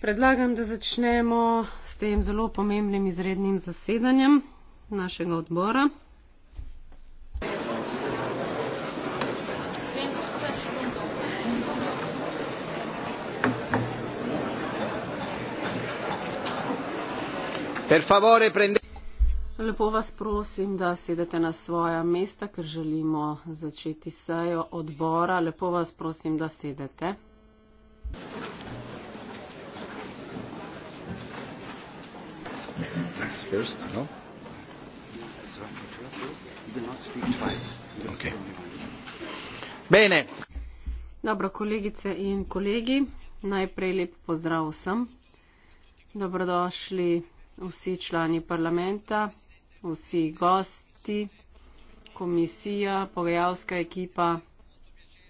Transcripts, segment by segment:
predlagam da začnemo s tem zelo pomembnim izrednim zasedanjem našega odbora. lepo vas prosim da sedete na svoja mesta ker želimo začeti sejo odbora lepo vas prosim da sedete First, no? Okay. Bene. Dobro, kolegice in kolegi, najprej lep pozdrav vsem. Dobrodošli vsi člani parlamenta, vsi gosti, komisija, pogajalska ekipa,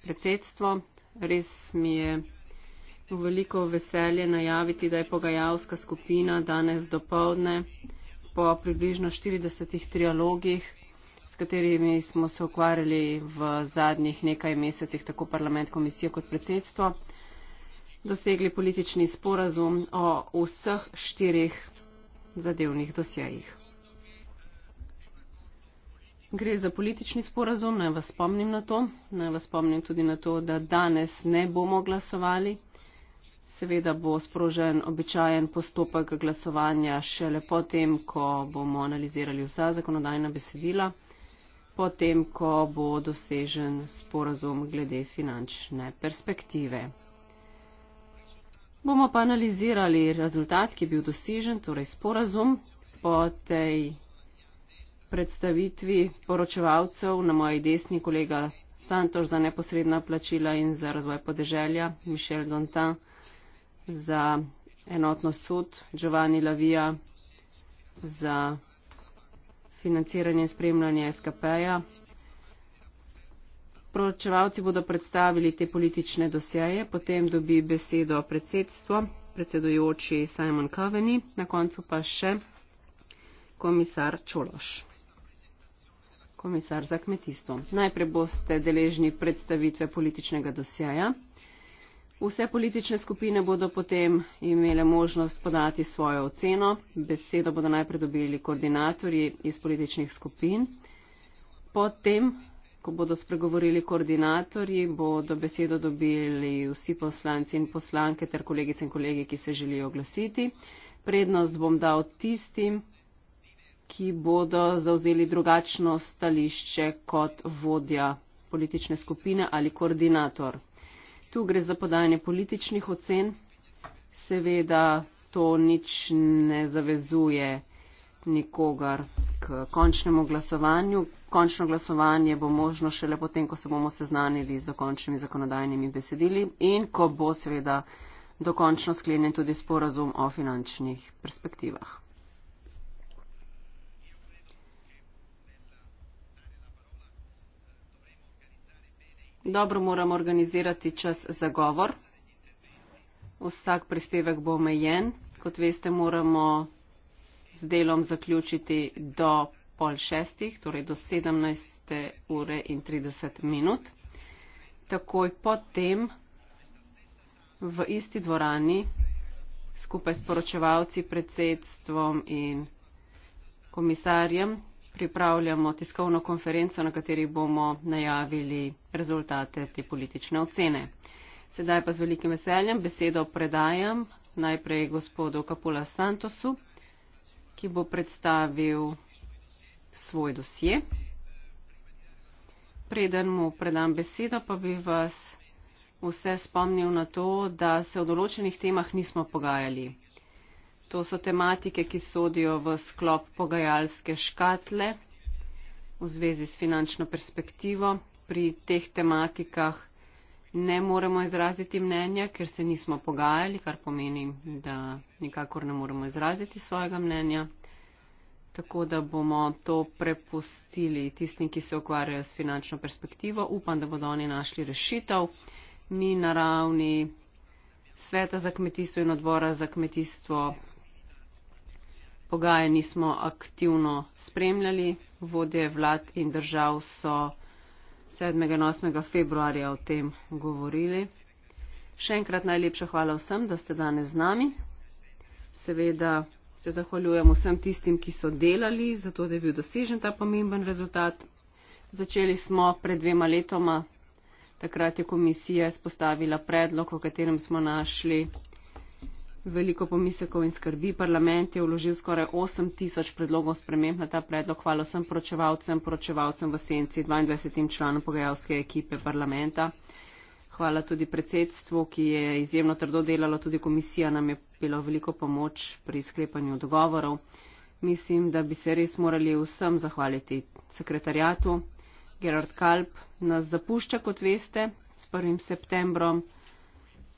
predsedstvo. Res mi je veliko veselje najaviti, da je pogajalska skupina danes do povdne po približno 40 trialogih, s katerimi smo se ukvarjali v zadnjih nekaj mesecih, tako parlament, komisija kot predsedstvo, dosegli politični sporazum o vseh štirih zadevnih dosjejih. Gre za politični sporazum, naj vas spomnim na to, naj vas spomnim tudi na to, da danes ne bomo glasovali seveda bo sprožen običajen postopek glasovanja šele potem, ko bomo analizirali vsa zakonodajna besedila, potem, ko bo dosežen sporazum glede finančne perspektive. Bomo pa analizirali rezultat, ki je bil dosežen, torej sporazum, po tej predstavitvi poročevalcev na moji desni kolega Santoš za neposredna plačila in za razvoj podeželja, Mišel Dontan za enotno sod Giovanni Lavija, za financiranje in spremljanje SKP-ja. Proračevalci bodo predstavili te politične dosjeje, potem dobi besedo predsedstvo, predsedujoči Simon Coveney, na koncu pa še komisar Čološ, komisar za kmetijstvo. Najprej boste deležni predstavitve političnega dosjeja. Vse politične skupine bodo potem imele možnost podati svojo oceno. Besedo bodo najprej dobili koordinatorji iz političnih skupin. Potem, ko bodo spregovorili koordinatorji, bodo besedo dobili vsi poslanci in poslanke ter kolegice in kolegi, ki se želijo oglasiti. Prednost bom dal tistim, ki bodo zauzeli drugačno stališče kot vodja politične skupine ali koordinator. Tu gre za podajanje političnih ocen. Seveda to nič ne zavezuje nikogar k končnemu glasovanju. Končno glasovanje bo možno šele potem, ko se bomo seznanili z končnimi zakonodajnimi besedili in ko bo seveda dokončno sklenjen tudi sporazum o finančnih perspektivah. Dobro moram organizirati čas za govor. Vsak prispevek bo omejen. Kot veste, moramo z delom zaključiti do pol šestih, torej do 17. ure in 30 minut. Takoj potem v isti dvorani skupaj s poročevalci, predsedstvom in komisarjem pripravljamo tiskovno konferenco, na kateri bomo najavili rezultate te politične ocene. Sedaj pa z velikim veseljem besedo predajam najprej gospodu Kapula Santosu, ki bo predstavil svoj dosje. Preden mu predam besedo, pa bi vas vse spomnil na to, da se o določenih temah nismo pogajali. To so tematike, ki sodijo v sklop pogajalske škatle v zvezi s finančno perspektivo. Pri teh tematikah ne moremo izraziti mnenja, ker se nismo pogajali, kar pomeni, da nikakor ne moremo izraziti svojega mnenja. Tako da bomo to prepustili tistim, ki se ukvarjajo s finančno perspektivo. Upam, da bodo oni našli rešitev. Mi na ravni Sveta za kmetijstvo in odbora za kmetijstvo pogaje nismo aktivno spremljali. Vodje vlad in držav so 7. in 8. februarja o tem govorili. Še enkrat najlepša hvala vsem, da ste danes z nami. Seveda se zahvaljujem vsem tistim, ki so delali, zato da je bil dosežen ta pomemben rezultat. Začeli smo pred dvema letoma. Takrat je komisija izpostavila predlog, o katerem smo našli veliko pomislekov in skrbi. Parlament je vložil skoraj 8 tisoč predlogov sprememb na ta predlog. Hvala vsem poročevalcem, poročevalcem v senci, 22 članom pogajalske ekipe parlamenta. Hvala tudi predsedstvu, ki je izjemno trdo delalo, tudi komisija nam je bilo veliko pomoč pri sklepanju dogovorov. Mislim, da bi se res morali vsem zahvaliti sekretarjatu. Gerard Kalp nas zapušča, kot veste, s 1. septembrom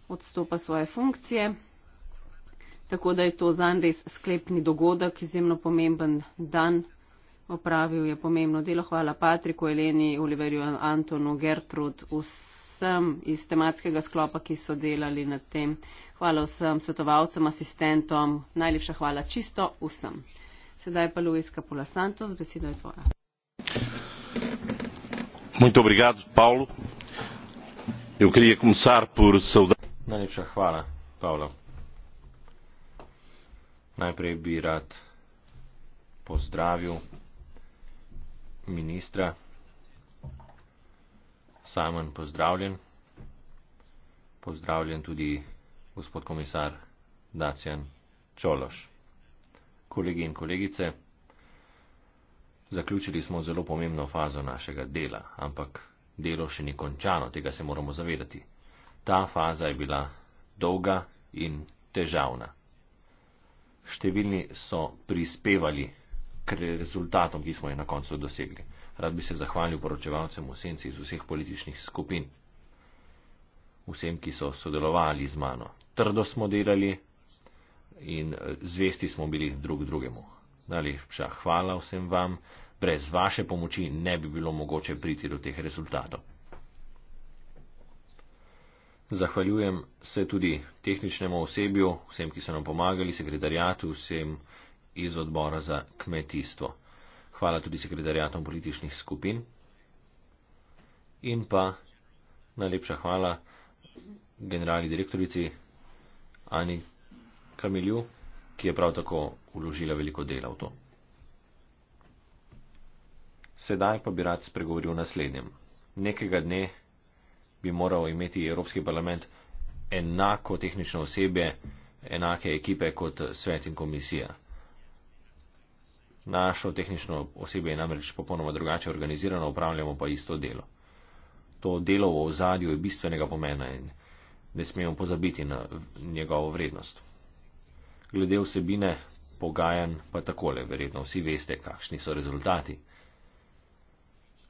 odstopa svoje funkcije tako da je to zanj res sklepni dogodek, izjemno pomemben dan. Opravil je pomembno delo. Hvala Patriku, Eleni, Oliverju, Antonu, Gertrud, vsem iz tematskega sklopa, ki so delali na tem. Hvala vsem svetovalcem, asistentom. Najlepša hvala čisto vsem. Sedaj pa Luis Capula Santos, beseda je tvoja. Muito obrigado, Paulo. Eu queria começar por saudar. Najlepša hvala, Paulo. Najprej bi rad pozdravil ministra. Samen pozdravljen. Pozdravljen tudi gospod komisar Dacijan Čološ. Kolegi in kolegice, zaključili smo zelo pomembno fazo našega dela, ampak delo še ni končano, tega se moramo zavedati. Ta faza je bila dolga in težavna številni so prispevali k rezultatom, ki smo jih na koncu dosegli. Rad bi se zahvalil poročevalcem v senci iz vseh političnih skupin, vsem, ki so sodelovali z mano. Trdo smo delali in eh, zvesti smo bili drug drugemu. Najlepša hvala vsem vam, brez vaše pomoči ne bi bilo mogoče priti do teh rezultatov. Zahvaljujem se tudi tehničnemu osebju, vsem, ki so nam pomagali, sekretarjatu, vsem iz odbora za kmetijstvo. Hvala tudi sekretarjatom političnih skupin. In pa najlepša hvala generali direktorici Ani Kamilju, ki je prav tako uložila veliko dela v to. Sedaj pa bi rad spregovoril naslednjem. Nekega dne bi moral imeti Evropski parlament enako tehnično osebje, enake ekipe kot svet in komisija. Našo tehnično osebje je namreč popolnoma drugače organizirano, upravljamo pa isto delo. To delo v ozadju je bistvenega pomena in ne smemo pozabiti na njegovo vrednost. Glede vsebine pogajan pa takole, verjetno vsi veste, kakšni so rezultati.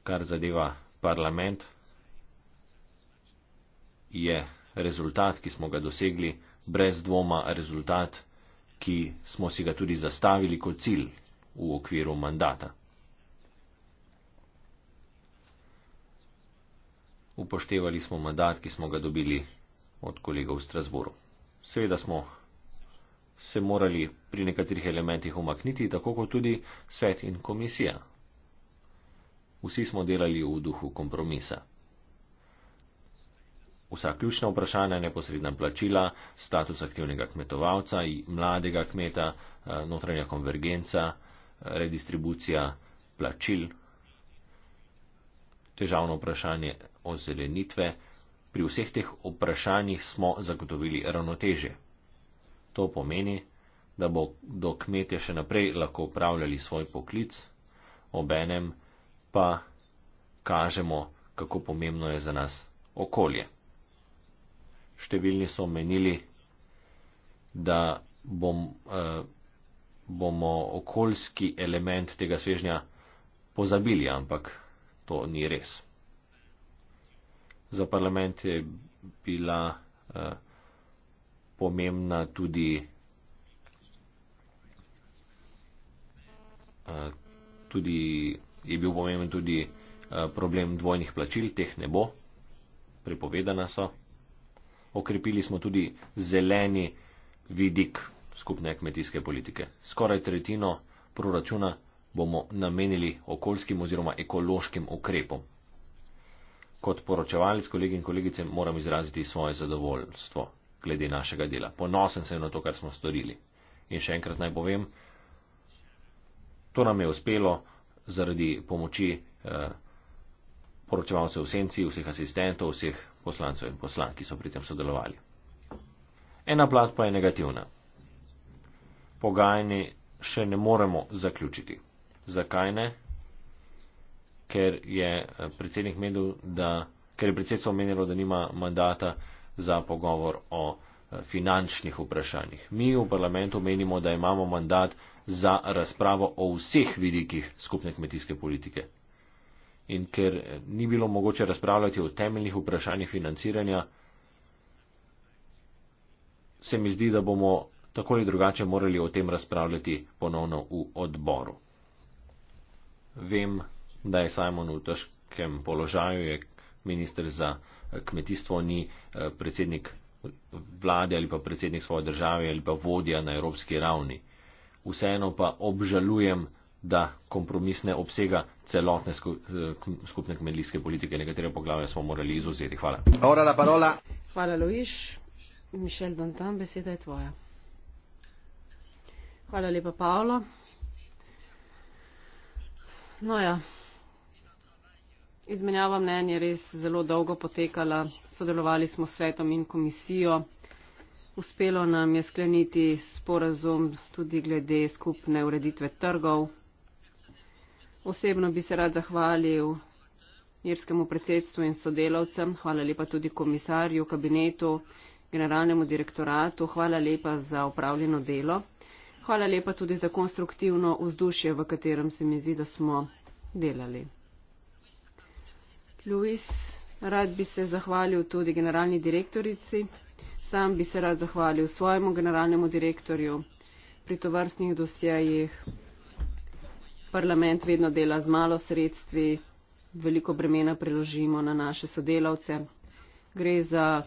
Kar zadeva parlament, je rezultat, ki smo ga dosegli, brez dvoma rezultat, ki smo si ga tudi zastavili kot cilj v okviru mandata. Upoštevali smo mandat, ki smo ga dobili od kolega v Strasburu. Seveda smo se morali pri nekaterih elementih umakniti, tako kot tudi svet in komisija. Vsi smo delali v duhu kompromisa vsa ključna vprašanja, neposredna plačila, status aktivnega kmetovalca, mladega kmeta, eh, notranja konvergenca, eh, redistribucija plačil, težavno vprašanje o zelenitve. Pri vseh teh vprašanjih smo zagotovili ravnoteže. To pomeni, da bo do kmete še naprej lahko upravljali svoj poklic, obenem pa kažemo, kako pomembno je za nas okolje številni so menili, da bom, eh, bomo okoljski element tega svežnja pozabili, ampak to ni res. Za parlament je bila eh, pomembna tudi. Eh, tudi je bil pomemben tudi eh, problem dvojnih plačil, teh ne bo, prepovedana so okrepili smo tudi zeleni vidik skupne kmetijske politike. Skoraj tretjino proračuna bomo namenili okoljskim oziroma ekološkim ukrepom. Kot poročevalec, kolegi in kolegice, moram izraziti svoje zadovoljstvo glede našega dela. Ponosen sem na to, kar smo storili. In še enkrat naj povem, to nam je uspelo zaradi pomoči eh, poročevalcev v senci, vseh asistentov, vseh poslancev in poslank, ki so pri tem sodelovali. Ena plat pa je negativna. Pogajanje še ne moremo zaključiti. Zakaj ne? Ker je eh, predsednik medil, da, ker je predsedstvo omenilo, da nima mandata za pogovor o eh, finančnih vprašanjih. Mi v parlamentu menimo, da imamo mandat za razpravo o vseh vidikih skupne kmetijske politike in ker ni bilo mogoče razpravljati o temeljnih vprašanjih financiranja, se mi zdi, da bomo tako ali drugače morali o tem razpravljati ponovno v odboru. Vem, da je Simon v težkem položaju, je ministr za eh, kmetijstvo, ni eh, predsednik vlade ali pa predsednik svoje države ali pa vodja na evropski ravni. Vseeno pa obžalujem da kompromis ne obsega celotne eh, skupne kmetijske politike. Nekatere poglavje smo morali izuzeti. Hvala. Hvala, Lojiš. Mišel Dantan, beseda je tvoja. Hvala lepa, Paolo. No ja, izmenjava mnen je res zelo dolgo potekala. Sodelovali smo s svetom in komisijo. Uspelo nam je skleniti sporazum tudi glede skupne ureditve trgov. Osebno bi se rad zahvalil irskemu predsedstvu in sodelavcem, hvala lepa tudi komisarju, kabinetu, generalnemu direktoratu, hvala lepa za upravljeno delo, hvala lepa tudi za konstruktivno vzdušje, v katerem se mi zdi, da smo delali. Luis, rad bi se zahvalil tudi generalni direktorici, sam bi se rad zahvalil svojemu generalnemu direktorju pri tovrstnih dosjejih parlament vedno dela z malo sredstvi, veliko bremena preložimo na naše sodelavce. Gre za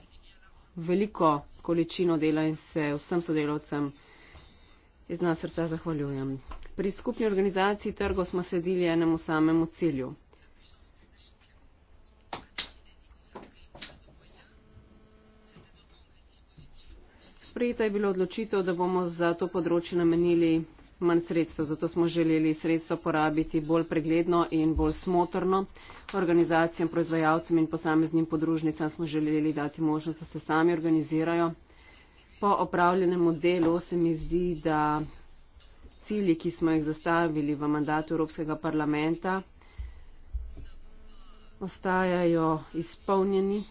veliko količino dela in se vsem sodelavcem iz nas srca zahvaljujem. Pri skupni organizaciji trgo smo sledili enemu samemu cilju. Sprejeta je bila odločitev, da bomo za to področje namenili manj sredstev. Zato smo želeli sredstva porabiti bolj pregledno in bolj smotrno. Organizacijam, proizvajalcem in posameznim podružnicam smo želeli dati možnost, da se sami organizirajo. Po opravljenem delu se mi zdi, da cilji, ki smo jih zastavili v mandatu Evropskega parlamenta, ostajajo izpolnjeni.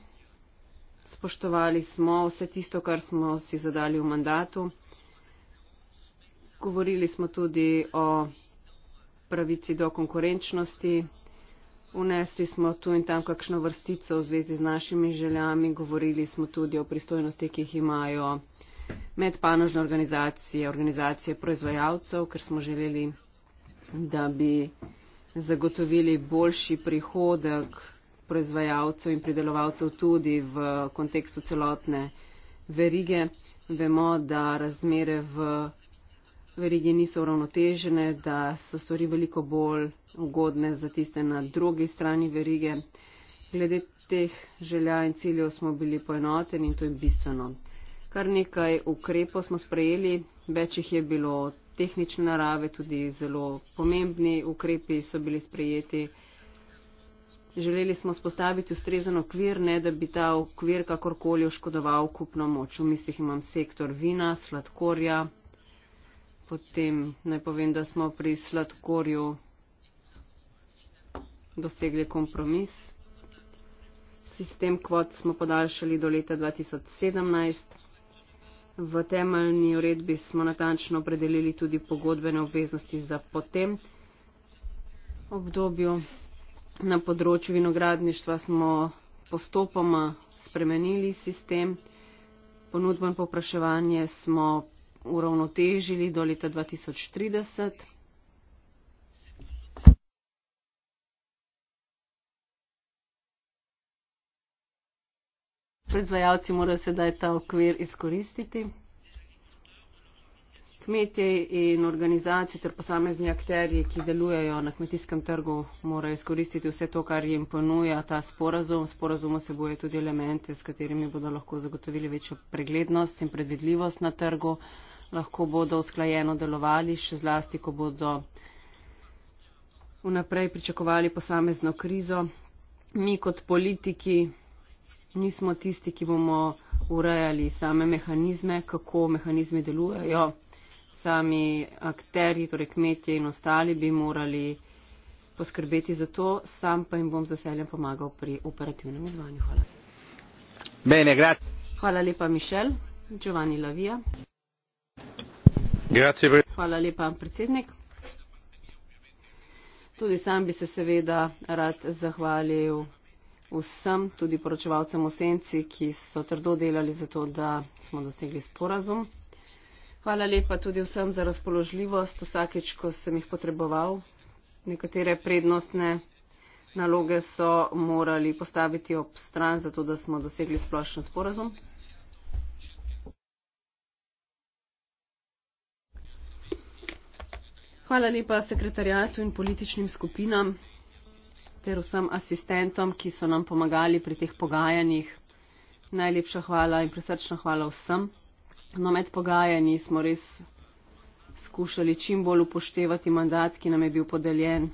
Spoštovali smo vse tisto, kar smo si zadali v mandatu. Govorili smo tudi o pravici do konkurenčnosti. Unesli smo tu in tam kakšno vrstico v zvezi z našimi željami. Govorili smo tudi o pristojnosti, ki jih imajo medpanožne organizacije, organizacije proizvajalcev, ker smo želeli, da bi zagotovili boljši prihodek proizvajalcev in pridelovalcev tudi v kontekstu celotne verige. Vemo, da razmere v verige niso uravnotežene, da so stvari veliko bolj ugodne za tiste na drugi strani verige. Glede teh želja in ciljev smo bili poenoteni in to je bistveno. Kar nekaj ukrepov smo sprejeli, več jih je bilo tehnične narave, tudi zelo pomembni ukrepi so bili sprejeti. Želeli smo spostaviti ustrezen okvir, ne da bi ta okvir kakorkoli oškodoval kupno moč. V mislih imam sektor vina, sladkorja, Potem naj povem, da smo pri sladkorju dosegli kompromis. Sistem kvot smo podaljšali do leta 2017. V temeljni uredbi smo natančno opredelili tudi pogodbene obveznosti za potem obdobju. Na področju vinogradništva smo postopoma spremenili sistem. Ponudbo in popraševanje smo uravnotežili do leta 2030. Proizvajalci morajo sedaj ta okvir izkoristiti. Kmetje in organizacije ter posamezni akterji, ki delujejo na kmetijskem trgu, morajo izkoristiti vse to, kar jim ponuja ta sporazum. Sporazum vsebuje tudi elemente, s katerimi bodo lahko zagotovili večjo preglednost in predvidljivost na trgu lahko bodo usklajeno delovali, še zlasti, ko bodo vnaprej pričakovali posamezno krizo. Mi kot politiki nismo tisti, ki bomo urejali same mehanizme, kako mehanizmi delujejo. Sami akteri, torej kmetje in ostali, bi morali poskrbeti za to, sam pa jim bom z veseljem pomagal pri operativnem izvanju. Hvala. Bene, Hvala lepa, Mišel. Giovanni Lavia tudi sam bi se seveda rad zahvalil vsem tudi poročevalcem v senci ki so trdo delali za to da smo dosegli sporazum hvala lepa tudi vsem za razpoložljivost vsakeč ko sem jih potreboval nekatere prednostne naloge so morali postaviti ob stran zato da smo dosegli splošen sporazum Hvala lepa sekretarjatu in političnim skupinam ter vsem asistentom, ki so nam pomagali pri teh pogajanjih. Najlepša hvala in presrčna hvala vsem. No, med pogajanji smo res skušali čim bolj upoštevati mandat, ki nam je bil podeljen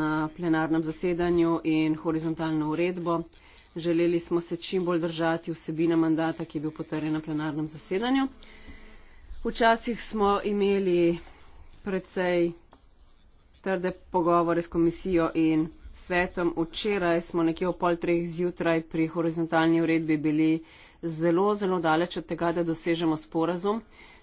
na plenarnem zasedanju in horizontalno uredbo. Želeli smo se čim bolj držati vsebine mandata, ki je bil potrjen na plenarnem zasedanju. Včasih smo imeli precej trde pogovore s komisijo in svetom. Včeraj smo nekje o pol treh zjutraj pri horizontalni uredbi bili zelo, zelo daleč od tega, da dosežemo sporazum.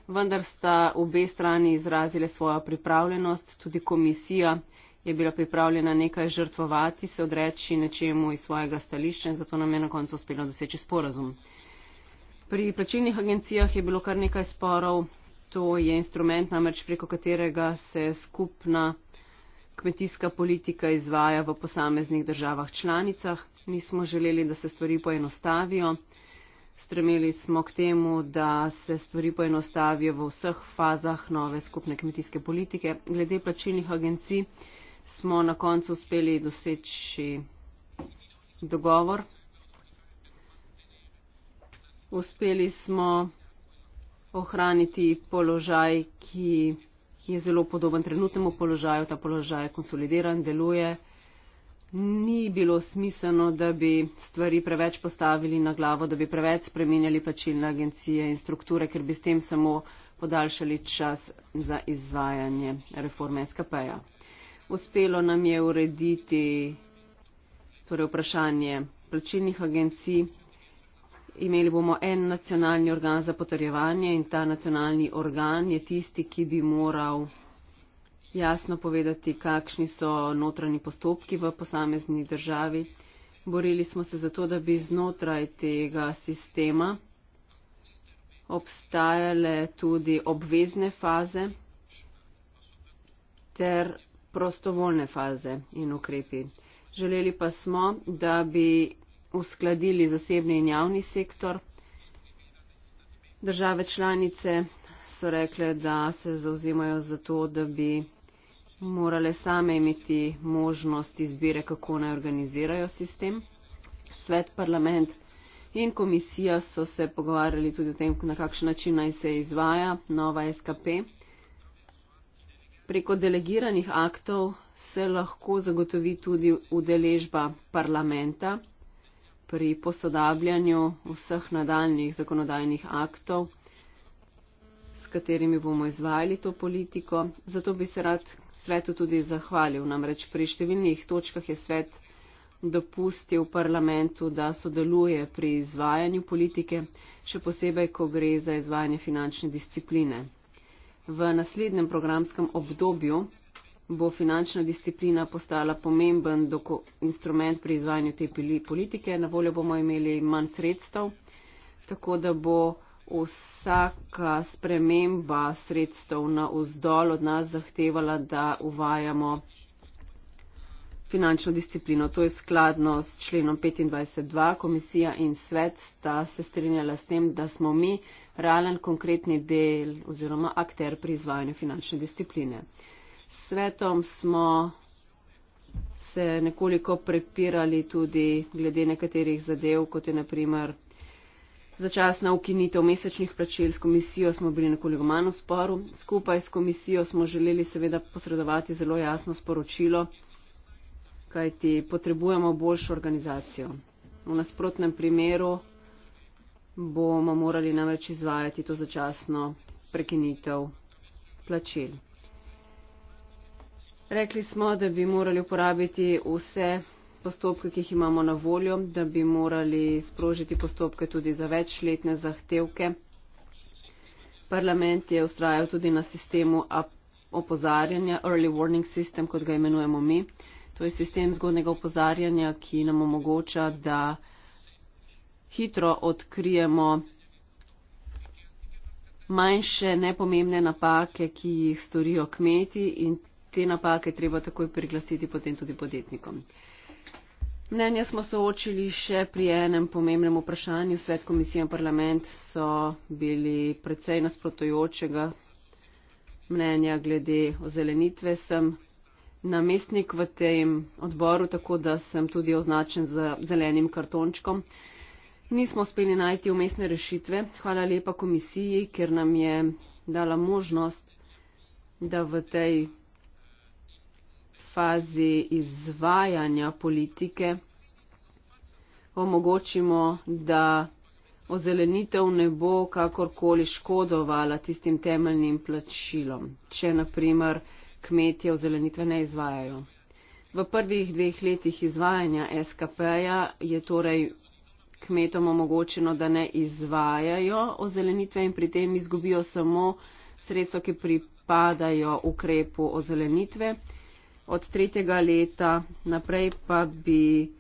Vendar sta obe strani izrazile svojo pripravljenost, tudi komisija je bila pripravljena nekaj žrtvovati, se odreči nečemu iz svojega stališča in zato nam je na koncu uspelo doseči sporazum. Pri plačilnih agencijah je bilo kar nekaj sporov, To je instrument namreč preko katerega se skupna kmetijska politika izvaja v posameznih državah članicah. Mi smo želeli, da se stvari poenostavijo. Stremeli smo k temu, da se stvari poenostavijo v vseh fazah nove skupne kmetijske politike. Glede plačilnih agencij smo na koncu uspeli doseči dogovor. Uspeli smo ohraniti položaj, ki, ki je zelo podoben trenutnemu položaju. Ta položaj je konsolidiran, deluje. Ni bilo smiselno, da bi stvari preveč postavili na glavo, da bi preveč spremenjali plačilne agencije in strukture, ker bi s tem samo podaljšali čas za izvajanje reforme SKP-ja. Uspelo nam je urediti torej, vprašanje plačilnih agencij, imeli bomo en nacionalni organ za potrjevanje in ta nacionalni organ je tisti, ki bi moral jasno povedati, kakšni so notranji postopki v posamezni državi. Borili smo se za to, da bi znotraj tega sistema obstajale tudi obvezne faze ter prostovoljne faze in ukrepi. Želeli pa smo, da bi uskladili zasebni in javni sektor. Države članice so rekle, da se zauzemajo za to, da bi morale same imeti možnost izbire, kako naj organizirajo sistem. Svet, parlament in komisija so se pogovarjali tudi o tem, na kakšen način naj se izvaja nova SKP. Preko delegiranih aktov se lahko zagotovi tudi udeležba parlamenta pri posodabljanju vseh nadaljnih zakonodajnih aktov, s katerimi bomo izvajali to politiko. Zato bi se rad svetu tudi zahvalil. Namreč pri številnih točkah je svet dopustil parlamentu, da sodeluje pri izvajanju politike, še posebej, ko gre za izvajanje finančne discipline. V naslednjem programskem obdobju bo finančna disciplina postala pomemben instrument pri izvajanju te politike. Na voljo bomo imeli manj sredstev, tako da bo vsaka sprememba sredstev na vzdol od nas zahtevala, da uvajamo finančno disciplino. To je skladno s členom 25.2. Komisija in svet sta se strinjala s tem, da smo mi realen konkretni del oziroma akter pri izvajanju finančne discipline svetom smo se nekoliko prepirali tudi glede nekaterih zadev, kot je naprimer začasna ukinitev mesečnih plačil. S komisijo smo bili nekoliko manj v sporu. Skupaj s komisijo smo želeli seveda posredovati zelo jasno sporočilo, kajti potrebujemo boljšo organizacijo. V nasprotnem primeru bomo morali namreč izvajati to začasno prekinitev plačil. Rekli smo, da bi morali uporabiti vse postopke, ki jih imamo na voljo, da bi morali sprožiti postopke tudi za večletne zahtevke. Parlament je ustrajal tudi na sistemu opozarjanja, early warning system, kot ga imenujemo mi. To je sistem zgodnega opozarjanja, ki nam omogoča, da hitro odkrijemo manjše nepomembne napake, ki jih storijo kmeti in te napake treba takoj priglasiti potem tudi podjetnikom. Mnenje smo soočili še pri enem pomembnem vprašanju. Svet komisije in parlament so bili precej nasprotojočega mnenja glede ozelenitve. Sem namestnik v tem odboru, tako da sem tudi označen z zelenim kartončkom. Nismo uspeli najti umestne rešitve. Hvala lepa komisiji, ker nam je dala možnost, da v tej fazi izvajanja politike omogočimo, da ozelenitev ne bo kakorkoli škodovala tistim temeljnim plačilom, če naprimer kmetje ozelenitve ne izvajajo. V prvih dveh letih izvajanja SKP-ja je torej kmetom omogočeno, da ne izvajajo ozelenitve in pri tem izgubijo samo sredstva, ki pripadajo ukrepu ozelenitve od tretjega leta naprej pa bi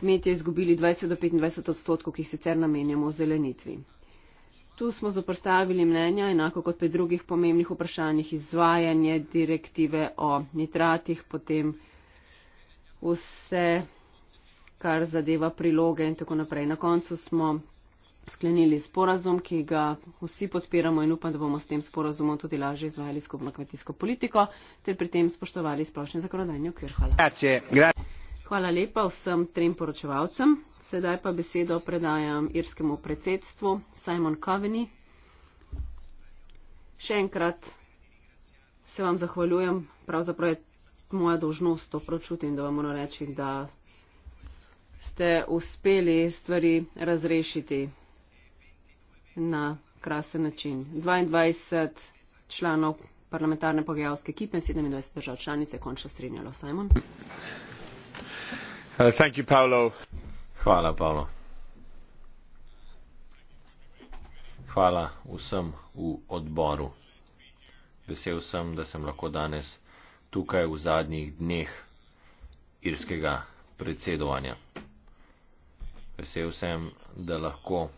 kmetje izgubili 20 do 25 odstotkov, ki jih sicer namenjamo zelenitvi. Tu smo zoprstavili mnenja, enako kot pri drugih pomembnih vprašanjih, izvajanje direktive o nitratih, potem vse, kar zadeva priloge in tako naprej. Na koncu smo sklenili sporazum, ki ga vsi podpiramo in upam, da bomo s tem sporazumom tudi lažje izvajali skupno kmetijsko politiko ter pri tem spoštovali splošne zakonodajne okvir. Hvala. Hvala lepa vsem trem poročevalcem. Sedaj pa besedo predajam irskemu predsedstvu Simon Coveney. Še enkrat se vam zahvaljujem. Pravzaprav je moja dožnost to pročutim, da vam moram reči, da ste uspeli stvari razrešiti na krasen način. 22 članov parlamentarne pogajalske ekipe in 27 držav članice je končno strinjalo. Simon. Uh, Hvala, Paolo. Hvala vsem v odboru. Vesel sem, da sem lahko danes tukaj v zadnjih dneh irskega predsedovanja. Vesel sem, da lahko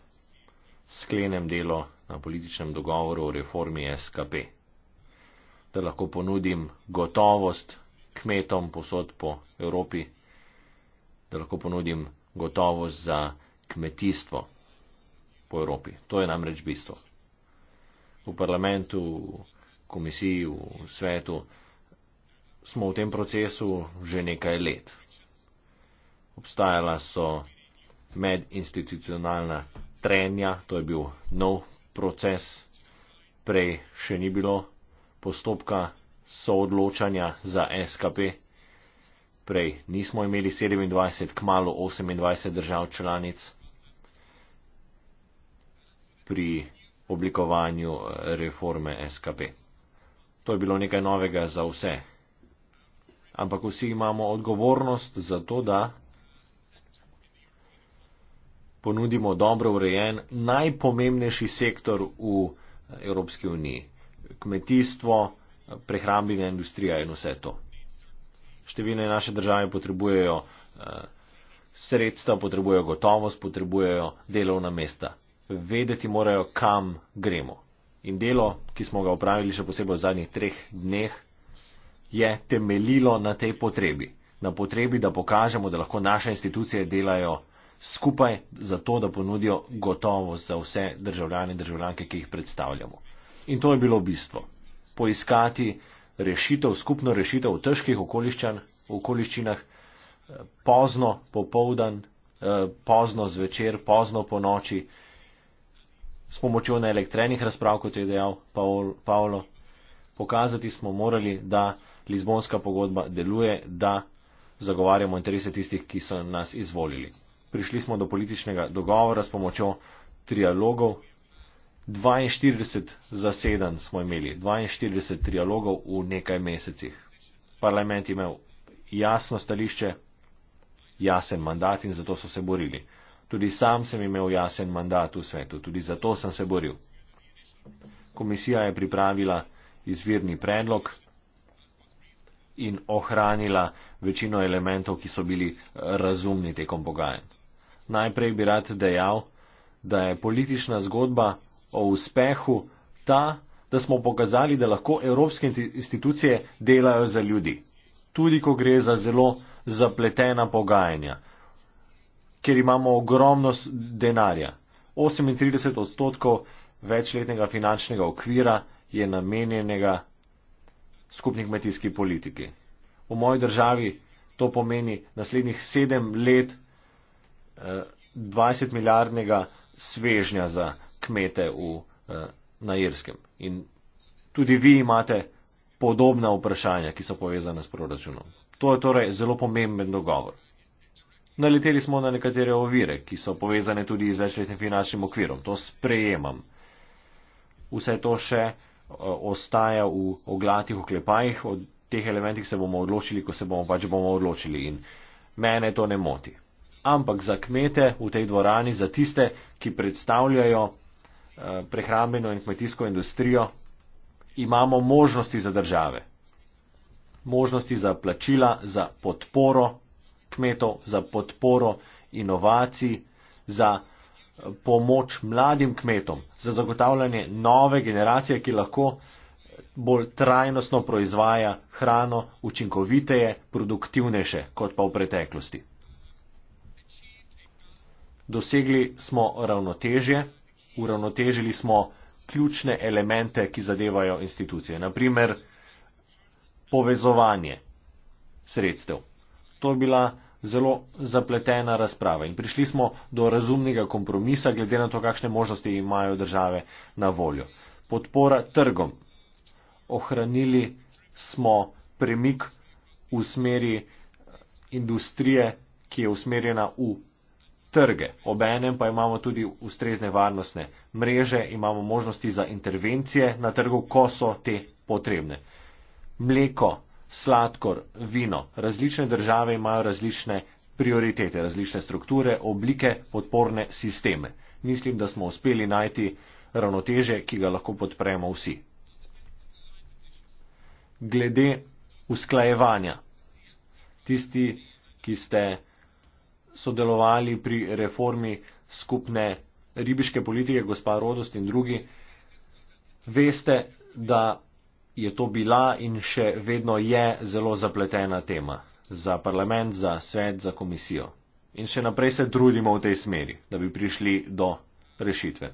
sklenem delo na političnem dogovoru o reformi SKP, da lahko ponudim gotovost kmetom posod po Evropi, da lahko ponudim gotovost za kmetijstvo po Evropi. To je namreč bistvo. V parlamentu, v komisiji, v svetu smo v tem procesu že nekaj let. Obstajala so medinstitucionalna trenja, to je bil nov proces, prej še ni bilo postopka soodločanja za SKP, prej nismo imeli 27, kmalo 28 držav članic pri oblikovanju eh, reforme SKP. To je bilo nekaj novega za vse. Ampak vsi imamo odgovornost za to, da ponudimo dobro urejen najpomembnejši sektor v eh, Evropski uniji. Kmetijstvo, eh, prehrambina industrija in vse to. Številne naše države potrebujejo eh, sredstva, potrebujejo gotovost, potrebujejo delovna mesta. Vedeti morajo, kam gremo. In delo, ki smo ga upravili še posebej v zadnjih treh dneh, je temeljilo na tej potrebi. Na potrebi, da pokažemo, da lahko naše institucije delajo skupaj za to, da ponudijo gotovost za vse državljane in državljanke, ki jih predstavljamo. In to je bilo bistvo. Poiskati rešitev, skupno rešitev v težkih okoliščinah, eh, pozno popovdan, eh, pozno zvečer, pozno po noči, s pomočjo neelektrenih razprav, kot je dejal Paolo, pokazati smo morali, da Lizbonska pogodba deluje, da zagovarjamo interese tistih, ki so nas izvolili prišli smo do političnega dogovora s pomočjo trialogov. 42 zasedanj smo imeli, 42 trialogov v nekaj mesecih. Parlament je imel jasno stališče, jasen mandat in zato so se borili. Tudi sam sem imel jasen mandat v svetu, tudi zato sem se boril. Komisija je pripravila izvirni predlog in ohranila večino elementov, ki so bili eh, razumni tekom pogajanj najprej bi rad dejal, da je politična zgodba o uspehu ta, da smo pokazali, da lahko evropske institucije delajo za ljudi, tudi ko gre za zelo zapletena pogajanja, ker imamo ogromno denarja. 38 odstotkov večletnega finančnega okvira je namenjenega skupni kmetijski politiki. V moji državi to pomeni naslednjih sedem let 20 milijardnega svežnja za kmete v, eh, na Irskem. In tudi vi imate podobna vprašanja, ki so povezana s proračunom. To je torej zelo pomemben dogovor. Naleteli smo na nekatere ovire, ki so povezane tudi z večletnim finančnim okvirom. To sprejemam. Vse to še eh, ostaja v oglatih oklepajih, o teh elementih se bomo odločili, ko se bomo pač bomo odločili. In mene to ne moti ampak za kmete v tej dvorani, za tiste, ki predstavljajo eh, prehrambeno in kmetijsko industrijo, imamo možnosti za države. Možnosti za plačila, za podporo kmetov, za podporo inovacij, za eh, pomoč mladim kmetom, za zagotavljanje nove generacije, ki lahko bolj trajnostno proizvaja hrano, učinkoviteje, produktivnejše kot pa v preteklosti dosegli smo ravnotežje, uravnotežili smo ključne elemente, ki zadevajo institucije, naprimer povezovanje sredstev. To je bila zelo zapletena razprava in prišli smo do razumnega kompromisa, glede na to, kakšne možnosti imajo države na voljo. Podpora trgom. Ohranili smo premik v smeri industrije, ki je usmerjena v trge. Obenem pa imamo tudi ustrezne varnostne mreže, imamo možnosti za intervencije na trgu, ko so te potrebne. Mleko, sladkor, vino. Različne države imajo različne prioritete, različne strukture, oblike, podporne sisteme. Mislim, da smo uspeli najti ravnoteže, ki ga lahko podpremo vsi. Glede usklajevanja. Tisti, ki ste sodelovali pri reformi skupne ribiške politike, gospa Rodost in drugi, veste, da je to bila in še vedno je zelo zapletena tema za parlament, za svet, za komisijo. In še naprej se trudimo v tej smeri, da bi prišli do rešitve.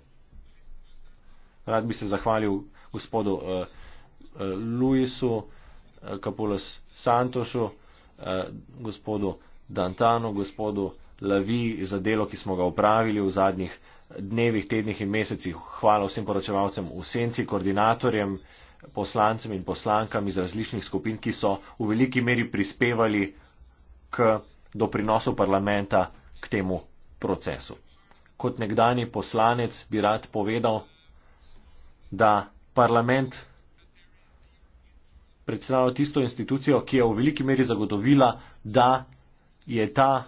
Rad bi se zahvalil gospodu uh, uh, Luisu, uh, eh, Kapulos Santosu, uh, gospodu Dantanu, gospodu Lavi, za delo, ki smo ga upravili v zadnjih dnevih, tednih in mesecih. Hvala vsem poročevalcem v senci, koordinatorjem, poslancem in poslankam iz različnih skupin, ki so v veliki meri prispevali k doprinosu parlamenta k temu procesu. Kot nekdani poslanec bi rad povedal, da parlament predstavlja tisto institucijo, ki je v veliki meri zagotovila, da je ta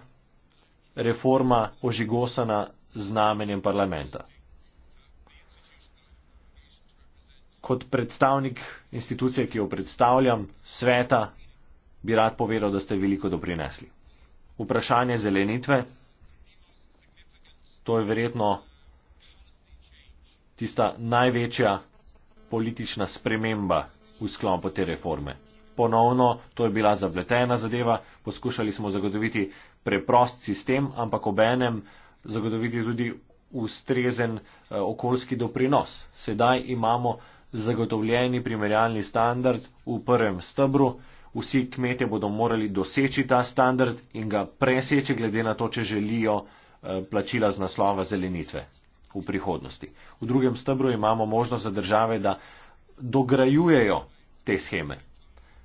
reforma ožigosana znamenjem parlamenta. Kot predstavnik institucije, ki jo predstavljam, sveta, bi rad povedal, da ste veliko doprinesli. Vprašanje zelenitve, to je verjetno tista največja politična sprememba v sklopu te reforme ponovno, to je bila zapletena zadeva, poskušali smo zagotoviti preprost sistem, ampak obenem zagotoviti tudi ustrezen eh, okoljski doprinos. Sedaj imamo zagotovljeni primerjalni standard v prvem stebru, vsi kmete bodo morali doseči ta standard in ga preseči glede na to, če želijo eh, plačila z naslova zelenitve v prihodnosti. V drugem stebru imamo možnost za države, da dograjujejo te scheme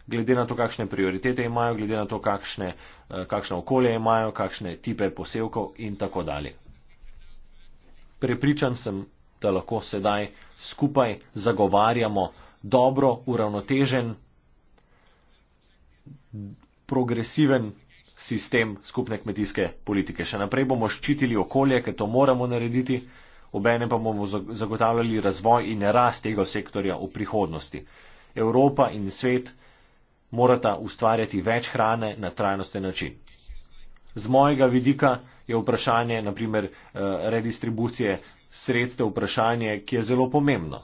glede na to, kakšne prioritete imajo, glede na to, kakšne, eh, kakšne okolje imajo, kakšne tipe posevkov in tako dalje. Prepričan sem, da lahko sedaj skupaj zagovarjamo dobro uravnotežen, progresiven sistem skupne kmetijske politike. Še naprej bomo ščitili okolje, ker to moramo narediti, obene pa bomo zagotavljali razvoj in rast tega sektorja v prihodnosti. Evropa in svet morata ustvarjati več hrane na trajnosten način. Z mojega vidika je vprašanje naprimer eh, redistribucije sredstev vprašanje, ki je zelo pomembno.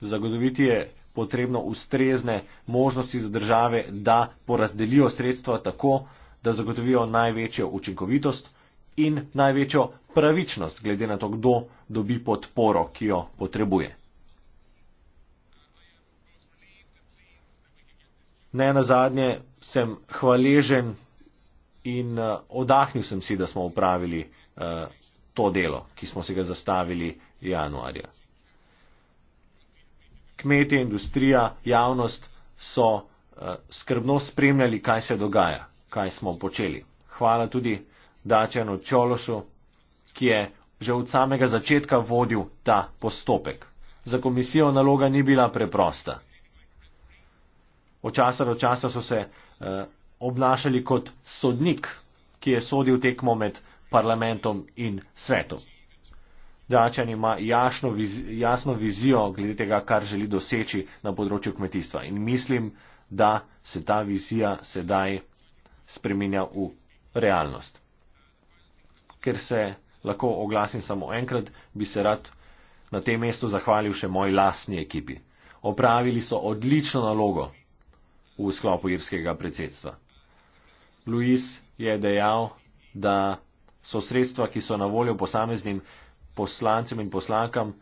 Zagotoviti je potrebno ustrezne možnosti za države, da porazdelijo sredstva tako, da zagotovijo največjo učinkovitost in največjo pravičnost, glede na to, kdo dobi podporo, ki jo potrebuje. ne na zadnje sem hvaležen in eh, odahnil sem si, da smo upravili eh, to delo, ki smo si ga zastavili januarja. Kmetje, industrija, javnost so eh, skrbno spremljali, kaj se dogaja, kaj smo počeli. Hvala tudi Dačanu Čološu, ki je že od samega začetka vodil ta postopek. Za komisijo naloga ni bila preprosta od časa do časa so se eh, obnašali kot sodnik, ki je sodil tekmo med parlamentom in svetom. Dačan ima jasno, viz, jasno vizijo glede tega, kar želi doseči na področju kmetijstva in mislim, da se ta vizija sedaj spreminja v realnost. Ker se lahko oglasim samo enkrat, bi se rad na tem mestu zahvalil še moji lastni ekipi. Opravili so odlično nalogo, v sklopu irskega predsedstva. Louis je dejal, da so sredstva, ki so na voljo posameznim poslancem in poslankam,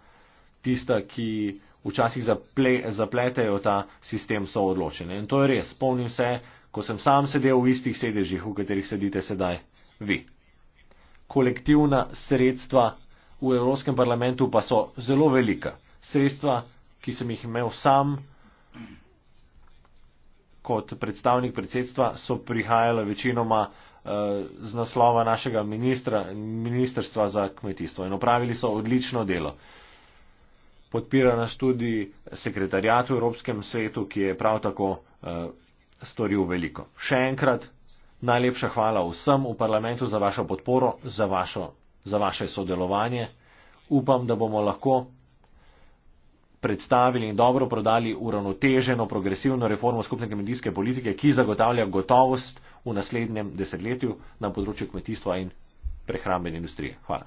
tista, ki včasih zaple, zapletejo ta sistem soodločene. In to je res. Spomnim se, ko sem sam sedel v istih sedežih, v katerih sedite sedaj vi. Kolektivna sredstva v Evropskem parlamentu pa so zelo velika. Sredstva, ki sem jih imel sam kot predstavnik predsedstva so prihajala večinoma eh, z naslova našega ministra, ministrstva za kmetijstvo in opravili so odlično delo. Podpira nas tudi sekretarijat v Evropskem svetu, ki je prav tako eh, storil veliko. Še enkrat najlepša hvala vsem v parlamentu za vašo podporo, za, vašo, za vaše sodelovanje. Upam, da bomo lahko predstavili in dobro prodali uravnoteženo progresivno reformo skupne kmetijske politike, ki zagotavlja gotovost v naslednjem desetletju na področju kmetijstva in prehrambene industrije. Hvala.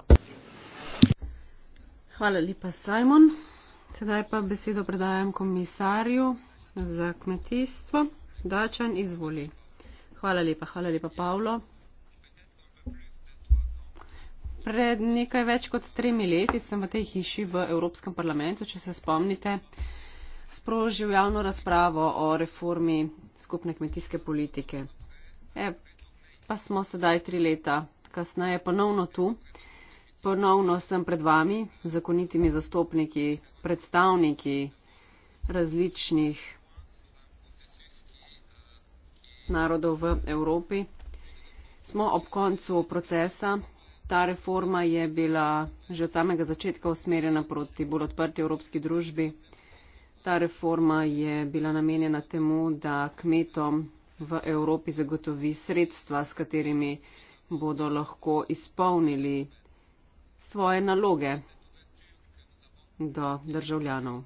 Hvala lepa, Simon. Sedaj pa besedo predajam komisarju za kmetijstvo. Dačan, izvoli. Hvala lepa, hvala lepa, Pavlo pred nekaj več kot tremi leti sem v tej hiši v Evropskem parlamentu, če se spomnite, sprožil javno razpravo o reformi skupne kmetijske politike. E, pa smo sedaj tri leta kasneje ponovno tu. Ponovno sem pred vami, zakonitimi zastopniki, predstavniki različnih narodov v Evropi. Smo ob koncu procesa, ta reforma je bila že od samega začetka usmerjena proti bolj odprti evropski družbi. Ta reforma je bila namenjena temu, da kmetom v Evropi zagotovi sredstva, s katerimi bodo lahko izpolnili svoje naloge do državljanov.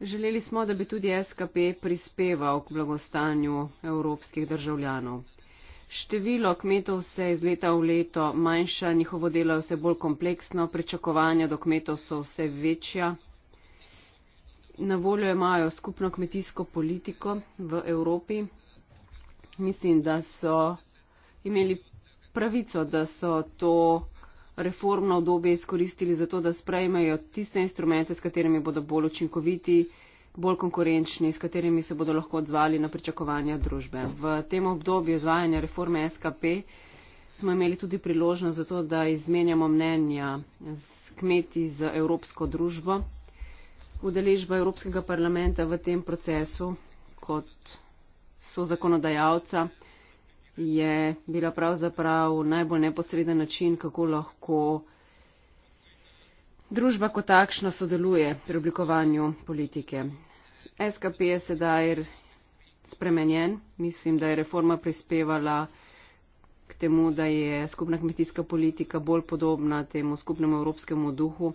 Želeli smo, da bi tudi SKP prispeval k blagostanju evropskih državljanov. Število kmetov se iz leta v leto manjša, njihovo delo je vse bolj kompleksno, pričakovanja do kmetov so vse večja. Na voljo imajo skupno kmetijsko politiko v Evropi. Mislim, da so imeli pravico, da so to reformno obdobje izkoristili za to, da sprejmejo tiste instrumente, s katerimi bodo bolj učinkoviti bolj konkurenčni, s katerimi se bodo lahko odzvali na pričakovanja družbe. V tem obdobju izvajanja reforme SKP smo imeli tudi priložnost za to, da izmenjamo mnenja z kmeti z Evropsko družbo. Udeležba Evropskega parlamenta v tem procesu kot so zakonodajalca je bila pravzaprav najbolj neposreden način, kako lahko družba kot takšna sodeluje pri oblikovanju politike. SKP je sedaj spremenjen. Mislim, da je reforma prispevala k temu, da je skupna kmetijska politika bolj podobna temu skupnemu evropskemu duhu.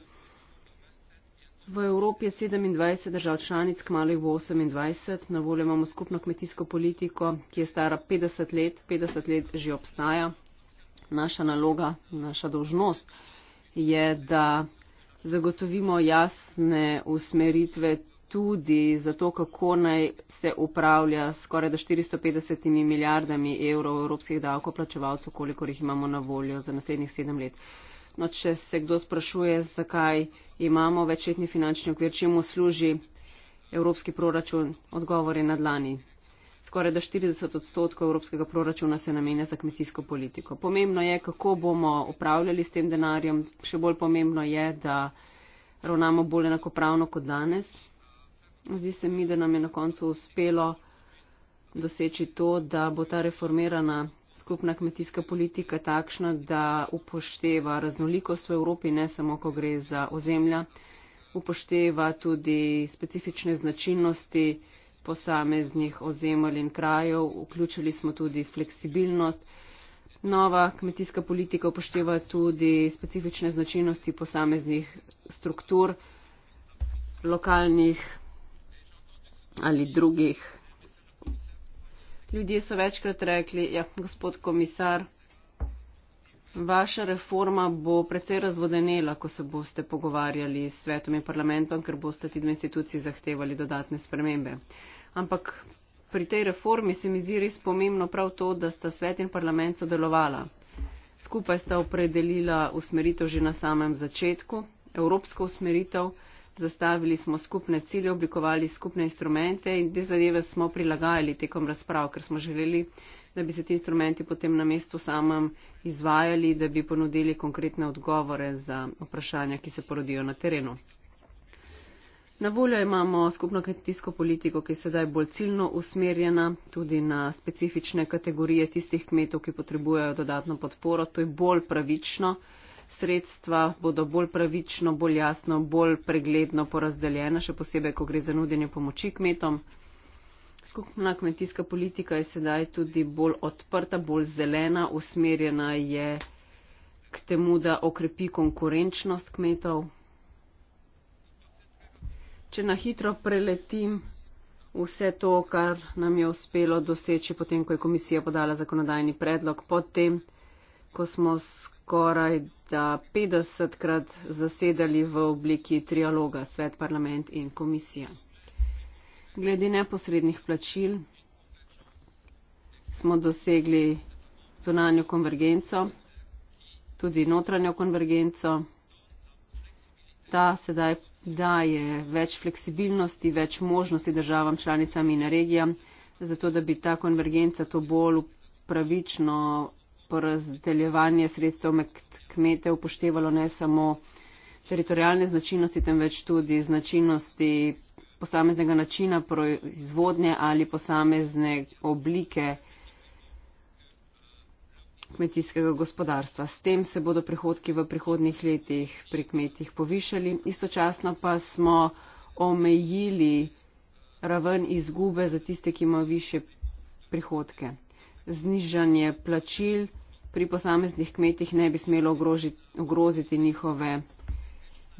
V Evropi je 27 držav članic, kmalo jih bo 28. Na voljo imamo skupno kmetijsko politiko, ki je stara 50 let. 50 let že obstaja. Naša naloga, naša dožnost je, da zagotovimo jasne usmeritve tudi za to, kako naj se upravlja skoraj da 450 milijardami evrov evropskih davkoplačevalcev, koliko jih imamo na voljo za naslednjih sedem let. No, če se kdo sprašuje, zakaj imamo večletni finančni okvir, čemu služi evropski proračun, odgovor je na dlani skoraj da 40 odstotkov evropskega proračuna se namenja za kmetijsko politiko. Pomembno je, kako bomo upravljali s tem denarjem, še bolj pomembno je, da ravnamo bolj enakopravno kot danes. Zdi se mi, da nam je na koncu uspelo doseči to, da bo ta reformirana skupna kmetijska politika takšna, da upošteva raznolikost v Evropi, ne samo, ko gre za ozemlja, upošteva tudi specifične značilnosti, posameznih ozemelj in krajev, vključili smo tudi fleksibilnost. Nova kmetijska politika upošteva tudi specifične značilnosti posameznih struktur, lokalnih ali drugih. Ljudje so večkrat rekli, ja, gospod komisar, vaša reforma bo precej razvodenela, ko se boste pogovarjali s svetom in parlamentom, ker boste ti dve instituciji zahtevali dodatne spremembe ampak pri tej reformi se mi zdi res pomembno prav to, da sta svet in parlament sodelovala. Skupaj sta opredelila usmeritev že na samem začetku, evropsko usmeritev, zastavili smo skupne cilje, oblikovali skupne instrumente in te zadeve smo prilagajali tekom razprav, ker smo želeli, da bi se ti instrumenti potem na mestu samem izvajali, da bi ponudili konkretne odgovore za vprašanja, ki se porodijo na terenu. Na voljo imamo skupno kmetijsko politiko, ki je sedaj bolj ciljno usmerjena tudi na specifične kategorije tistih kmetov, ki potrebujejo dodatno podporo. To je bolj pravično. Sredstva bodo bolj pravično, bolj jasno, bolj pregledno porazdeljena, še posebej, ko gre za nudenje pomoči kmetom. Skupna kmetijska politika je sedaj tudi bolj odprta, bolj zelena, usmerjena je k temu, da okrepi konkurenčnost kmetov če na hitro preletim vse to, kar nam je uspelo doseči potem, ko je komisija podala zakonodajni predlog, potem, ko smo skoraj 50krat zasedali v obliki trialoga svet, parlament in komisija. Glede neposrednih plačil smo dosegli zunanjo konvergenco, tudi notranjo konvergenco. Ta sedaj daje več fleksibilnosti, več možnosti državam, članicam in regijam, zato da bi ta konvergenca, to bolj pravično porazdeljevanje sredstev med kmete upoštevalo ne samo teritorijalne značilnosti, temveč tudi značilnosti posameznega načina proizvodnje ali posamezne oblike kmetijskega gospodarstva. S tem se bodo prihodki v prihodnih letih pri kmetih povišali. Istočasno pa smo omejili raven izgube za tiste, ki imajo više prihodke. Znižanje plačil pri posameznih kmetih ne bi smelo ogroziti, ogroziti njihove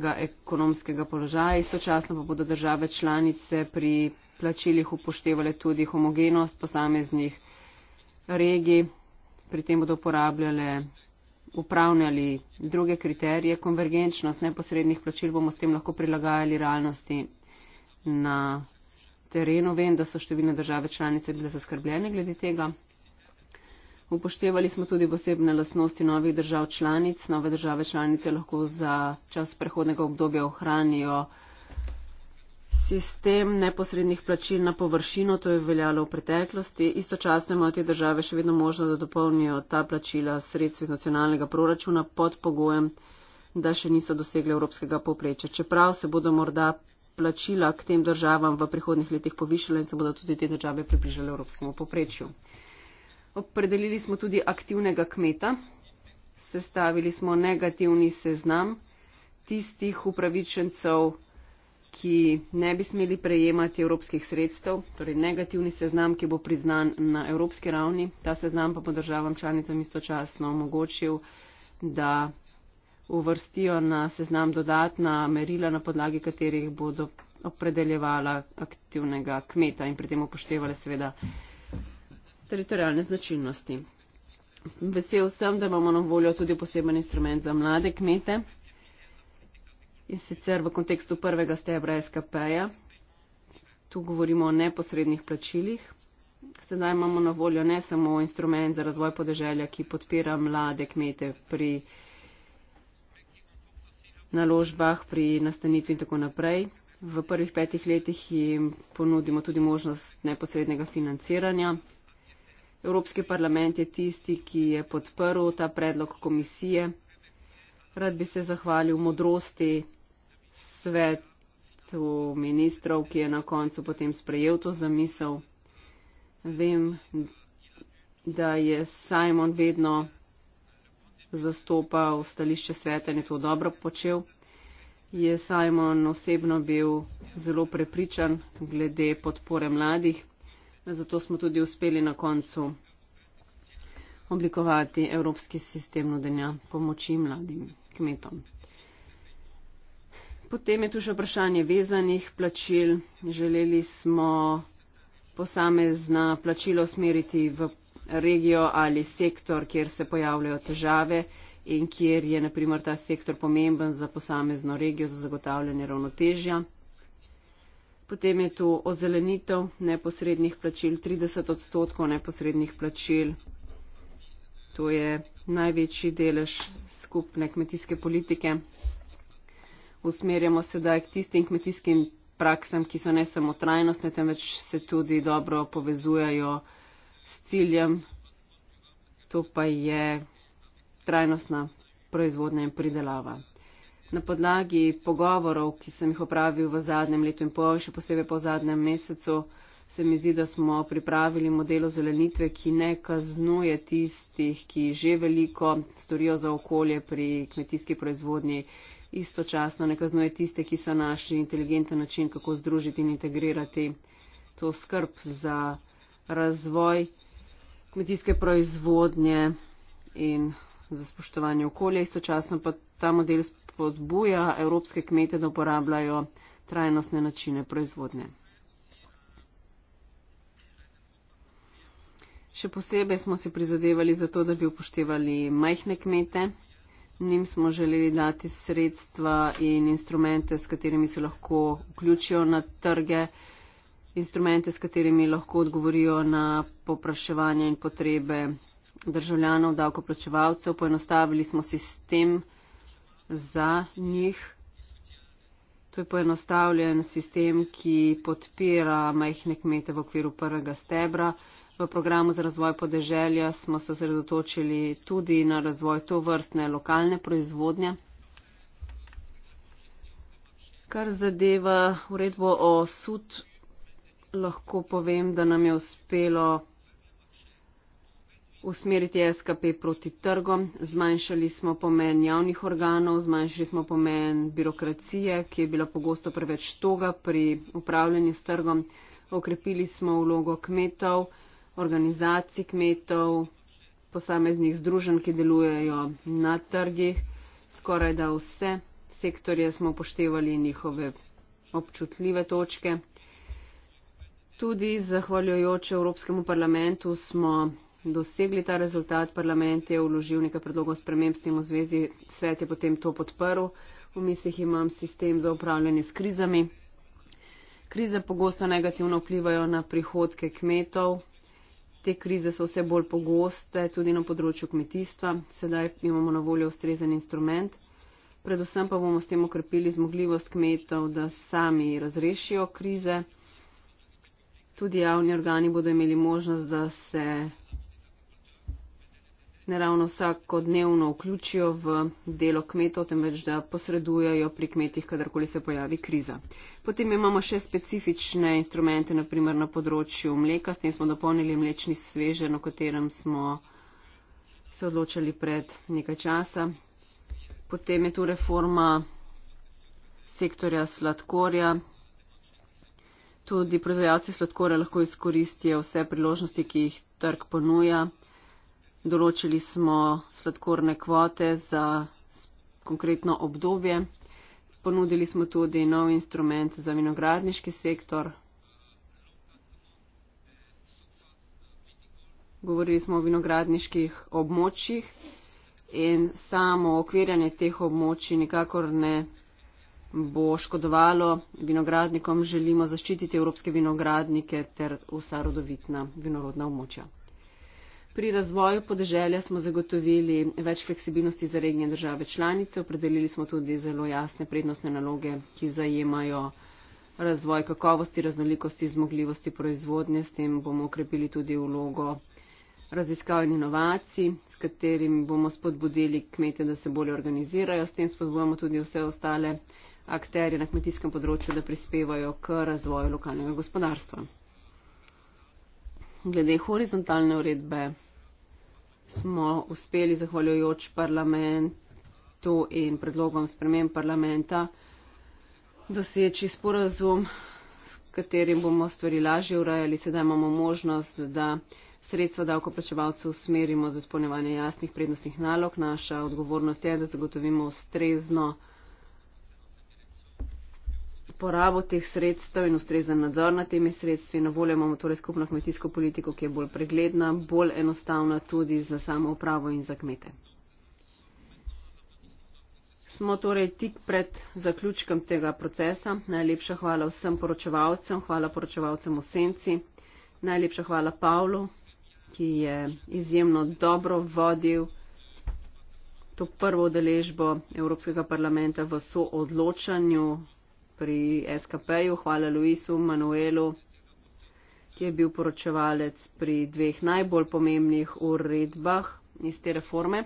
ekonomskega položaja. Istočasno pa bodo države članice pri plačilih upoštevale tudi homogenost posameznih regij pri tem bodo uporabljali, upravljali druge kriterije. Konvergenčnost neposrednih plačil bomo s tem lahko prilagajali realnosti na terenu. Vem, da so številne države članice bile zaskrbljene glede tega. Upoštevali smo tudi posebne lastnosti novih držav članic. Nove države članice lahko za čas prehodnega obdobja ohranijo sistem neposrednih plačil na površino, to je veljalo v preteklosti. Istočasno imajo te države še vedno možno, da dopolnijo ta plačila sredstvi iz nacionalnega proračuna pod pogojem, da še niso dosegli evropskega povprečja. Čeprav se bodo morda plačila k tem državam v prihodnih letih povišala in se bodo tudi te države približale evropskemu povprečju. Opredelili smo tudi aktivnega kmeta, sestavili smo negativni seznam tistih upravičencev, ki ne bi smeli prejemati evropskih sredstev, torej negativni seznam, ki bo priznan na evropski ravni. Ta seznam pa bo državam članicam istočasno omogočil, da uvrstijo na seznam dodatna merila, na podlagi katerih bodo opredeljevala aktivnega kmeta in pri tem upoštevali seveda teritorijalne značilnosti. Vesel sem, da imamo na voljo tudi poseben instrument za mlade kmete in sicer v kontekstu prvega stebra SKP-ja. Tu govorimo o neposrednih plačilih. Sedaj imamo na voljo ne samo instrument za razvoj podeželja, ki podpira mlade kmete pri naložbah, pri nastanitvi in tako naprej. V prvih petih letih jim ponudimo tudi možnost neposrednega financiranja. Evropski parlament je tisti, ki je podprl ta predlog komisije. Rad bi se zahvalil modrosti svetu ministrov, ki je na koncu potem sprejel to zamisel. Vem, da je Simon vedno zastopal stališče sveta in je to dobro počel. Je Simon osebno bil zelo prepričan glede podpore mladih, zato smo tudi uspeli na koncu oblikovati evropski sistem nudenja pomoči mladim kmetom. Potem je tu še vprašanje vezanih plačil. Želeli smo posamezna plačila usmeriti v regijo ali sektor, kjer se pojavljajo težave in kjer je naprimer ta sektor pomemben za posamezno regijo za zagotavljanje ravnotežja. Potem je tu ozelenitev neposrednih plačil, 30 odstotkov neposrednih plačil. To je največji delež skupne kmetijske politike usmerjamo sedaj k tistim kmetijskim praksam, ki so ne samo trajnostne, temveč se tudi dobro povezujajo s ciljem. To pa je trajnostna proizvodnja in pridelava. Na podlagi pogovorov, ki sem jih opravil v zadnjem letu in pol, še posebej po zadnjem mesecu, se mi zdi, da smo pripravili modelo zelenitve, ki ne kaznuje tistih, ki že veliko storijo za okolje pri kmetijski proizvodnji, istočasno ne kaznuje tiste, ki so našli inteligenten način, kako združiti in integrirati to skrb za razvoj kmetijske proizvodnje in za spoštovanje okolja. Istočasno pa ta model spodbuja evropske kmete, da uporabljajo trajnostne načine proizvodnje. Še posebej smo si prizadevali za to, da bi upoštevali majhne kmete. Nim smo želeli dati sredstva in instrumente, s katerimi se lahko vključijo na trge, instrumente, s katerimi lahko odgovorijo na popraševanje in potrebe državljanov, davkoplačevalcev. Poenostavili smo sistem za njih. To je poenostavljen sistem, ki podpira majhne kmete v okviru prvega stebra. V programu za razvoj podeželja smo se osredotočili tudi na razvoj to vrstne lokalne proizvodnje. Kar zadeva uredbo o sud, lahko povem, da nam je uspelo usmeriti SKP proti trgom. Zmanjšali smo pomen javnih organov, zmanjšali smo pomen birokracije, ki je bila pogosto preveč toga pri upravljanju s trgom. Okrepili smo vlogo kmetov organizacij kmetov, posameznih združenj, ki delujejo na trgih. Skoraj da vse sektorje smo upoštevali njihove občutljive točke. Tudi zahvaljujoč Evropskemu parlamentu smo dosegli ta rezultat. Parlament je vložil nekaj predlogov sprememb s tem v zvezi. Svet je potem to podprl. V mislih imam sistem za upravljanje s krizami. Krize pogosto negativno vplivajo na prihodke kmetov, Te krize so vse bolj pogoste tudi na področju kmetijstva, sedaj imamo na voljo ustrezen instrument. Predvsem pa bomo s tem okrepili zmogljivost kmetov, da sami razrešijo krize. Tudi javni organi bodo imeli možnost, da se ne ravno vsakodnevno vključijo v delo kmetov, temveč da posredujejo pri kmetih, kadarkoli se pojavi kriza. Potem imamo še specifične instrumente, naprimer na področju mleka, s tem smo dopolnili mlečni svežen, o katerem smo se odločali pred nekaj časa. Potem je tu reforma sektorja sladkorja. Tudi proizvajalci sladkorja lahko izkoristijo vse priložnosti, ki jih trg ponuja določili smo sladkorne kvote za konkretno obdobje. Ponudili smo tudi nov instrument za vinogradniški sektor. Govorili smo o vinogradniških območjih in samo okvirjanje teh območij nikakor ne bo škodovalo. Vinogradnikom želimo zaščititi evropske vinogradnike ter vsa rodovitna vinorodna območja. Pri razvoju podeželja smo zagotovili več fleksibilnosti za regije in države članice, opredelili smo tudi zelo jasne prednostne naloge, ki zajemajo razvoj kakovosti, raznolikosti, zmogljivosti proizvodnje, s tem bomo okrepili tudi vlogo raziskav in inovacij, s katerimi bomo spodbudili kmete, da se bolje organizirajo, s tem spodbujamo tudi vse ostale akterje na kmetijskem področju, da prispevajo k razvoju lokalnega gospodarstva glede horizontalne uredbe smo uspeli, zahvaljujoč parlamentu in predlogom spremem parlamenta, doseči sporazum, s katerim bomo stvari lažje urajali. Sedaj imamo možnost, da sredstva davkoplačevalcev usmerimo za spolnevanje jasnih prednostnih nalog. Naša odgovornost je, da zagotovimo ustrezno porabo teh sredstev in ustrezen nadzor nad temi sredstvi. Na voljo imamo torej skupno kmetijsko politiko, ki je bolj pregledna, bolj enostavna tudi za samo upravo in za kmete. Smo torej tik pred zaključkom tega procesa. Najlepša hvala vsem poročevalcem, hvala poročevalcem v Senci, najlepša hvala Pavlu, ki je izjemno dobro vodil to prvo udeležbo Evropskega parlamenta v soodločanju pri SKP-ju, hvala Luisu Manuelu, ki je bil poročevalec pri dveh najbolj pomembnih uredbah iz te reforme.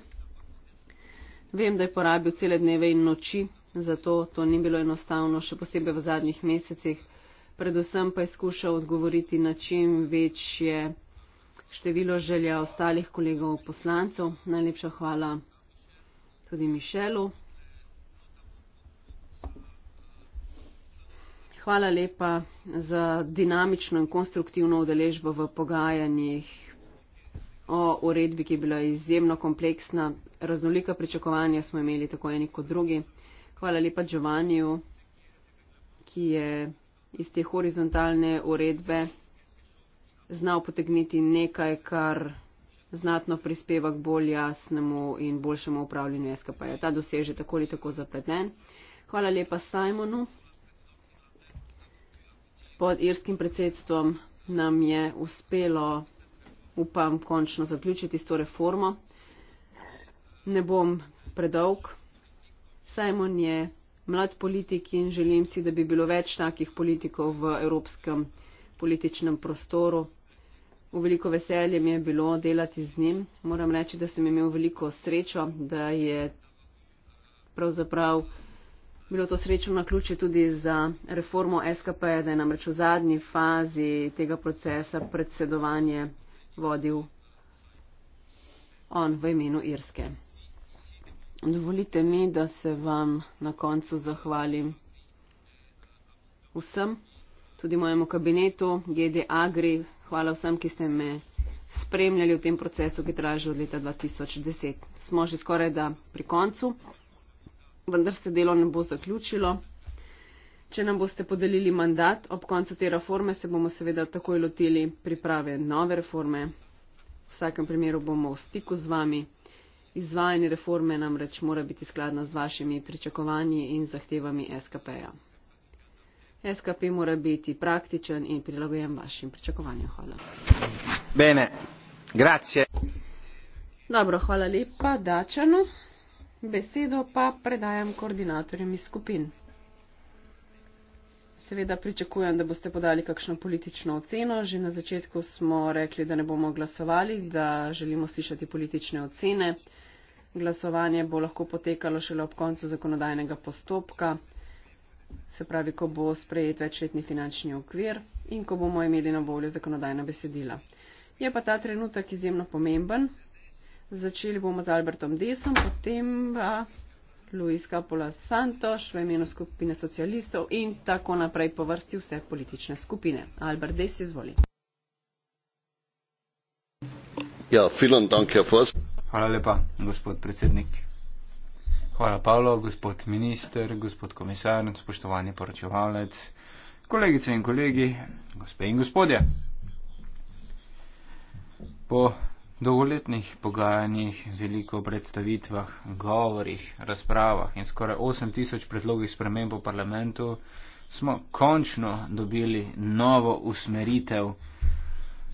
Vem, da je porabil cele dneve in noči, zato to ni bilo enostavno, še posebej v zadnjih mesecih. Predvsem pa je skušal odgovoriti na čim večje število želja ostalih kolegov poslancev. Najlepša hvala tudi Mišelu. Hvala lepa za dinamično in konstruktivno udeležbo v pogajanjih o uredbi, ki je bila izjemno kompleksna. Raznolika pričakovanja smo imeli tako eni kot drugi. Hvala lepa Giovanniju, ki je iz te horizontalne uredbe znal potegniti nekaj, kar znatno prispeva k bolj jasnemu in boljšemu upravljanju SKP. Ta dosež je tako ali tako zapleten. Hvala lepa Simonu, pod irskim predsedstvom nam je uspelo, upam, končno zaključiti s to reformo. Ne bom predolg. Simon je mlad politik in želim si, da bi bilo več takih politikov v evropskem političnem prostoru. V veliko veselje mi je bilo delati z njim. Moram reči, da sem imel veliko srečo, da je pravzaprav. Bilo to srečno na ključe tudi za reformo SKP, da je namreč v zadnji fazi tega procesa predsedovanje vodil on v imenu Irske. Dovolite mi, da se vam na koncu zahvalim vsem, tudi mojemu kabinetu GD Agri. Hvala vsem, ki ste me spremljali v tem procesu, ki traži od leta 2010. Smo že skoraj da pri koncu vendar se delo ne bo zaključilo. Če nam boste podelili mandat, ob koncu te reforme se bomo seveda takoj lotili priprave nove reforme. V vsakem primeru bomo v stiku z vami. Izvajanje reforme namreč mora biti skladno z vašimi pričakovanji in zahtevami SKP-ja. SKP mora biti praktičen in prilagojen vašim pričakovanjem. Hvala. Bene, grazie. Dobro, hvala lepa, Dačanu. Besedo pa predajam koordinatorjem iz skupin. Seveda pričakujem, da boste podali kakšno politično oceno. Že na začetku smo rekli, da ne bomo glasovali, da želimo slišati politične ocene. Glasovanje bo lahko potekalo šele ob koncu zakonodajnega postopka, se pravi, ko bo sprejet večletni finančni okvir in ko bomo imeli na voljo zakonodajna besedila. Je pa ta trenutek izjemno pomemben, Začeli bomo z Albertom Desom, potem pa Luis Capola Santoš v imenu skupine socialistov in tako naprej po vrsti vse politične skupine. Albert Des, izvoli. Ja, filan, danke, Hvala lepa, gospod predsednik. Hvala, Pavlo, gospod minister, gospod komisar, spoštovani poročevalec, kolegice in kolegi, gospe in gospodje. Po dolgoletnih pogajanjih, veliko predstavitvah, govorih, razpravah in skoraj 8000 predlogih sprememb v parlamentu smo končno dobili novo usmeritev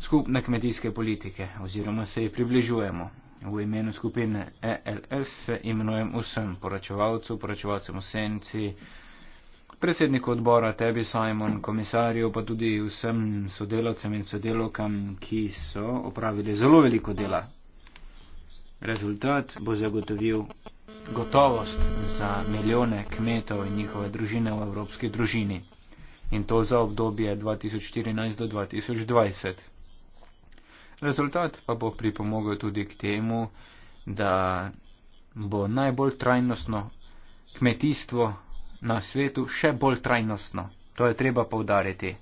skupne kmetijske politike oziroma se ji približujemo. V imenu skupine ELS se imenujem vsem poročevalcem, poročevalcem v senci, predsedniku odbora, tebi, Simon, komisarju, pa tudi vsem sodelavcem in sodelovkam, ki so opravili zelo veliko dela. Rezultat bo zagotovil gotovost za milijone kmetov in njihove družine v evropski družini. In to za obdobje 2014 do 2020. Rezultat pa bo pripomogel tudi k temu, da bo najbolj trajnostno kmetijstvo na svetu še bolj trajnostno. To je treba povdariti.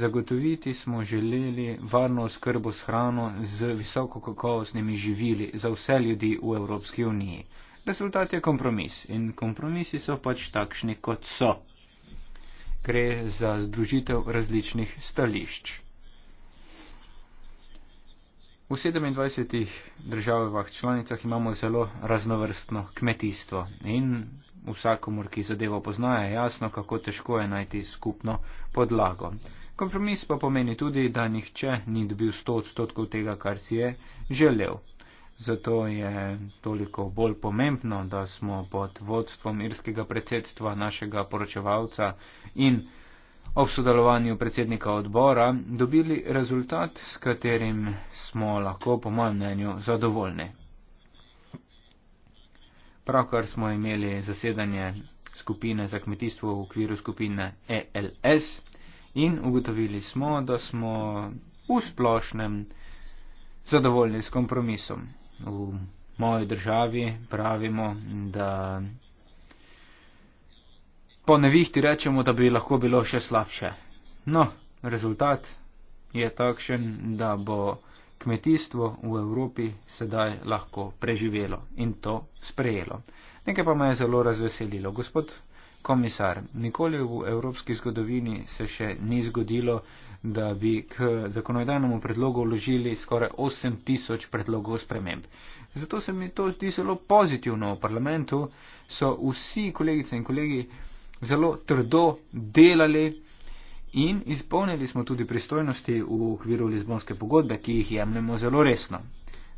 Zagotoviti smo želeli varno oskrbo s hrano z visoko kakovostnimi živili za vse ljudi v Evropski uniji. Rezultat je kompromis in kompromisi so pač takšni, kot so. Gre za združitev različnih stališč. V 27 državah članicah imamo zelo raznovrstno kmetijstvo in vsakomor, ki zadevo poznaje, jasno, kako težko je najti skupno podlago. Kompromis pa pomeni tudi, da nihče ni dobil 100 odstotkov tega, kar si je želel. Zato je toliko bolj pomembno, da smo pod vodstvom irskega predsedstva našega poročevalca in ob sodelovanju predsednika odbora dobili rezultat, s katerim smo lahko, po mojem mnenju, zadovoljni pravkar smo imeli zasedanje skupine za kmetijstvo v okviru skupine ELS in ugotovili smo, da smo v splošnem zadovoljni s kompromisom. V moji državi pravimo, da po nevihti rečemo, da bi lahko bilo še slabše. No, rezultat je takšen, da bo kmetijstvo v Evropi sedaj lahko preživelo in to sprejelo. Nekaj pa me je zelo razveselilo. Gospod komisar, nikoli v evropski zgodovini se še ni zgodilo, da bi k zakonodajnemu predlogu vložili skoraj 8000 predlogov sprememb. Zato se mi to zdi zelo pozitivno. V parlamentu so vsi kolegice in kolegi zelo trdo delali, in izpolnili smo tudi pristojnosti v okviru Lizbonske pogodbe, ki jih jemljemo zelo resno.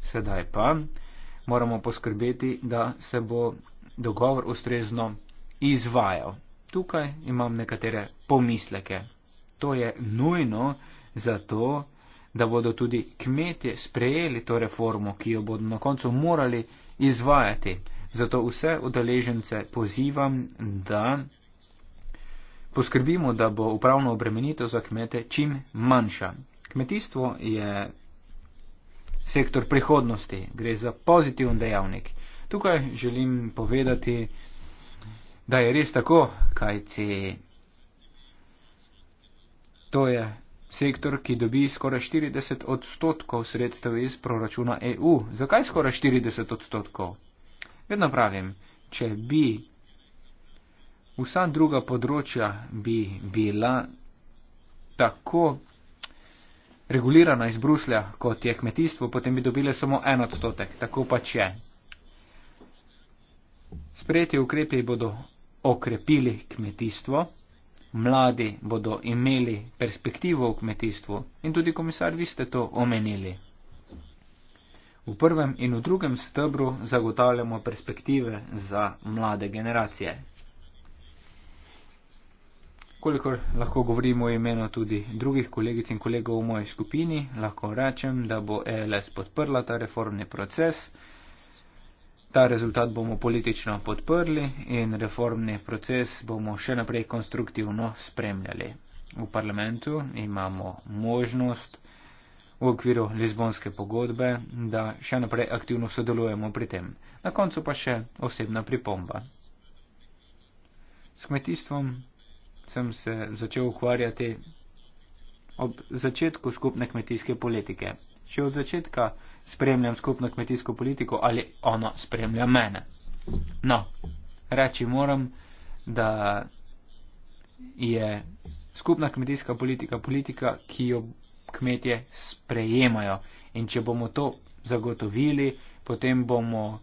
Sedaj pa moramo poskrbeti, da se bo dogovor ustrezno izvajal. Tukaj imam nekatere pomisleke. To je nujno zato, da bodo tudi kmetje sprejeli to reformo, ki jo bodo na koncu morali izvajati. Zato vse udeležence pozivam, da poskrbimo, da bo upravno obremenitev za kmete čim manjša. Kmetijstvo je sektor prihodnosti, gre za pozitiven dejavnik. Tukaj želim povedati, da je res tako, kajti to je sektor, ki dobi skoraj 40 odstotkov sredstev iz proračuna EU. Zakaj skoraj 40 odstotkov? Vedno pravim, če bi Vsa druga področja bi bila tako regulirana iz Bruslja, kot je kmetijstvo, potem bi dobile samo en odstotek. Tako pač je. Sprejeti ukrepi bodo okrepili kmetijstvo, mladi bodo imeli perspektivo v kmetijstvu in tudi komisar, vi ste to omenili. V prvem in v drugem stebru zagotavljamo perspektive za mlade generacije, kolikor lahko govorimo o imenu tudi drugih kolegic in kolegov v moji skupini, lahko rečem, da bo ELS podprla ta reformni proces. Ta rezultat bomo politično podprli in reformni proces bomo še naprej konstruktivno spremljali. V parlamentu imamo možnost v okviru Lizbonske pogodbe, da še naprej aktivno sodelujemo pri tem. Na koncu pa še osebna pripomba. S kmetijstvom sem se začel ukvarjati ob začetku skupne kmetijske politike. Še od začetka spremljam skupno kmetijsko politiko ali ona spremlja mene. No, reči moram, da je skupna kmetijska politika politika, ki jo kmetje sprejemajo. In če bomo to zagotovili, potem bomo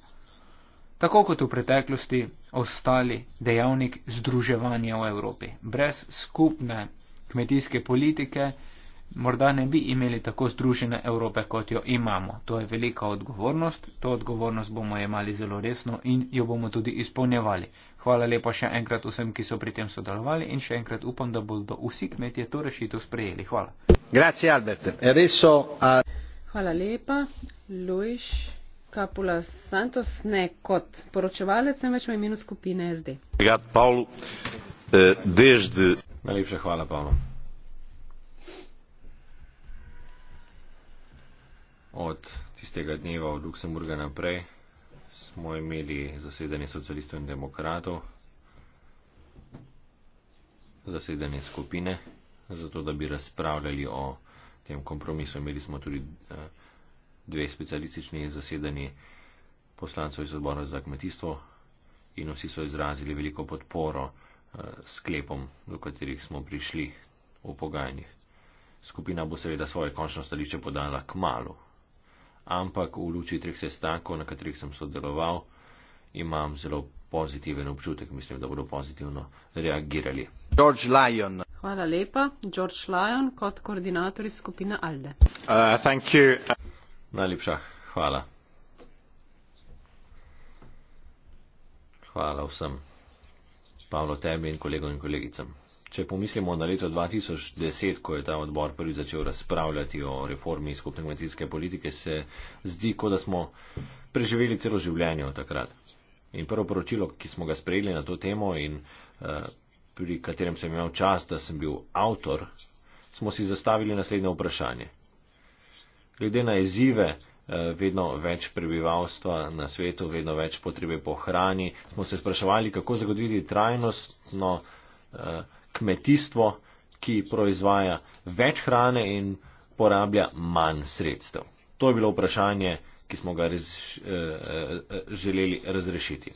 tako kot v preteklosti ostali dejavnik združevanja v Evropi. Brez skupne kmetijske politike morda ne bi imeli tako združene Evrope, kot jo imamo. To je velika odgovornost, to odgovornost bomo imeli zelo resno in jo bomo tudi izpolnjevali. Hvala lepa še enkrat vsem, ki so pri tem sodelovali in še enkrat upam, da bodo vsi kmetje to rešitev sprejeli. Hvala. Grazie, e Hvala lepa, Lujš. Capula Santos, ne kot poročevalec, temveč v imenu skupine SD. Obrigado, Paulo. Eh, desde... Najlepša hvala, Paulo. Od tistega dneva od Luksemburga naprej smo imeli zasedanje socialistov in demokratov, zasedanje skupine, zato da bi razpravljali o tem kompromisu. Imeli smo tudi. Eh, dve specialistični zasedanji poslancev iz odbora za kmetijstvo in vsi so izrazili veliko podporo uh, sklepom, do katerih smo prišli v pogajanjih. Skupina bo seveda svoje končno stališče podala k malu, ampak v luči treh sestankov, na katerih sem sodeloval, imam zelo pozitiven občutek, mislim, da bodo pozitivno reagirali. George Lyon. Hvala lepa, George Lyon kot koordinator iz skupine Alde. Uh, Najlepša hvala. Hvala vsem, Pavlo, tebi in kolegom in kolegicam. Če pomislimo na leto 2010, ko je ta odbor prvi začel razpravljati o reformi skupne kmetijske politike, se zdi, kot da smo preživeli celo življenje od takrat. In prvo poročilo, ki smo ga sprejeli na to temo in uh, pri katerem sem imel čas, da sem bil avtor, smo si zastavili naslednje vprašanje glede na izzive eh, vedno več prebivalstva na svetu, vedno več potrebe po hrani, smo se spraševali, kako zagotoviti trajnostno eh, kmetijstvo, ki proizvaja več hrane in porablja manj sredstev. To je bilo vprašanje, ki smo ga raz, eh, želeli razrešiti.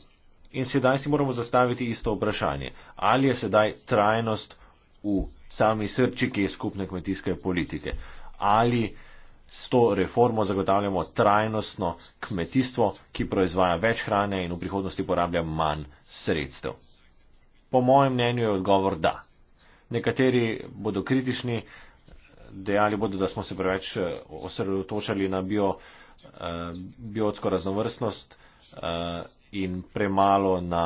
In sedaj si moramo zastaviti isto vprašanje. Ali je sedaj trajnost v sami srčiki skupne kmetijske politike? Ali S to reformo zagotavljamo trajnostno kmetijstvo, ki proizvaja več hrane in v prihodnosti porablja manj sredstev. Po mojem mnenju je odgovor da. Nekateri bodo kritični, dejali bodo, da smo se preveč eh, osredotočali na bio, eh, biotsko raznovrstnost eh, in premalo na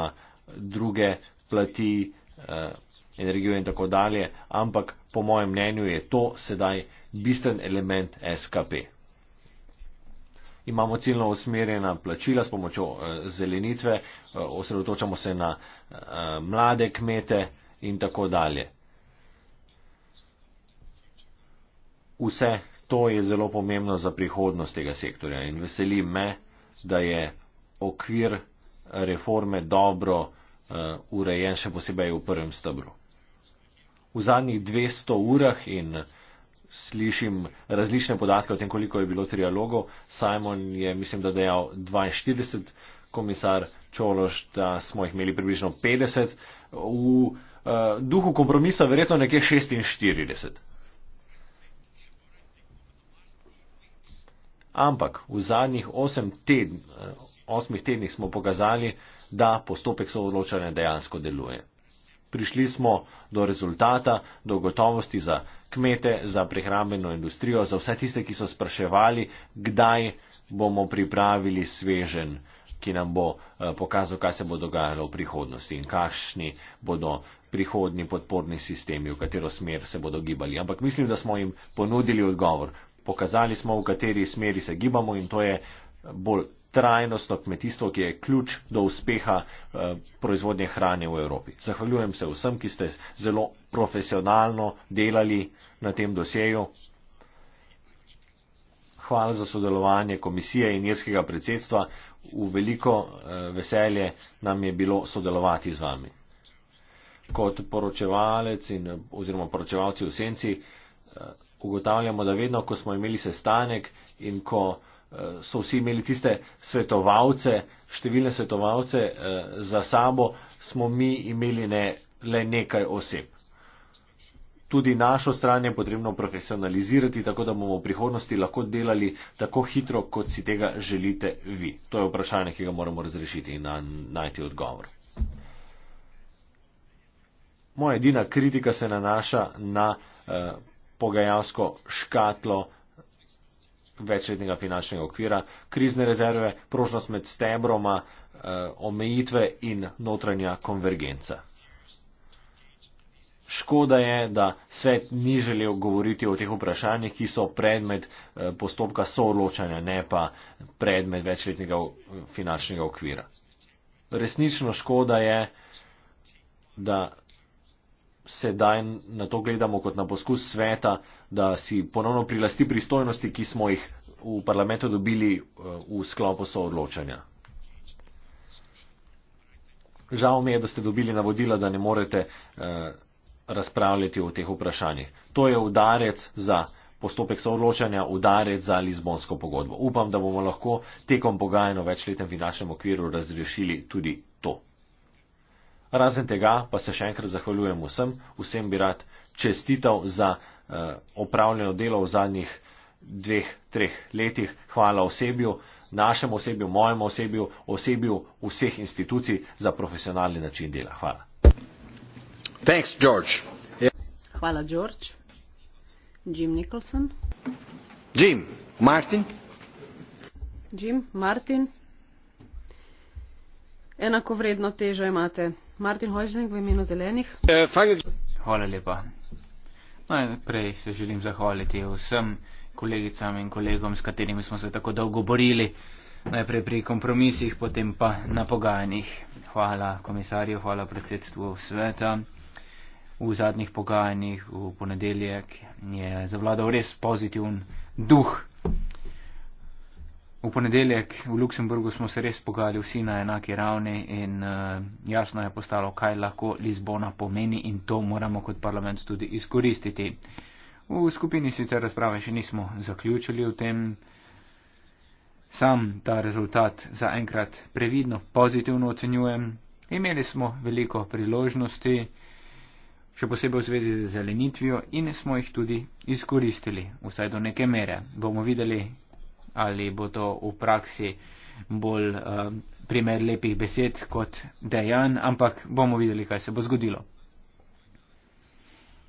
druge plati, energijo in tako dalje, ampak po mojem mnenju je to sedaj bistven element SKP. Imamo ciljno usmerjena plačila s pomočjo eh, zelenitve, eh, osredotočamo se na eh, mlade kmete in tako dalje. Vse to je zelo pomembno za prihodnost tega sektorja in veseli me, da je okvir reforme dobro urejen, še posebej v prvem stebru. V zadnjih 200 urah in slišim različne podatke o tem, koliko je bilo trialogov. Simon je, mislim, da dejal 42, komisar Čološ, da smo jih imeli približno 50. V uh, duhu kompromisa verjetno nekje 46. Ampak v zadnjih tedn, eh, osmih tednih smo pokazali, da postopek soodločanja dejansko deluje. Prišli smo do rezultata, do gotovosti za kmete, za prehrambeno industrijo, za vse tiste, ki so spraševali, kdaj bomo pripravili svežen, ki nam bo eh, pokazal, kaj se bo dogajalo v prihodnosti in kakšni bodo prihodni podporni sistemi, v katero smer se bodo gibali. Ampak mislim, da smo jim ponudili odgovor. Pokazali smo, v kateri smeri se gibamo in to je bolj trajnostno kmetijstvo, ki je ključ do uspeha eh, proizvodnje hrane v Evropi. Zahvaljujem se vsem, ki ste zelo profesionalno delali na tem dosjeju. Hvala za sodelovanje komisije in irskega predsedstva. V veliko eh, veselje nam je bilo sodelovati z vami. Kot poročevalec in, oziroma poročevalci v senci eh, ugotavljamo, da vedno, ko smo imeli sestanek in ko Eh, so vsi imeli tiste svetovalce, številne svetovalce eh, za sabo, smo mi imeli ne, le nekaj oseb. Tudi našo stran je potrebno profesionalizirati, tako da bomo v prihodnosti lahko delali tako hitro, kot si tega želite vi. To je vprašanje, ki ga moramo razrešiti in na, najti odgovor. Moja edina kritika se nanaša na eh, pogajalsko škatlo večletnega finančnega okvira, krizne rezerve, prožnost med stebroma, eh, omejitve in notranja konvergenca. Škoda je, da svet ni želel govoriti o teh vprašanjih, ki so predmet eh, postopka soodločanja, ne pa predmet večletnega eh, finančnega okvira. Resnično škoda je, da sedaj na to gledamo kot na poskus sveta, da si ponovno prilasti pristojnosti, ki smo jih v parlamentu dobili eh, v sklopu soodločanja. Žal mi je, da ste dobili navodila, da ne morete eh, razpravljati o teh vprašanjih. To je udarec za postopek soodločanja, udarec za Lizbonsko pogodbo. Upam, da bomo lahko tekom pogajanja o večletnem finančnem okviru razrešili tudi Razen tega pa se še enkrat zahvaljujem vsem, vsem bi rad čestital za uh, opravljeno delo v zadnjih dveh, treh letih. Hvala osebju, našemu osebju, mojemu osebju, osebju vseh institucij za profesionalni način dela. Hvala. Thanks, George. Yeah. Hvala, George. Jim Nicholson. Jim, Martin. Jim, Martin. Enako vredno težo imate. E, najprej se želim zahvaliti vsem kolegicam in kolegom, s katerimi smo se tako dolgo borili, najprej pri kompromisih, potem pa na pogajanjih. Hvala komisarju, hvala predsedstvu sveta. V zadnjih pogajanjih v ponedeljek je zavladal res pozitiven duh. V ponedeljek v Luksemburgu smo se res pogajali vsi na enaki ravni in uh, jasno je postalo, kaj lahko Lizbona pomeni in to moramo kot parlament tudi izkoristiti. V skupini sicer razprave še nismo zaključili o tem. Sam ta rezultat zaenkrat previdno pozitivno ocenjujem. Imeli smo veliko priložnosti, še posebej v zvezi z zelenitvijo in smo jih tudi izkoristili, vsaj do neke mere. Bomo videli, ali bo to v praksi bolj uh, primer lepih besed kot dejan, ampak bomo videli, kaj se bo zgodilo.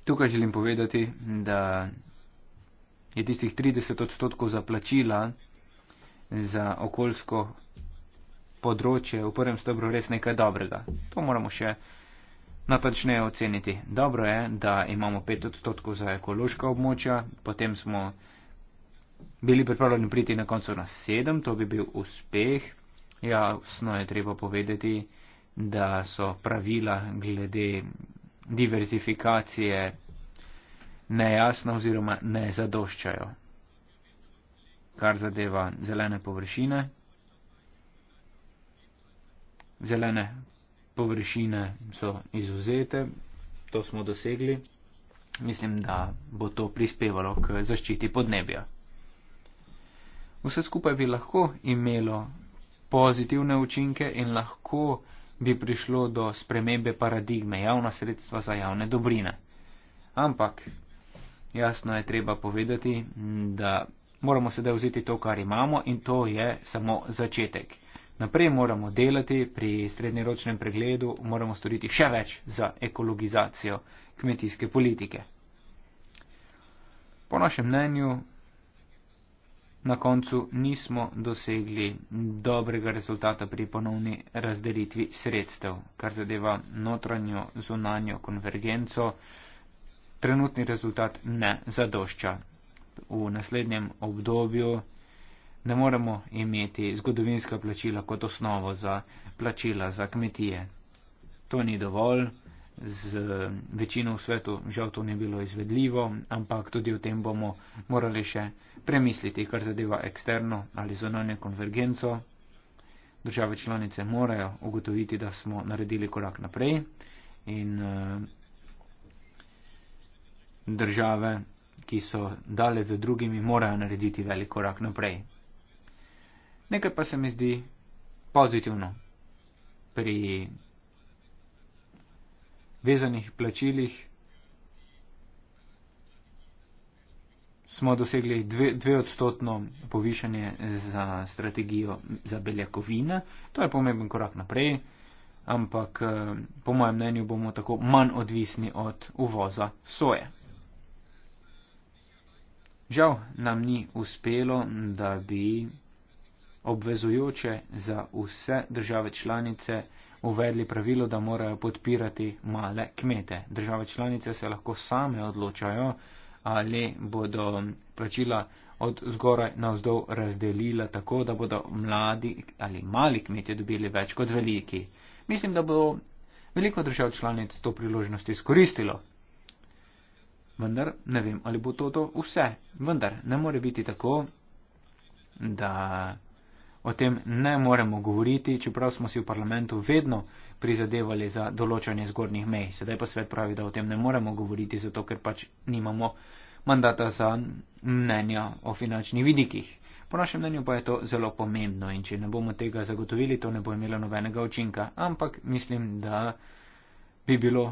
Tukaj želim povedati, da je tistih 30 odstotkov zaplačila za okoljsko področje v prvem stopru res nekaj dobrega. To moramo še natačneje oceniti. Dobro je, da imamo 5 odstotkov za ekološka območja, potem smo bili pripravljeni priti na koncu na sedem, to bi bil uspeh. Jasno je treba povedati, da so pravila glede diverzifikacije nejasna oziroma ne zadoščajo. Kar zadeva zelene površine, zelene površine so izuzete, to smo dosegli. Mislim, da bo to prispevalo k zaščiti podnebja vse skupaj bi lahko imelo pozitivne učinke in lahko bi prišlo do spremembe paradigme javna sredstva za javne dobrine. Ampak jasno je treba povedati, da moramo sedaj vzeti to, kar imamo in to je samo začetek. Naprej moramo delati pri srednjeročnem pregledu, moramo storiti še več za ekologizacijo kmetijske politike. Po našem mnenju na koncu nismo dosegli dobrega rezultata pri ponovni razdelitvi sredstev, kar zadeva notranjo zunanjo konvergenco. Trenutni rezultat ne zadošča. V naslednjem obdobju ne moremo imeti zgodovinska plačila kot osnovo za plačila za kmetije. To ni dovolj z večino v svetu žal to ne bilo izvedljivo, ampak tudi o tem bomo morali še premisliti, kar zadeva eksterno ali zunanje konvergenco. Države članice morajo ugotoviti, da smo naredili korak naprej in države, ki so dale za drugimi, morajo narediti velik korak naprej. Nekaj pa se mi zdi pozitivno pri vezanih plačilih smo dosegli dve, dve odstotno povišanje za strategijo za beljakovine. To je pomemben korak naprej, ampak eh, po mojem mnenju bomo tako manj odvisni od uvoza soje. Žal nam ni uspelo, da bi obvezujoče za vse države članice uvedli pravilo, da morajo podpirati male kmete. Države članice se lahko same odločajo, ali bodo plačila od zgoraj navzdol razdelila tako, da bodo mladi ali mali kmetje dobili več kot veliki. Mislim, da bo veliko držav članic to priložnost izkoristilo. Vendar ne vem, ali bo to to vse. Vendar ne more biti tako, da o tem ne moremo govoriti, čeprav smo si v parlamentu vedno prizadevali za določanje zgornjih mej. Sedaj pa svet pravi, da o tem ne moremo govoriti, zato ker pač nimamo mandata za mnenja o finančnih vidikih. Po našem mnenju pa je to zelo pomembno in če ne bomo tega zagotovili, to ne bo imelo nobenega učinka. Ampak mislim, da bi bilo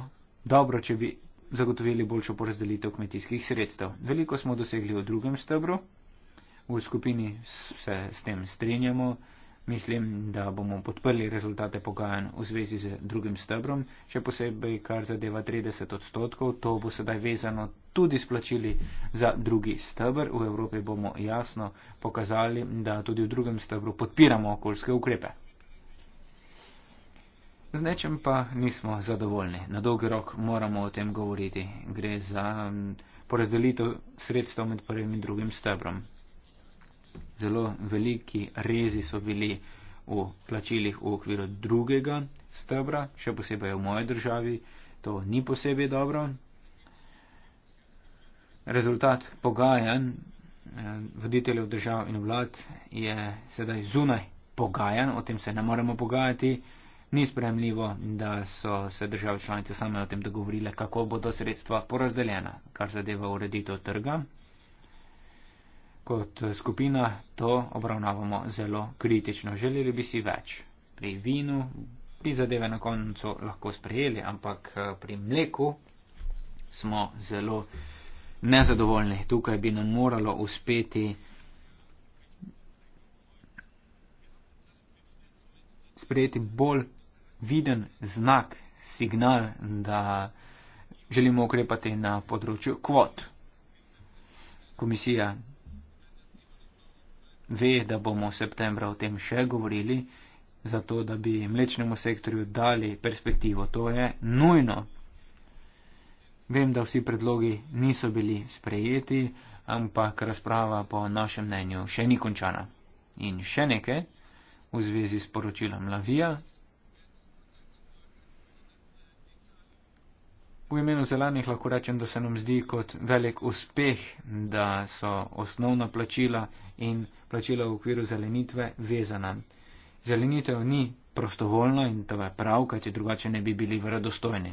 dobro, če bi zagotovili boljšo porazdelitev kmetijskih sredstev. Veliko smo dosegli v drugem stebru, V skupini se s tem strinjamo. Mislim, da bomo podprli rezultate pogajanj v zvezi z drugim stebrom, še posebej kar zadeva 30 odstotkov. To bo sedaj vezano tudi s plačili za drugi stebr. V Evropi bomo jasno pokazali, da tudi v drugem stebru podpiramo okoljske ukrepe. Z nečem pa nismo zadovoljni. Na dolgi rok moramo o tem govoriti. Gre za porazdelitev sredstev med prvim in drugim stebrom zelo veliki rezi so bili v plačilih v okviru drugega stebra, še posebej v moje državi, to ni posebej dobro. Rezultat pogajanj eh, voditeljev držav in vlad je sedaj zunaj pogajanj, o tem se ne moremo pogajati. Ni spremljivo, da so se države članice same o tem dogovorile, kako bodo sredstva porazdeljena, kar zadeva ureditev trga, kot skupina to obravnavamo zelo kritično. Želeli bi si več. Pri vinu bi zadeve na koncu lahko sprejeli, ampak eh, pri mleku smo zelo nezadovoljni. Tukaj bi nam moralo uspeti sprejeti bolj viden znak, signal, da želimo ukrepati na področju kvot. Komisija ve, da bomo v septembra o tem še govorili, zato da bi mlečnemu sektorju dali perspektivo. To je nujno. Vem, da vsi predlogi niso bili sprejeti, ampak razprava po našem mnenju še ni končana. In še nekaj v zvezi s poročilom Lavija V imenu zelanih lahko rečem, da se nam zdi kot velik uspeh, da so osnovna plačila in plačila v okviru zelenitve vezana. Zelenitev ni prostovoljna in to je prav, kajti drugače ne bi bili verodostojni.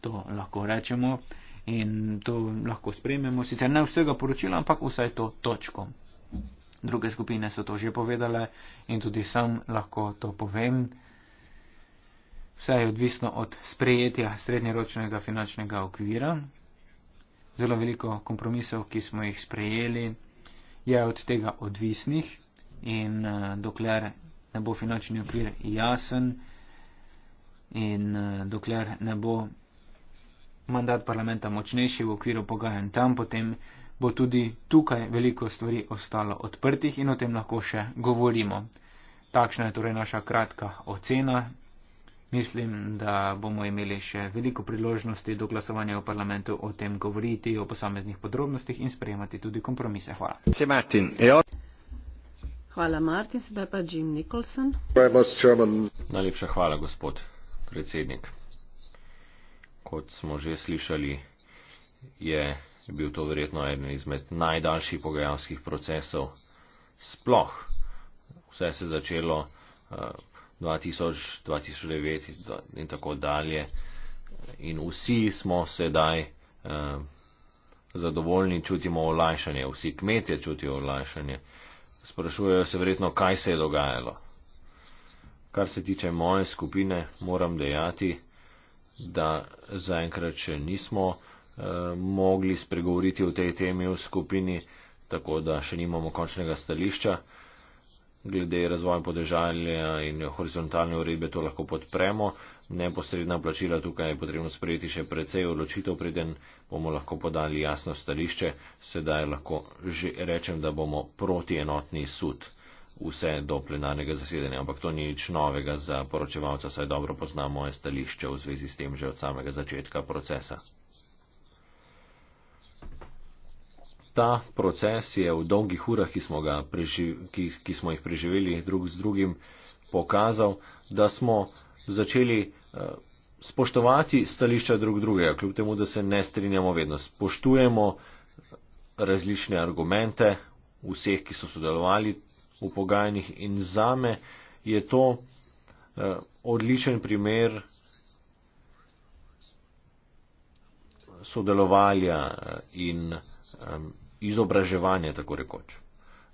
To lahko rečemo in to lahko sprememo, sicer ne vsega poročila, ampak vsaj to točko. Druge skupine so to že povedale in tudi sam lahko to povem vse je odvisno od sprejetja srednjeročnega finančnega okvira. Zelo veliko kompromisov, ki smo jih sprejeli, je od tega odvisnih in eh, dokler ne bo finančni okvir jasen in eh, dokler ne bo mandat parlamenta močnejši v okviru pogajanj tam, potem bo tudi tukaj veliko stvari ostalo odprtih in o tem lahko še govorimo. Takšna je torej naša kratka ocena Mislim, da bomo imeli še veliko priložnosti do glasovanja v parlamentu o tem govoriti, o posameznih podrobnostih in sprejemati tudi kompromise. Hvala. Eh, oh. Hvala, Martin. Sedaj pa Jim Nicholson. Najlepša hvala, gospod predsednik. Kot smo že slišali, je bil to verjetno eden izmed najdaljših pogajalskih procesov sploh. Vse se je začelo. Uh, 2000, 2009 in tako dalje. In vsi smo sedaj eh, zadovoljni, čutimo olajšanje, vsi kmetje čutijo olajšanje. Sprašujejo se verjetno, kaj se je dogajalo. Kar se tiče moje skupine, moram dejati, da zaenkrat še nismo eh, mogli spregovoriti o tej temi v skupini, tako da še nimamo končnega stališča glede razvoja podeželja in horizontalne uredbe to lahko podpremo. Neposredna plačila tukaj je potrebno sprejeti še precej odločitev, preden bomo lahko podali jasno stališče. Sedaj lahko že rečem, da bomo proti enotni sud vse do plenarnega zasedanja, ampak to ni nič novega za poročevalca, saj dobro pozna moje stališče v zvezi s tem že od samega začetka procesa. Ta proces je v dolgih urah, ki smo, preživ, ki, ki smo jih preživeli drug z drugim, pokazal, da smo začeli uh, spoštovati stališča drug drugega, kljub temu, da se ne strinjamo vedno. Spoštujemo različne argumente vseh, ki so sodelovali v pogajanjih in za me je to uh, odličen primer sodelovanja eh, in um, izobraževanje, tako rekoč.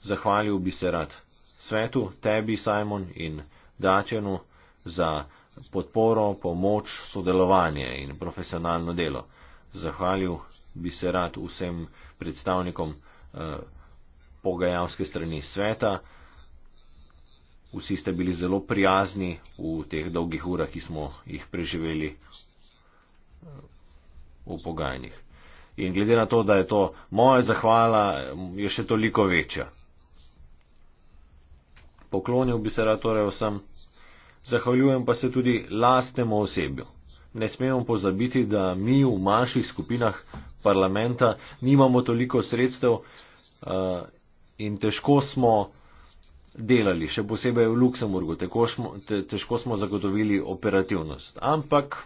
Zahvalil bi se rad svetu, tebi, Simon in Dačenu za podporo, pomoč, sodelovanje in profesionalno delo. Zahvalil bi se rad vsem predstavnikom eh, pogajalske strani sveta. Vsi ste bili zelo prijazni v teh dolgih urah, ki smo jih preživeli eh, v pogajanjih in glede na to, da je to moja zahvala, je še toliko večja. Poklonil bi se rad torej vsem, zahvaljujem pa se tudi lastnemu osebju. Ne smemo pozabiti, da mi v manjših skupinah parlamenta nimamo toliko sredstev uh, in težko smo delali, še posebej v Luksemburgu, težko smo, te, težko smo zagotovili operativnost. Ampak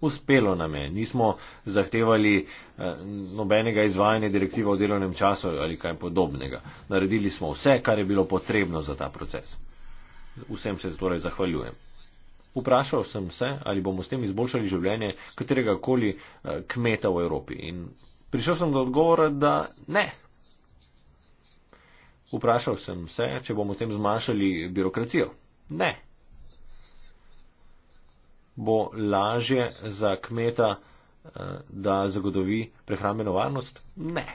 Uspelo nam je, nismo zahtevali eh, nobenega izvajanja direktiva o delovnem času ali kaj podobnega. Naredili smo vse, kar je bilo potrebno za ta proces. Vsem se torej zahvaljujem. Vprašal sem se, ali bomo s tem izboljšali življenje katerega koli eh, kmeta v Evropi. In prišel sem do odgovora, da ne. Vprašal sem se, če bomo s tem zmanjšali birokracijo. Ne bo lažje za kmeta, eh, da zagotovi prehrambeno varnost? Ne.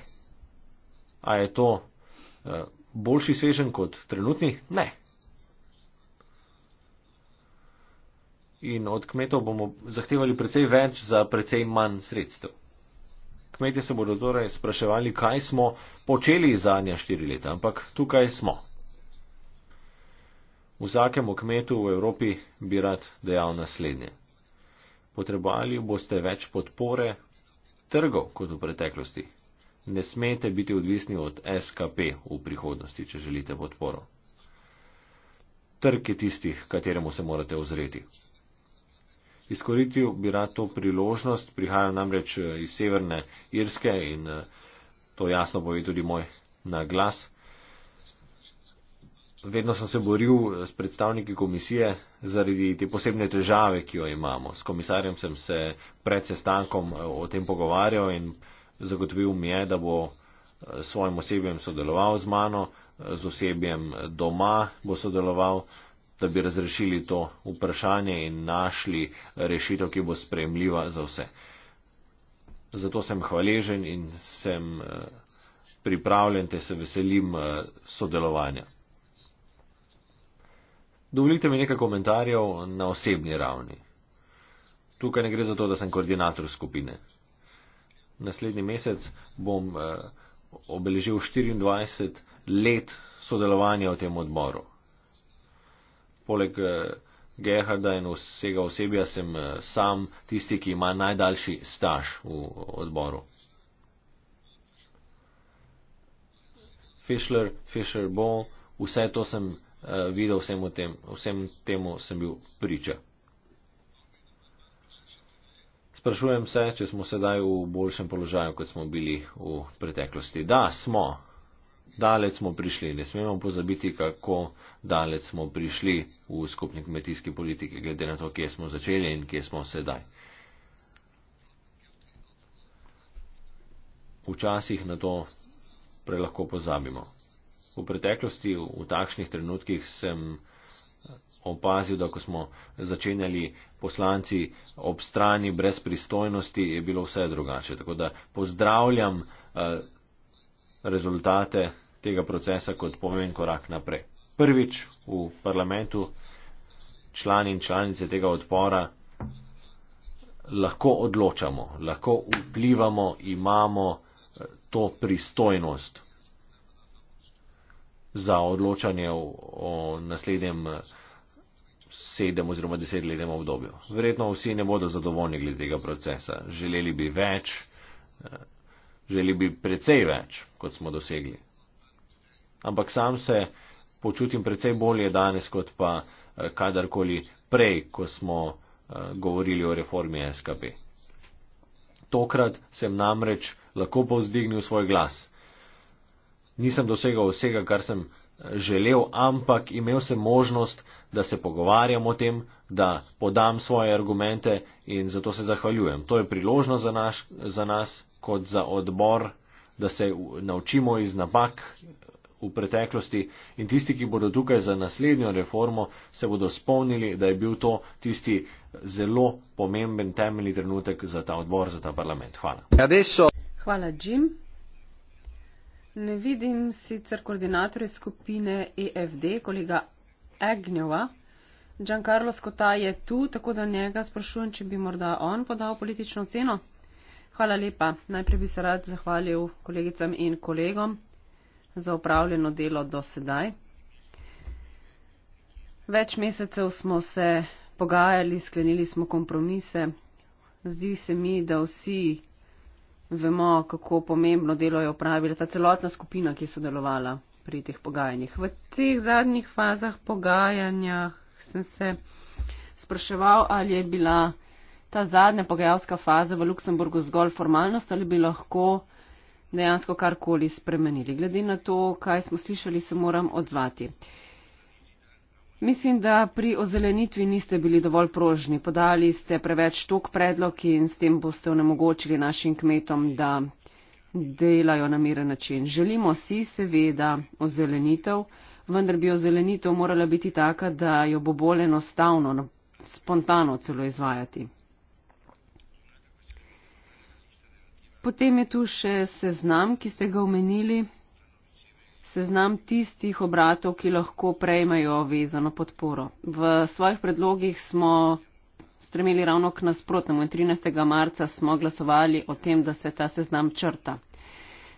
A je to eh, boljši svežen kot trenutni? Ne. In od kmetov bomo zahtevali precej več za precej manj sredstev. Kmetje se bodo torej spraševali, kaj smo počeli zadnja štiri leta, ampak tukaj smo. Vsakemu kmetu v Evropi bi rad dejal naslednje. Potrebovali boste več podpore trgov kot v preteklosti. Ne smete biti odvisni od SKP v prihodnosti, če želite podporo. Trg je tisti, kateremu se morate ozreti. Izkoristil bi rad to priložnost, prihajam namreč eh, iz severne Irske in eh, to jasno pove tudi moj naglas vedno sem se boril s predstavniki komisije zaradi te posebne težave, ki jo imamo. S komisarjem sem se pred sestankom eh, o tem pogovarjal in zagotovil mi je, da bo eh, svojim osebjem sodeloval z mano, eh, z osebjem doma bo sodeloval, da bi razrešili to vprašanje in našli rešitev, ki bo sprejemljiva za vse. Zato sem hvaležen in sem pripravljen, te se veselim sodelovanja. Dovolite mi nekaj komentarjev na osebni ravni. Tukaj ne gre za to, da sem koordinator skupine. Naslednji mesec bom eh, obeležil 24 let sodelovanja v tem odboru. Poleg eh, Gehrda in vsega osebja sem eh, sam tisti, ki ima najdaljši staž v odboru. Fischler, Fischer bo, vse to sem Eh, videl vsem, tem, vsem temu, sem bil priča. Sprašujem se, če smo sedaj v boljšem položaju, kot smo bili v preteklosti. Da, smo. Dalec smo prišli. Ne smemo pozabiti, kako dalec smo prišli v skupni kmetijski politiki, glede na to, kje smo začeli in kje smo sedaj. Včasih na to prelahko pozabimo. V preteklosti, v takšnih trenutkih, sem opazil, da ko smo začenjali poslanci ob strani brez pristojnosti, je bilo vse drugače. Tako da pozdravljam eh, rezultate tega procesa kot pomemben korak naprej. Prvič v parlamentu člani in članice tega odpora lahko odločamo, lahko vplivamo, imamo eh, to pristojnost za odločanje o, o naslednjem sedem oziroma desetletnem obdobju. Verjetno vsi ne bodo zadovoljni glede tega procesa. Želeli bi več, eh, želeli bi precej več, kot smo dosegli. Ampak sam se počutim precej bolje danes, kot pa eh, kadarkoli prej, ko smo eh, govorili o reformi SKP. Tokrat sem namreč lahko povzdignil svoj glas nisem dosegal vsega, kar sem eh, želel, ampak imel sem možnost, da se pogovarjam o tem, da podam svoje argumente in zato se zahvaljujem. To je priložnost za, naš, za nas, kot za odbor, da se naučimo iz napak v preteklosti in tisti, ki bodo tukaj za naslednjo reformo, se bodo spomnili, da je bil to tisti eh, zelo pomemben temeljni trenutek za ta odbor, za ta parlament. Hvala. Hvala, Jim. Ne vidim sicer koordinatorja skupine EFD, kolega Agnjova. Giancarlo Skota je tu, tako da njega sprašujem, če bi morda on podal politično oceno. Hvala lepa. Najprej bi se rad zahvalil kolegicam in kolegom za upravljeno delo do sedaj. Več mesecev smo se pogajali, sklenili smo kompromise. Zdi se mi, da vsi vemo, kako pomembno delo je opravila ta celotna skupina, ki je sodelovala pri teh pogajanjih. V teh zadnjih fazah pogajanjah sem se spraševal, ali je bila ta zadnja pogajalska faza v Luksemburgu zgolj formalnost ali bi lahko dejansko karkoli spremenili. Glede na to, kaj smo slišali, se moram odzvati. Uh, Mislim, da pri ozelenitvi niste bili dovolj prožni. Podali ste preveč tok predlog in s tem boste onemogočili našim kmetom, da delajo na miren način. Želimo si seveda ozelenitev, vendar bi ozelenitev morala biti taka, da jo bo bolj enostavno, no, spontano celo izvajati. Potem je tu še seznam, ki ste ga omenili seznam tistih obratov, ki lahko prejmejo vezano podporo. V svojih predlogih smo stremeli ravno k nasprotnemu in 13. marca smo glasovali o tem, da se ta seznam črta.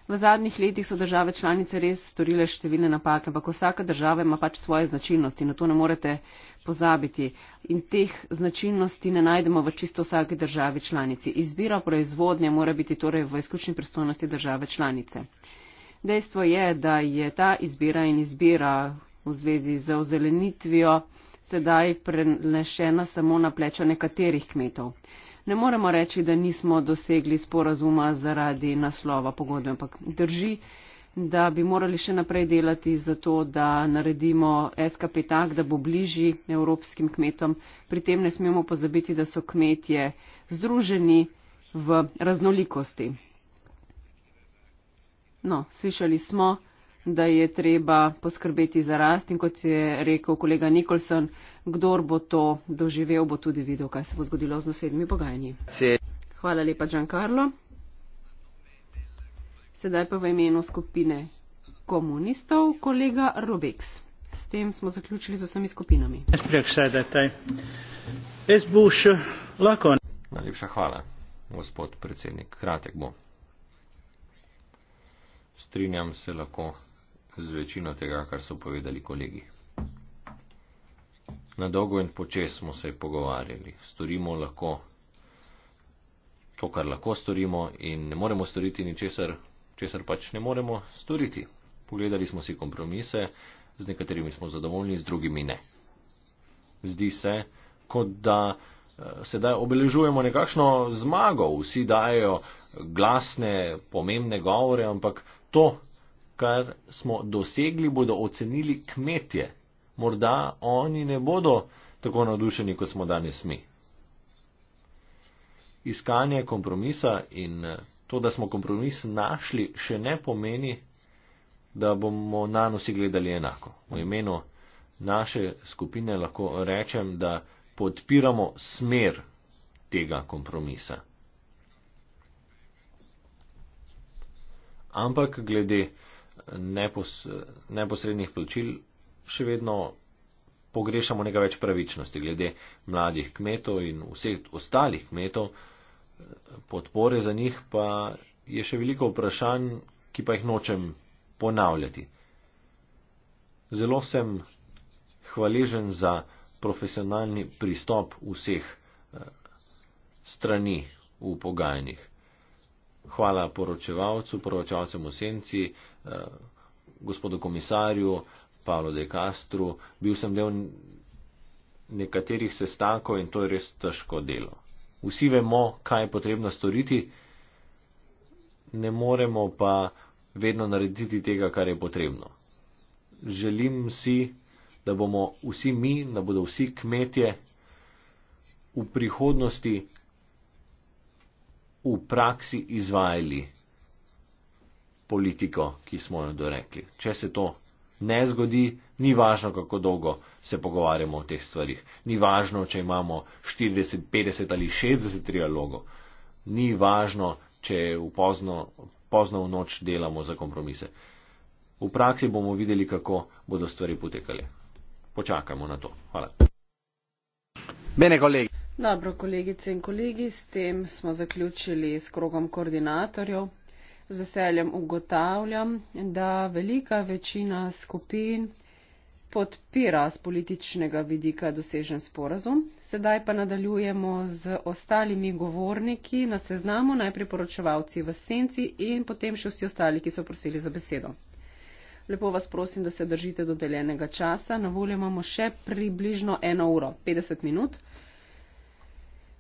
V zadnjih letih so države članice res storile številne napake, ampak vsaka država ima pač svoje značilnosti in na to ne morete pozabiti. In teh značilnosti ne najdemo v čisto vsaki državi članici. Izbira proizvodnje mora biti torej v izključni pristojnosti države članice. Dejstvo je, da je ta izbira in izbira v zvezi z ozelenitvijo sedaj prenešena samo na pleča nekaterih kmetov. Ne moremo reči, da nismo dosegli sporazuma zaradi naslova pogodbe, ampak drži, da bi morali še naprej delati za to, da naredimo SKP tak, da bo bližji evropskim kmetom. Pri tem ne smemo pozabiti, da so kmetje združeni v raznolikosti. No, slišali smo, da je treba poskrbeti za rast in kot je rekel kolega Nikolson, kdor bo to doživel, bo tudi videl, kaj se bo zgodilo z naslednjimi pogajanji. Hvala lepa, Giancarlo. Sedaj pa v imenu skupine komunistov, kolega Robex. S tem smo zaključili z vsemi skupinami. Eh, Najlepša hvala, gospod predsednik. Kratek bom. Strinjam se lahko z večino tega, kar so povedali kolegi. Na dolgo in počes smo se pogovarjali. Storimo lahko to, kar lahko storimo in ne moremo storiti ničesar, česar pač ne moremo storiti. Pogledali smo si kompromise, z nekaterimi smo zadovoljni, z drugimi ne. Zdi se, kot da eh, sedaj obeležujemo nekakšno zmago, vsi dajo glasne, pomembne govore, ampak to, kar smo dosegli, bodo ocenili kmetje. Morda oni ne bodo tako navdušeni, kot smo danes mi. Iskanje kompromisa in eh, to, da smo kompromis našli, še ne pomeni, da bomo na nosi gledali enako. V imenu naše skupine lahko rečem, da podpiramo smer tega kompromisa. ampak glede nepos, neposrednih plačil še vedno pogrešamo nekaj več pravičnosti. Glede mladih kmetov in vseh ostalih kmetov, podpore za njih pa je še veliko vprašanj, ki pa jih nočem ponavljati. Zelo sem hvaležen za profesionalni pristop vseh eh, strani v pogajanjih hvala poročevalcu, poročevalcem v senci, eh, gospodu komisarju, Pavlo de Castru. Bil sem del nekaterih sestankov in to je res težko delo. Vsi vemo, kaj je potrebno storiti, ne moremo pa vedno narediti tega, kar je potrebno. Želim si, da bomo vsi mi, da bodo vsi kmetje v prihodnosti v praksi izvajali politiko, ki smo jo dorekli. Če se to ne zgodi, ni važno, kako dolgo se pogovarjamo o teh stvarih. Ni važno, če imamo 40, 50 ali 60 trialogov. Ni važno, če v pozno, pozno v noč delamo za kompromise. V praksi bomo videli, kako bodo stvari potekale. Počakajmo na to. Hvala. Bene, kolegi. Dobro, kolegice in kolegi, s tem smo zaključili s krogom koordinatorjev. Z veseljem ugotavljam, da velika večina skupin podpira z političnega vidika dosežen sporazum. Sedaj pa nadaljujemo z ostalimi govorniki na seznamu, najprej poročevalci v senci in potem še vsi ostali, ki so prosili za besedo. Lepo vas prosim, da se držite dodeljenega časa. Na voljo imamo še približno eno uro, 50 minut.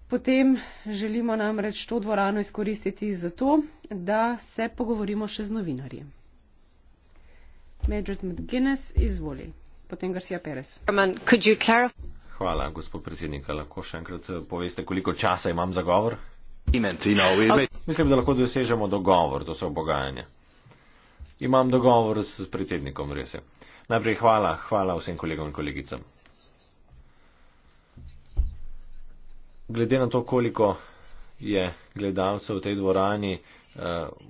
Potem želimo namreč to dvorano izkoristiti za to, da se pogovorimo še z novinarji. Madrid McGuinness, izvoli. Potem Garcia Perez. Hvala, gospod predsednik. Lahko še enkrat eh, poveste, koliko časa imam za govor? Mislim, da lahko dosežemo dogovor, to so obogajanja. Imam dogovor s predsednikom, res je. Najprej hvala, hvala vsem kolegom in kolegicam. glede na to, koliko je gledalcev v tej dvorani, eh,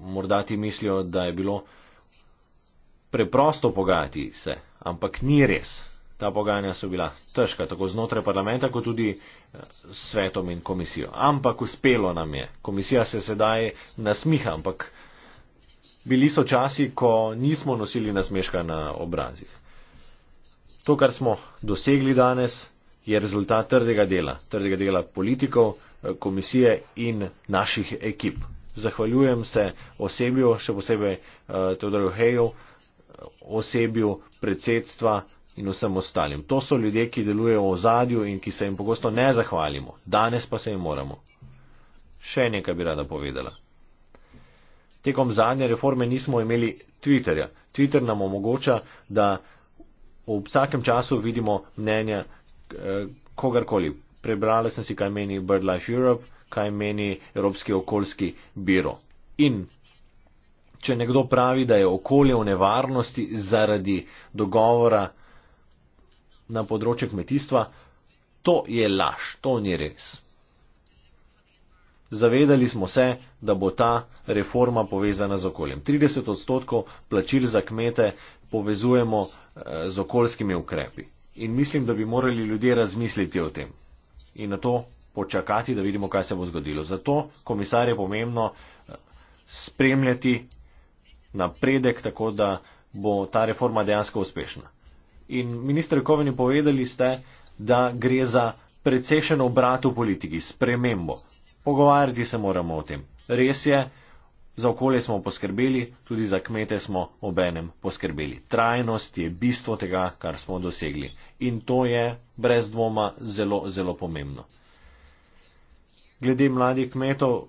morda ti mislijo, da je bilo preprosto pogajati se, ampak ni res. Ta pogajanja so bila težka, tako znotraj parlamenta, kot tudi eh, svetom in komisijo. Ampak uspelo nam je. Komisija se sedaj nasmiha, ampak bili so časi, ko nismo nosili nasmeška na obrazih. To, kar smo dosegli danes, je rezultat trdega dela, trdega dela politikov, eh, komisije in naših ekip. Zahvaljujem se osebju, še posebej uh, Teodoru Heju, eh, osebju predsedstva in vsem ostalim. To so ljudje, ki delujejo v zadju in ki se jim pogosto ne zahvalimo. Danes pa se jim moramo. Še nekaj bi rada povedala. Tekom zadnje reforme nismo imeli Twitterja. Twitter nam omogoča, da v vsakem času vidimo mnenja eh, kogarkoli. Prebrala sem si, kaj meni BirdLife Europe, kaj meni Evropski okoljski biro. In če nekdo pravi, da je okolje v nevarnosti zaradi dogovora na področju kmetijstva, to je laž, to ni res. Zavedali smo se, da bo ta reforma povezana z okoljem. 30 odstotkov plačil za kmete povezujemo eh, z okoljskimi ukrepi in mislim, da bi morali ljudje razmisliti o tem in na to počakati, da vidimo, kaj se bo zgodilo. Zato, komisar, je pomembno eh, spremljati napredek, tako da bo ta reforma dejansko uspešna. In ministr Koveni povedali ste, da gre za precejšen obrat v politiki, spremembo. Pogovarjati se moramo o tem. Res je, Za okolje smo poskrbeli, tudi za kmete smo obenem poskrbeli. Trajnost je bistvo tega, kar smo dosegli. In to je brez dvoma zelo, zelo pomembno. Glede mladih kmetov,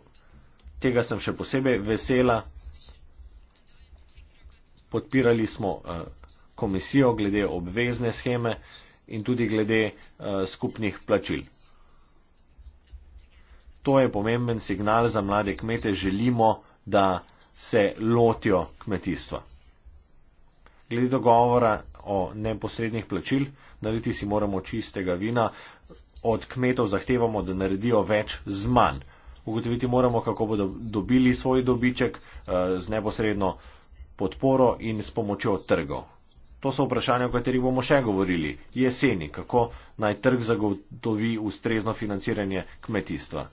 tega sem še posebej vesela. Podpirali smo eh, komisijo glede obvezne scheme in tudi glede eh, skupnih plačil. To je pomemben signal za mlade kmete. Želimo da se lotijo kmetijstva. Glede dogovora o neposrednih plačil, naliti si moramo čistega vina, od kmetov zahtevamo, da naredijo več z manj. Ugotoviti moramo, kako bodo dobili svoj dobiček eh, z neposredno podporo in s pomočjo trgov. To so vprašanja, o katerih bomo še govorili. Jeseni, kako naj trg zagotovi ustrezno financiranje kmetijstva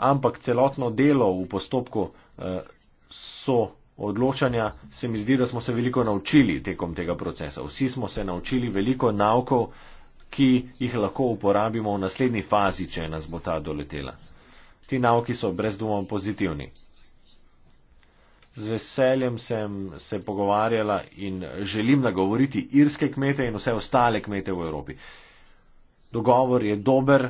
ampak celotno delo v postopku eh, so odločanja, se mi zdi, da smo se veliko naučili tekom tega procesa. Vsi smo se naučili veliko naukov, ki jih lahko uporabimo v naslednji fazi, če nas bo ta doletela. Ti nauki so brez dvoma pozitivni. Z veseljem sem se pogovarjala in želim nagovoriti irske kmete in vse ostale kmete v Evropi. Dogovor je dober,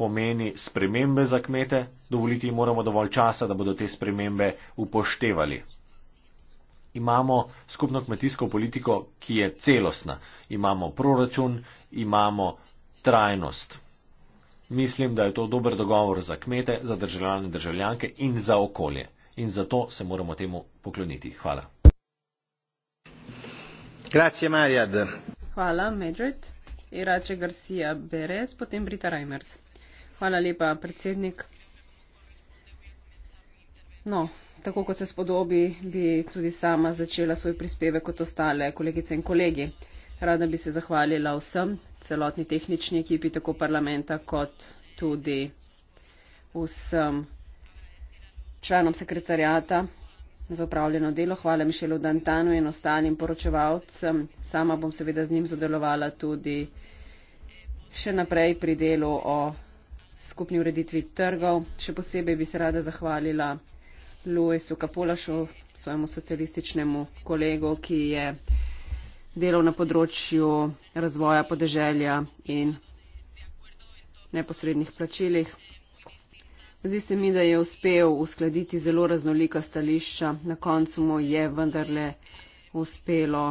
pomeni spremembe za kmete, dovoliti jim moramo dovolj časa, da bodo te spremembe upoštevali. Imamo skupno kmetijsko politiko, ki je celostna. Imamo proračun, imamo trajnost. Mislim, da je to dober dogovor za kmete, za državljane, državljanke in za okolje. In zato se moramo temu pokloniti. Hvala. Grazie, Marjad. Hvala, Medved. Irače Garcia Beres, potem Brita Reimers. Hvala lepa, predsednik. No, tako kot se spodobi, bi tudi sama začela svoj prispevek kot ostale kolegice in kolegi. Rada bi se zahvalila vsem, celotni tehnični ekipi tako parlamenta kot tudi vsem članom sekretarjata za upravljeno delo. Hvala Mišelu Dantanu in ostalim poročevalcem. Sama bom seveda z njim sodelovala tudi še naprej pri delu o skupni ureditvi trgov. Še posebej bi se rada zahvalila Luisu Kapolašu, svojemu socialističnemu kolegu, ki je delal na področju razvoja podeželja in neposrednih plačilih. Zdi se mi, da je uspel uskladiti zelo raznolika stališča. Na koncu mu je vendarle uspelo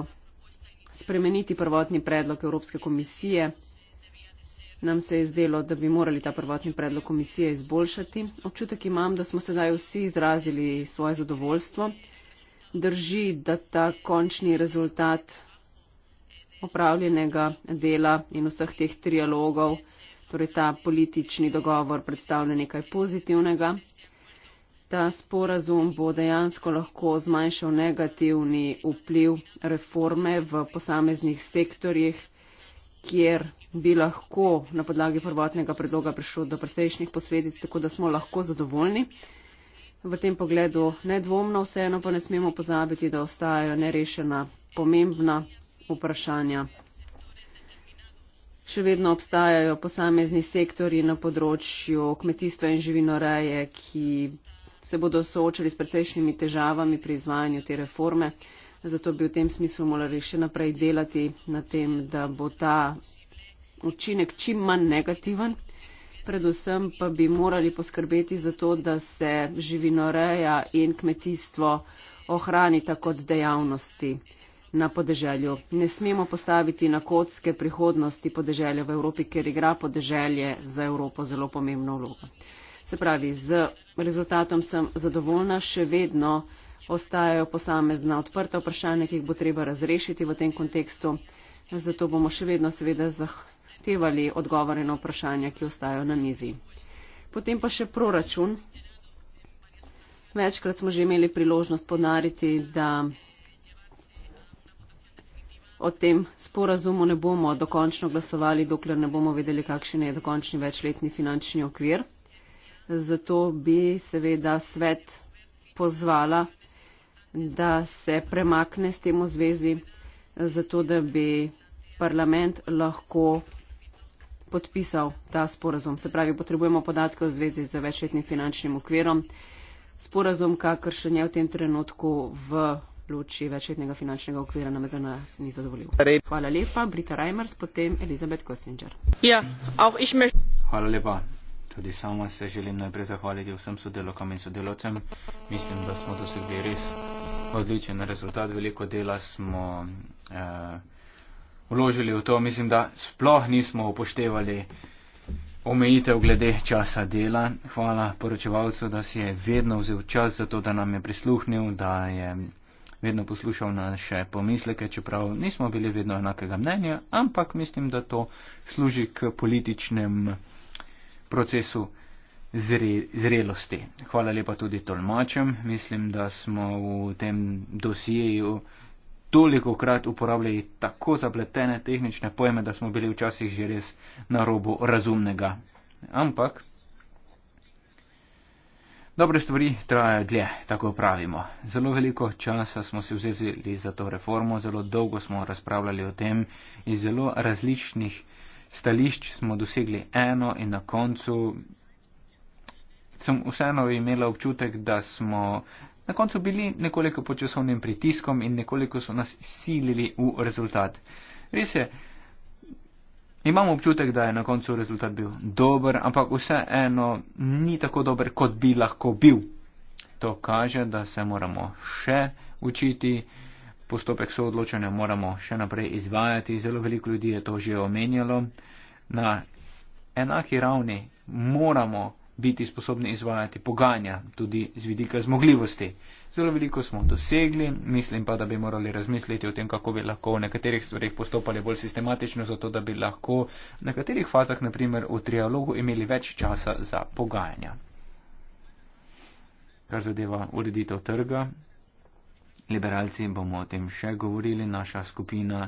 spremeniti prvotni predlog Evropske komisije, nam se je zdelo, da bi morali ta prvotni predlog komisije izboljšati. Občutek imam, da smo sedaj vsi izrazili svoje zadovoljstvo. Drži, da ta končni rezultat opravljenega dela in vseh teh trialogov, torej ta politični dogovor predstavlja nekaj pozitivnega. Ta sporazum bo dejansko lahko zmanjšal negativni vpliv reforme v posameznih sektorjih, kjer bi lahko na podlagi prvotnega predloga prišlo do precejšnjih posledic, tako da smo lahko zadovoljni. V tem pogledu nedvomno vseeno pa ne smemo pozabiti, da ostajajo nerešena pomembna vprašanja. Še vedno obstajajo posamezni sektori na področju kmetijstva in živinoreje, ki se bodo soočali s precejšnjimi težavami pri izvajanju te reforme. Zato bi v tem smislu morali še naprej delati na tem, da bo ta učinek čim manj negativen. Predvsem pa bi morali poskrbeti za to, da se živinoreja in kmetijstvo ohranita kot dejavnosti na podeželju. Ne smemo postaviti na kocke prihodnosti podeželja v Evropi, ker igra podeželje za Evropo zelo pomembno vlogo. Se pravi, z rezultatom sem zadovoljna, še vedno ostajajo posamezna odprta vprašanja, ki jih bo treba razrešiti v tem kontekstu. Zato bomo še vedno seveda zahvali upoštevali odgovore na vprašanja, ki ostajajo na mizi. Potem pa še proračun. Večkrat smo že imeli priložnost podariti, da o tem sporazumu ne bomo dokončno glasovali, dokler ne bomo vedeli, kakšen je dokončni večletni finančni okvir. Zato bi seveda svet pozvala, da se premakne s tem v zvezi, zato da bi parlament lahko podpisal ta sporazum. Se pravi, potrebujemo podatke v zvezi z večletnim finančnim okvirom. Sporazum, kakršen je v tem trenutku v luči večletnega finančnega okvira, nam je za nas ni zadovoljiv. Hvala lepa, Brita Reimers, potem Elizabeth Kostinger. Ja, Hvala lepa. Tudi sama se želim najprej zahvaliti vsem sodelokam in sodelovcem. Mislim, da smo dosegli res odličen rezultat. Veliko dela smo. Eh, vložili v to, mislim, da sploh nismo upoštevali omejitev glede časa dela. Hvala poročevalcu, da si je vedno vzel čas za to, da nam je prisluhnil, da je vedno poslušal naše pomisleke, čeprav nismo bili vedno enakega mnenja, ampak mislim, da to služi k političnem procesu zre, zrelosti. Hvala lepa tudi tolmačem. Mislim, da smo v tem dosijeju toliko krat uporabljali tako zapletene tehnične pojme, da smo bili včasih že res na robu razumnega. Ampak dobre stvari trajajo dlje, tako pravimo. Zelo veliko časa smo si vzeli za to reformo, zelo dolgo smo razpravljali o tem in zelo različnih stališč smo dosegli eno in na koncu. Sem vseeno imela občutek, da smo Na koncu bili nekoliko pod časovnim pritiskom in nekoliko so nas silili v rezultat. Res je, imam občutek, da je na koncu rezultat bil dober, ampak vseeno ni tako dober, kot bi lahko bil. To kaže, da se moramo še učiti, postopek soodločanja moramo še naprej izvajati, zelo veliko ljudi je to že omenjalo. Na enaki ravni moramo biti sposobni izvajati pogajanja, tudi z vidika zmogljivosti. Zelo veliko smo dosegli, mislim pa, da bi morali razmisliti o tem, kako bi lahko v nekaterih stvarih postopali bolj sistematično, zato da bi lahko v nekaterih fazah, naprimer v trialogu, imeli več časa za pogajanja. Kar zadeva ureditev trga, liberalci bomo o tem še govorili, naša skupina.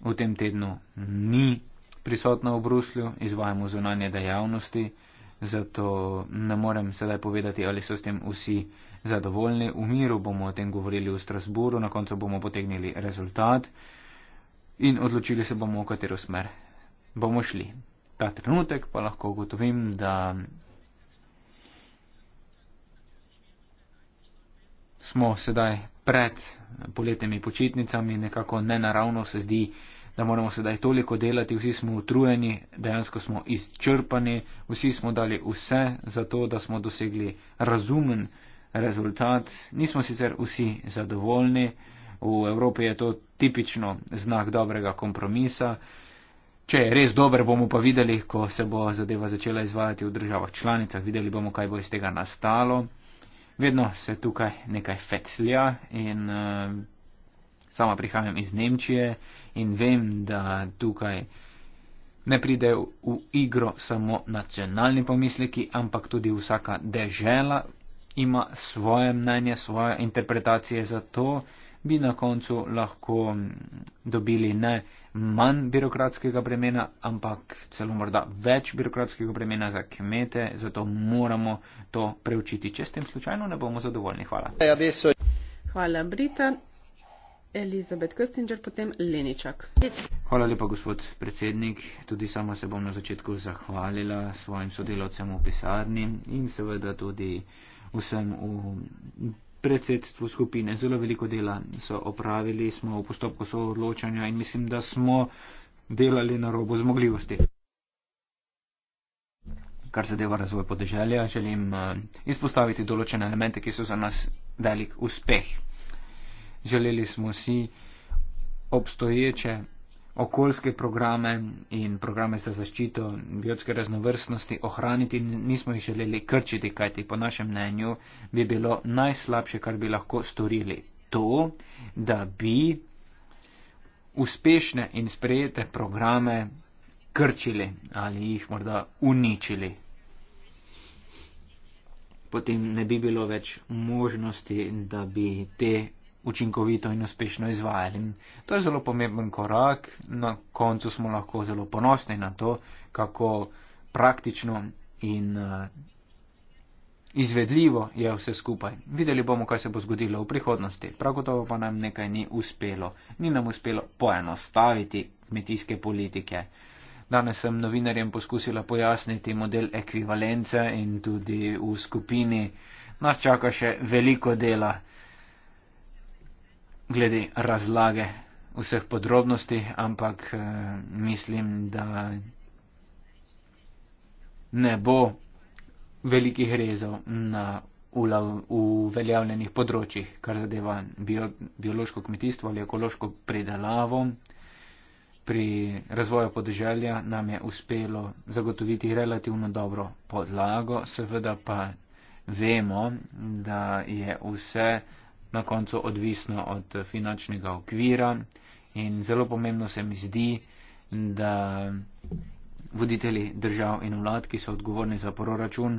V tem tednu ni prisotna v Bruslju, izvajamo zunanje dejavnosti, zato ne morem sedaj povedati, ali so s tem vsi zadovoljni. V miru bomo o tem govorili v Strasburu, na koncu bomo potegnili rezultat in odločili se bomo, v katero smer bomo šli. Ta trenutek pa lahko ugotovim, da smo sedaj pred poletnimi počitnicami, nekako nenaravno se zdi, da moramo sedaj toliko delati, vsi smo utrujeni, dejansko smo izčrpani, vsi smo dali vse za to, da smo dosegli razumen rezultat, nismo sicer vsi zadovoljni, v Evropi je to tipično znak dobrega kompromisa. Če je res dober, bomo pa videli, ko se bo zadeva začela izvajati v državah članicah, videli bomo, kaj bo iz tega nastalo vedno se tukaj nekaj feclja in uh, sama prihajam iz Nemčije in vem, da tukaj ne pride v, v igro samo nacionalni pomisleki, ampak tudi vsaka dežela ima svoje mnenje, svoje interpretacije za to. Uh, bi na koncu lahko mm, dobili ne manj birokratskega bremena, ampak celo morda več birokratskega bremena za kmete, zato moramo to preučiti. Če s tem slučajno ne bomo zadovoljni. Hvala. Hvala, Brita. Elizabet Kostinger, potem Leničak. Hvala lepa, gospod predsednik. Tudi sama se bom na začetku zahvalila svojim sodelovcem v pisarni in seveda tudi vsem v predsedstvu skupine. Zelo veliko dela so opravili, smo v postopku soodločanja in mislim, da smo delali na robu zmogljivosti. Kar zadeva razvoj podeželja, želim eh, izpostaviti določene elemente, ki so za nas velik uspeh. Želeli smo si obstoječe okoljske programe in programe za zaščito biotske raznovrstnosti ohraniti, nismo jih želeli krčiti, kajti po našem mnenju bi bilo najslabše, kar bi lahko storili, to, da bi uspešne in sprejete programe krčili ali jih morda uničili. Potem ne bi bilo več možnosti, da bi te učinkovito in uspešno izvajali. To je zelo pomemben korak, na koncu smo lahko zelo ponosni na to, kako praktično in eh, izvedljivo je vse skupaj. Videli bomo, kaj se bo zgodilo v prihodnosti. Prav gotovo pa nam nekaj ni uspelo. Ni nam uspelo poenostaviti kmetijske politike. Danes sem novinarjem poskusila pojasniti model ekvivalence in tudi v skupini nas čaka še veliko dela glede razlage vseh podrobnosti, ampak eh, mislim, da ne bo velikih rezov na uveljavljenih področjih, kar zadeva bio, biološko kmetijstvo ali ekološko predelavo. Pri razvoju podeželja nam je uspelo zagotoviti relativno dobro podlago, seveda pa vemo, da je vse na koncu odvisno od eh, finančnega okvira in zelo pomembno se mi zdi, da voditelji držav in vlad, ki so odgovorni za proračun,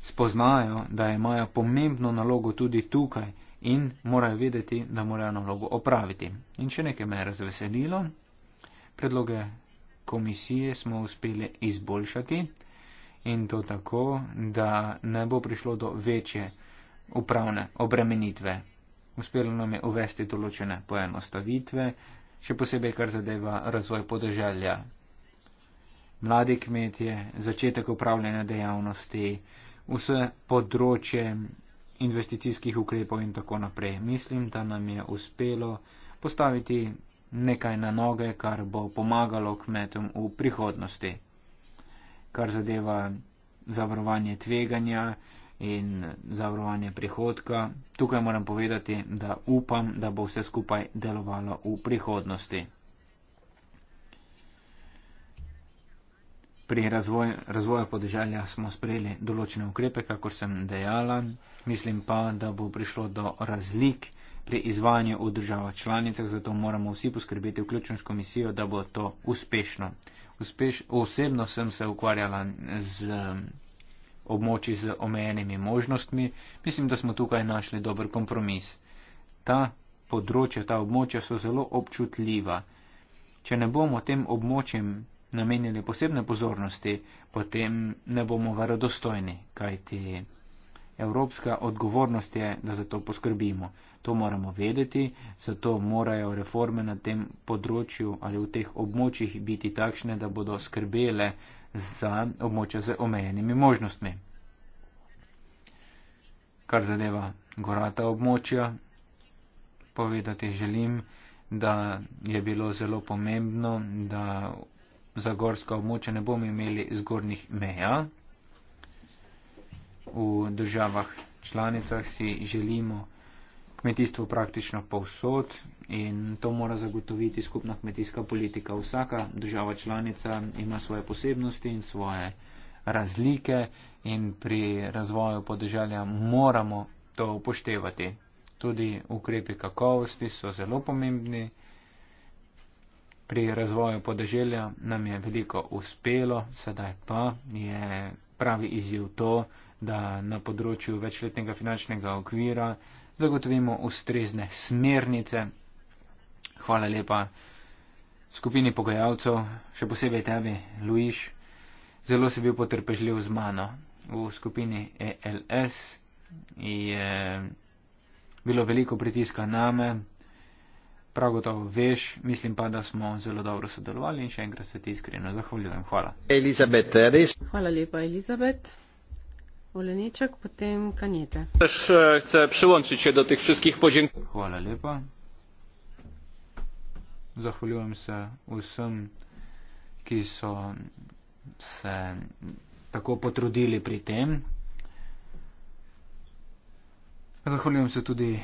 spoznajo, da imajo pomembno nalogo tudi tukaj in morajo vedeti, da morajo nalogo opraviti. In še nekaj me je razveselilo, predloge komisije smo uspeli izboljšati in to tako, da ne bo prišlo do večje upravne obremenitve Uspelo nam je uvesti določene poenostavitve, še posebej kar zadeva razvoj podeželja. Mladi kmetje, začetek upravljanja dejavnosti, vse področje investicijskih ukrepov in tako naprej. Mislim, da nam je uspelo postaviti nekaj na noge, kar bo pomagalo kmetom v prihodnosti. Kar zadeva zavarovanje tveganja, in zavarovanje prihodka. Tukaj moram povedati, da upam, da bo vse skupaj delovalo v prihodnosti. Pri razvoju, razvoju podeželja smo sprejeli določene ukrepe, kakor sem dejala. Mislim pa, da bo prišlo do razlik pri izvajanju v državah članicah, zato moramo vsi poskrbeti vključno s komisijo, da bo to uspešno. Uspeš, osebno sem se ukvarjala z območji z omejenimi možnostmi, mislim, da smo tukaj našli dober kompromis. Ta področja, ta območja so zelo občutljiva. Če ne bomo tem območjem namenili posebne pozornosti, potem ne bomo verodostojni, kajti evropska odgovornost je, da za to poskrbimo. To moramo vedeti, zato morajo reforme na tem področju ali v teh območjih biti takšne, da bodo skrbele za območja z omejenimi možnostmi. Kar zadeva gorata območja, povedati želim, da je bilo zelo pomembno, da za gorska območja ne bomo imeli zgornjih meja. V državah članicah si želimo, kmetijstvo praktično povsod in to mora zagotoviti skupna kmetijska politika. Vsaka država članica ima svoje posebnosti in svoje razlike in pri razvoju podeželja moramo to upoštevati. Tudi ukrepi kakovosti so zelo pomembni. Pri razvoju podeželja nam je veliko uspelo, sedaj pa je pravi izjiv to, da na področju večletnega finančnega okvira zagotovimo ustrezne smernice. Hvala lepa skupini pogajalcev, še posebej tebi, Luiš. Zelo si bil potrpežljiv z mano v skupini ELS in je bilo veliko pritiska name. Prav gotovo veš, mislim pa, da smo zelo dobro sodelovali in še enkrat se ti iskreno zahvaljujem. Hvala. Elizabeth, res. Hvala lepa, Elizabeth. Oleniczek, potem Kanieta. Też e, chcę przyłączyć się do tych wszystkich podziękowań. Chwała Lepa. Zachwaliłem się wszystkim, którzy się tak potrudili przy tym. Zahvaljujem se tudi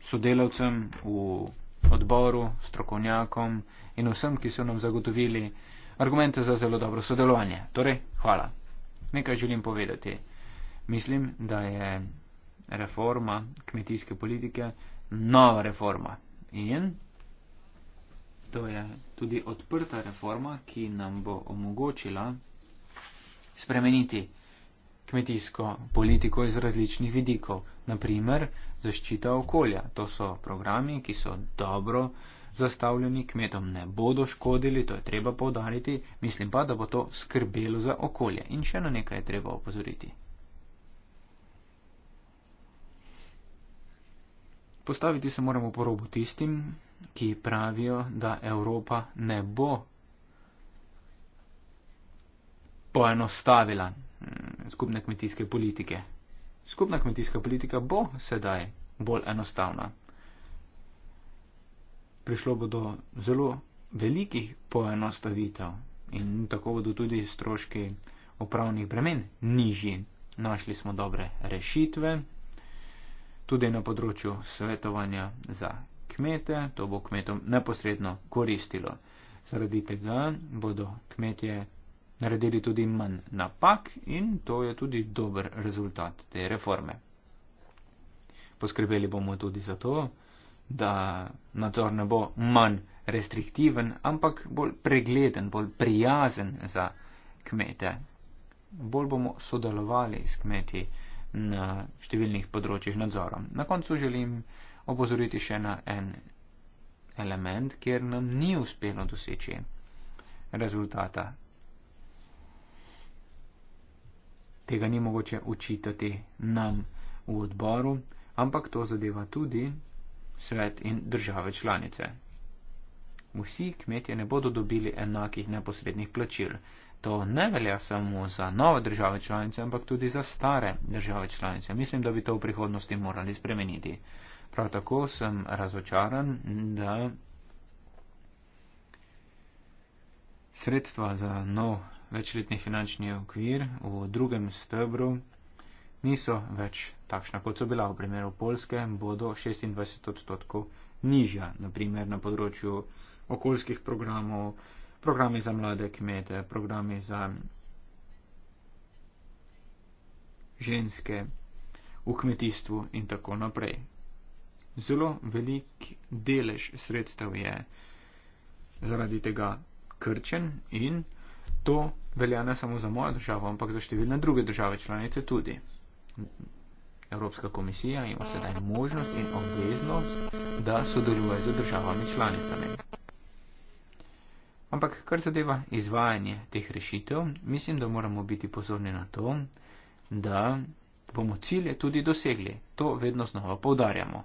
sodelavcem v odboru, strokovnjakom in vsem, ki so nam zagotovili argumente za zelo dobro sodelovanje. Torej, hvala nekaj želim povedati. Mislim, da je reforma kmetijske politike nova reforma. In to je tudi odprta reforma, ki nam bo omogočila spremeniti kmetijsko politiko iz različnih vidikov, naprimer zaščita okolja. To so programi, ki so dobro zastavljeni kmetom ne bodo škodili, to je treba povdariti, mislim pa, da bo to skrbelo za okolje in še na nekaj je treba opozoriti. Postaviti se moramo po robu tistim, ki pravijo, da Evropa ne bo poenostavila mm, skupne kmetijske politike. Skupna kmetijska politika bo sedaj bolj enostavna prišlo bo do zelo velikih poenostavitev in tako bodo tudi stroški upravnih bremen nižji. Našli smo dobre rešitve, tudi na področju svetovanja za kmete, to bo kmetom neposredno koristilo. Zaradi tega bodo kmetje naredili tudi manj napak in to je tudi dober rezultat te reforme. Poskrbeli bomo tudi za to, da nadzor ne bo manj restriktiven, ampak bolj pregleden, bolj prijazen za kmete. Bolj bomo sodelovali s kmeti na številnih področjih nadzora. Na koncu želim opozoriti še na en element, kjer nam ni uspelo doseči rezultata. Tega ni mogoče učitati nam v odboru, ampak to zadeva tudi svet in države članice. Vsi kmetje ne bodo dobili enakih neposrednih plačil. To ne velja samo za nove države članice, ampak tudi za stare države članice. Mislim, da bi to v prihodnosti morali spremeniti. Prav tako sem razočaran, da sredstva za nov večletni finančni okvir v drugem stebru niso več takšna, kot so bila. V primeru Polske bodo 26 odstotkov nižja, naprimer na področju okoljskih programov, programi za mlade kmete, programi za ženske v kmetijstvu in tako naprej. Zelo velik delež sredstev je zaradi tega krčen in to velja ne samo za mojo državo, ampak za številne druge države članice tudi. Evropska komisija ima sedaj možnost in obveznost, da sodeluje z državami članicami. Ampak kar zadeva izvajanje teh rešitev, mislim, da moramo biti pozorni na to, da bomo cilje tudi dosegli. To vedno znova povdarjamo.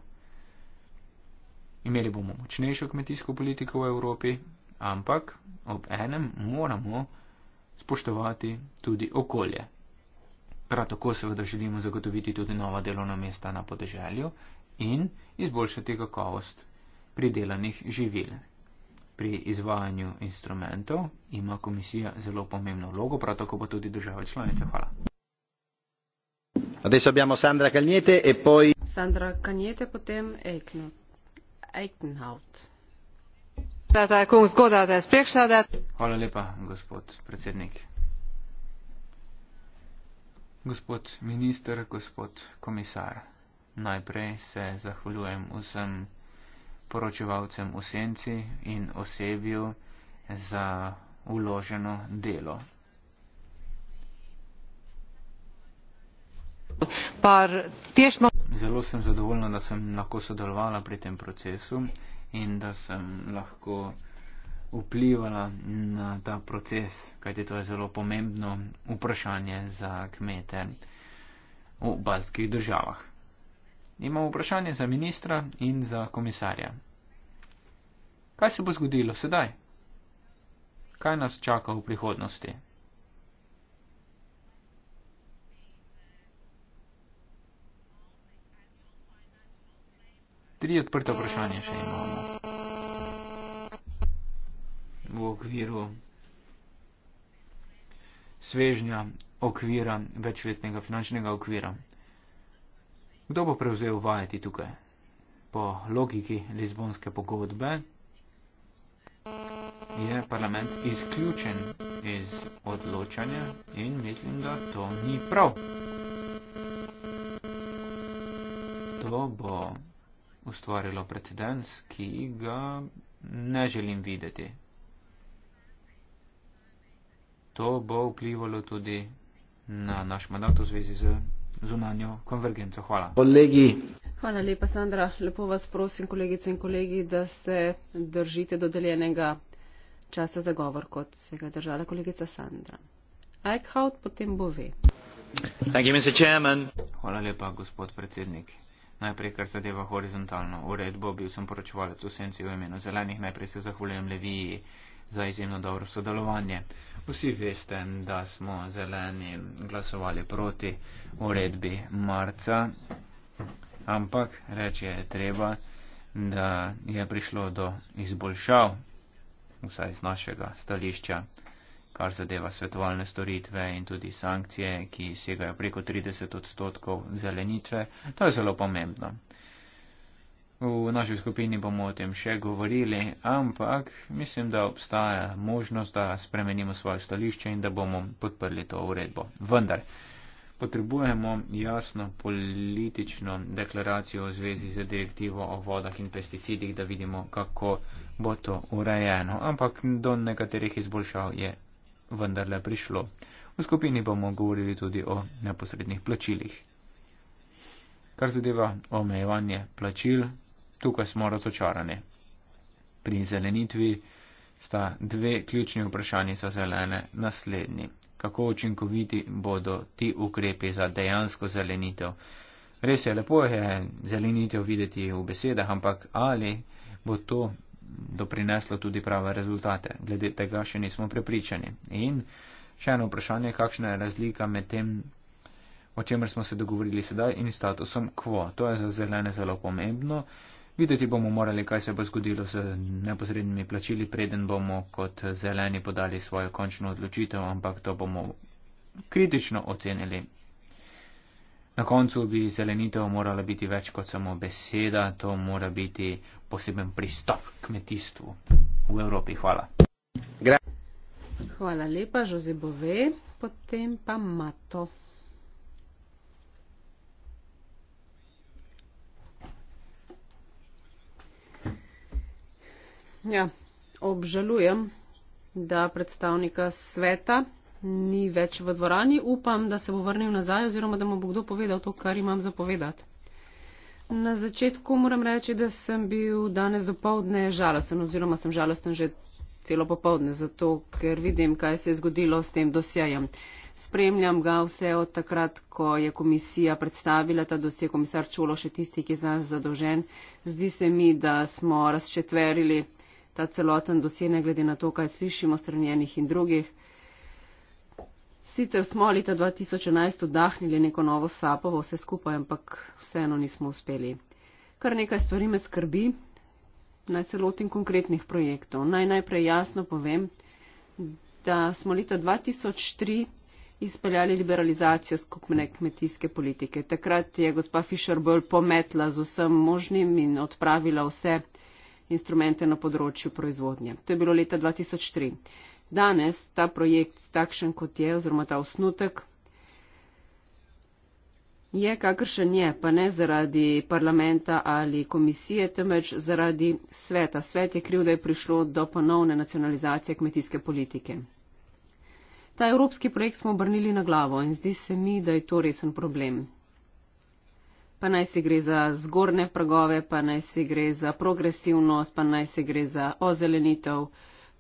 Imeli bomo močnejšo kmetijsko politiko v Evropi, ampak ob enem moramo spoštovati tudi okolje. Prav tako seveda želimo zagotoviti tudi nova delovna mesta na podeželju in izboljšati kakovost pridelanih živil. Pri izvajanju instrumentov ima komisija zelo pomembno vlogo, prav tako pa tudi države članice. Hvala. Adesso abbiamo Sandra Cagnete e poi. Sandra Cagnete, potem Eichno. Eichenhaut. Hvala lepa, gospod predsednik. Gospod minister, gospod komisar, najprej se zahvaljujem vsem poročevalcem v senci in osebju za uloženo delo. Zelo sem zadovoljna, da sem lahko sodelovala pri tem procesu in da sem lahko vplivala na ta proces, kajti to je zelo pomembno vprašanje za kmete v balskih državah. Imamo vprašanje za ministra in za komisarja. Kaj se bo zgodilo sedaj? Kaj nas čaka v prihodnosti? Tri odprte vprašanje še imamo v okviru svežnja okvira, večletnega finančnega okvira. Kdo bo prevzel vajeti tukaj? Po logiki Lizbonske pogodbe je parlament izključen iz odločanja in mislim, da to ni prav. To bo ustvarilo precedens, ki ga ne želim videti to bo vplivalo tudi na naš mandat v zvezi z zunanjo konvergenco. Hvala. Kolegi. Hvala lepa, Sandra. Lepo vas prosim, kolegice in kolegi, da se držite dodeljenega časa za govor, kot se ga držala kolegica Sandra. Eichhout potem bo ve. Thank you, Hvala lepa, gospod predsednik. Najprej, kar zadeva horizontalno uredbo, bil sem poročevalec v senci v imenu zelenih. Najprej se zahvaljujem Leviji za izjemno dobro sodelovanje. Vsi veste, da smo zeleni glasovali proti uredbi marca, ampak reči je treba, da je prišlo do izboljšav, vsaj z našega stališča, kar zadeva svetovalne storitve in tudi sankcije, ki segajo preko 30 odstotkov zelenitve. To je zelo pomembno. V naši skupini bomo o tem še govorili, ampak mislim, da obstaja možnost, da spremenimo svoje stališče in da bomo podprli to uredbo. Vendar potrebujemo jasno politično deklaracijo v zvezi z direktivo o vodah in pesticidih, da vidimo, kako bo to urejeno. Ampak do nekaterih izboljšav je vendarle prišlo. V skupini bomo govorili tudi o neposrednih plačilih. Kar zadeva omejevanje plačil, tukaj smo razočarani. Pri zelenitvi sta dve ključni vprašanji za zelene naslednji. Kako učinkoviti bodo ti ukrepi za dejansko zelenitev? Res je, lepo je zelenitev videti v besedah, ampak ali bo to doprineslo tudi prave rezultate? Glede tega še nismo prepričani. In še eno vprašanje, kakšna je razlika med tem, o čemer smo se dogovorili sedaj in statusom quo. To je za zelene zelo pomembno. Videti bomo morali, kaj se bo zgodilo z neposrednimi plačili, preden bomo kot zeleni podali svojo končno odločitev, ampak to bomo kritično ocenili. Na koncu bi zelenitev morala biti več kot samo beseda, to mora biti poseben pristop k kmetijstvu v Evropi. Hvala. Gra. Hvala lepa, Žozi Bove, potem pa Mato. Ja, obžalujem, da predstavnika sveta ni več v dvorani. Upam, da se bo vrnil nazaj oziroma da mu bo kdo povedal to, kar imam zapovedati. Na začetku moram reči, da sem bil danes dopoledne žalosten oziroma sem žalosten že celo popoldne, zato ker vidim, kaj se je zgodilo s tem dosjejem. Spremljam ga vse od takrat, ko je komisija predstavila ta dosje, komisar Čulo še tisti, ki je zadolžen. Zdi se mi, da smo razčetverili ta celoten dosjene, glede na to, kaj slišimo stranjenih in drugih. Sicer smo leta 2011 oddahnili neko novo sapovo vse skupaj, ampak vseeno nismo uspeli. Kar nekaj stvari me skrbi, naj se lotim konkretnih projektov. Naj najprej jasno povem, da smo leta 2003 izpeljali liberalizacijo skupne kmetijske politike. Takrat je gospa Fischer bolj pometla z vsem možnim in odpravila vse instrumente na področju proizvodnje. To je bilo leta 2003. Danes ta projekt, takšen kot je, oziroma ta osnutek, je kakršen je, pa ne zaradi parlamenta ali komisije, temveč zaradi sveta. Svet je kriv, da je prišlo do ponovne nacionalizacije kmetijske politike. Ta evropski projekt smo obrnili na glavo in zdi se mi, da je to resen problem pa naj si gre za zgorne pragove, pa naj si gre za progresivnost, pa naj si gre za ozelenitev.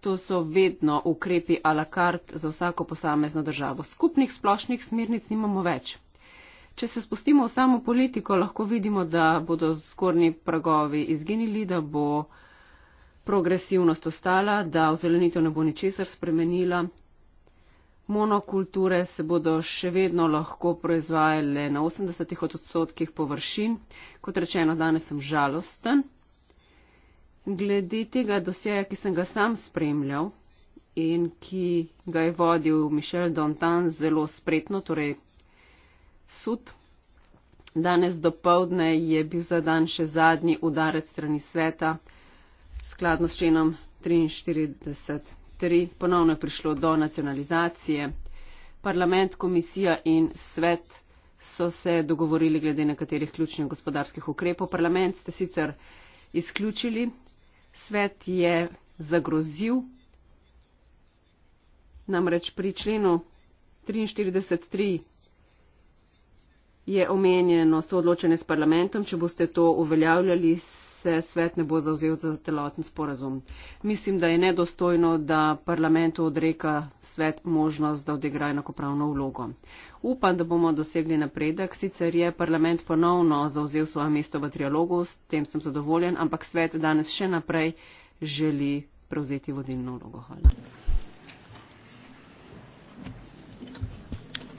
To so vedno ukrepi a la carte za vsako posamezno državo. Skupnih splošnih smernic nimamo več. Če se spustimo v samo politiko, lahko vidimo, da bodo zgorni pragovi izginili, da bo progresivnost ostala, da ozelenitev ne bo ničesar spremenila, monokulture se bodo še vedno lahko proizvajale na 80 odstotkih površin. Kot rečeno, danes sem žalosten. Glede tega dosjeja, ki sem ga sam spremljal in ki ga je vodil Mišel Dontan zelo spretno, torej sud. Danes do povdne je bil zadan še zadnji udarec strani sveta, skladno s členom 43 tri ponovno je prišlo do nacionalizacije. Parlament, komisija in svet so se dogovorili glede nekaterih ključnih gospodarskih ukrepov. Parlament ste sicer izključili, svet je zagrozil. Namreč pri členu 43.3 je omenjeno soodločenje s parlamentom, če boste to uveljavljali, se svet ne bo zauzel za telotni sporazum. Mislim, da je nedostojno, da parlamentu odreka svet možnost, da odigra enakopravno vlogo. Upam, da bomo dosegli napredek, sicer je parlament ponovno zauzel svoje mesto v trialogu, s tem sem zadovoljen, ampak svet danes še naprej želi prevzeti vodilno vlogo. Hvala.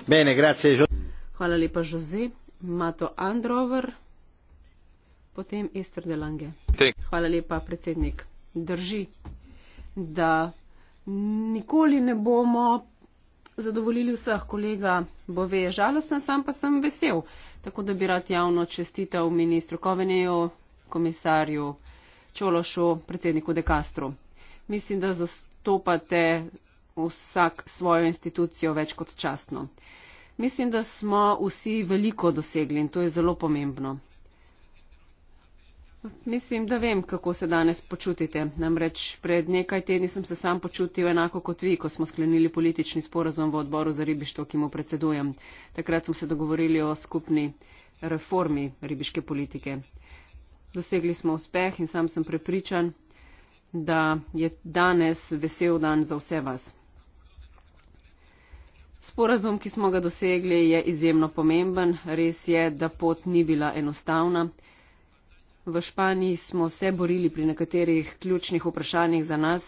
Bene, grazie, Hvala lepa, Jose. Mato Androver potem Ester de Lange. Te. Hvala lepa, predsednik. Drži, da nikoli ne bomo zadovoljili vseh kolega Bove. Žalostna sam pa sem vesel, tako da bi rad javno čestital ministru Koveneju, komisarju Čološu, predsedniku De Castro. Mislim, da zastopate vsak svojo institucijo več kot častno. Mislim, da smo vsi veliko dosegli in to je zelo pomembno. Mislim, da vem, kako se danes počutite. Namreč pred nekaj tedni sem se sam počutil enako kot vi, ko smo sklenili politični sporazum v odboru za ribištvo, ki mu predsedujem. Takrat smo se dogovorili o skupni reformi ribiške politike. Dosegli smo uspeh in sam sem prepričan, da je danes vesel dan za vse vas. Sporazum, ki smo ga dosegli, je izjemno pomemben. Res je, da pot ni bila enostavna. V Španiji smo se borili pri nekaterih ključnih vprašanjih za nas,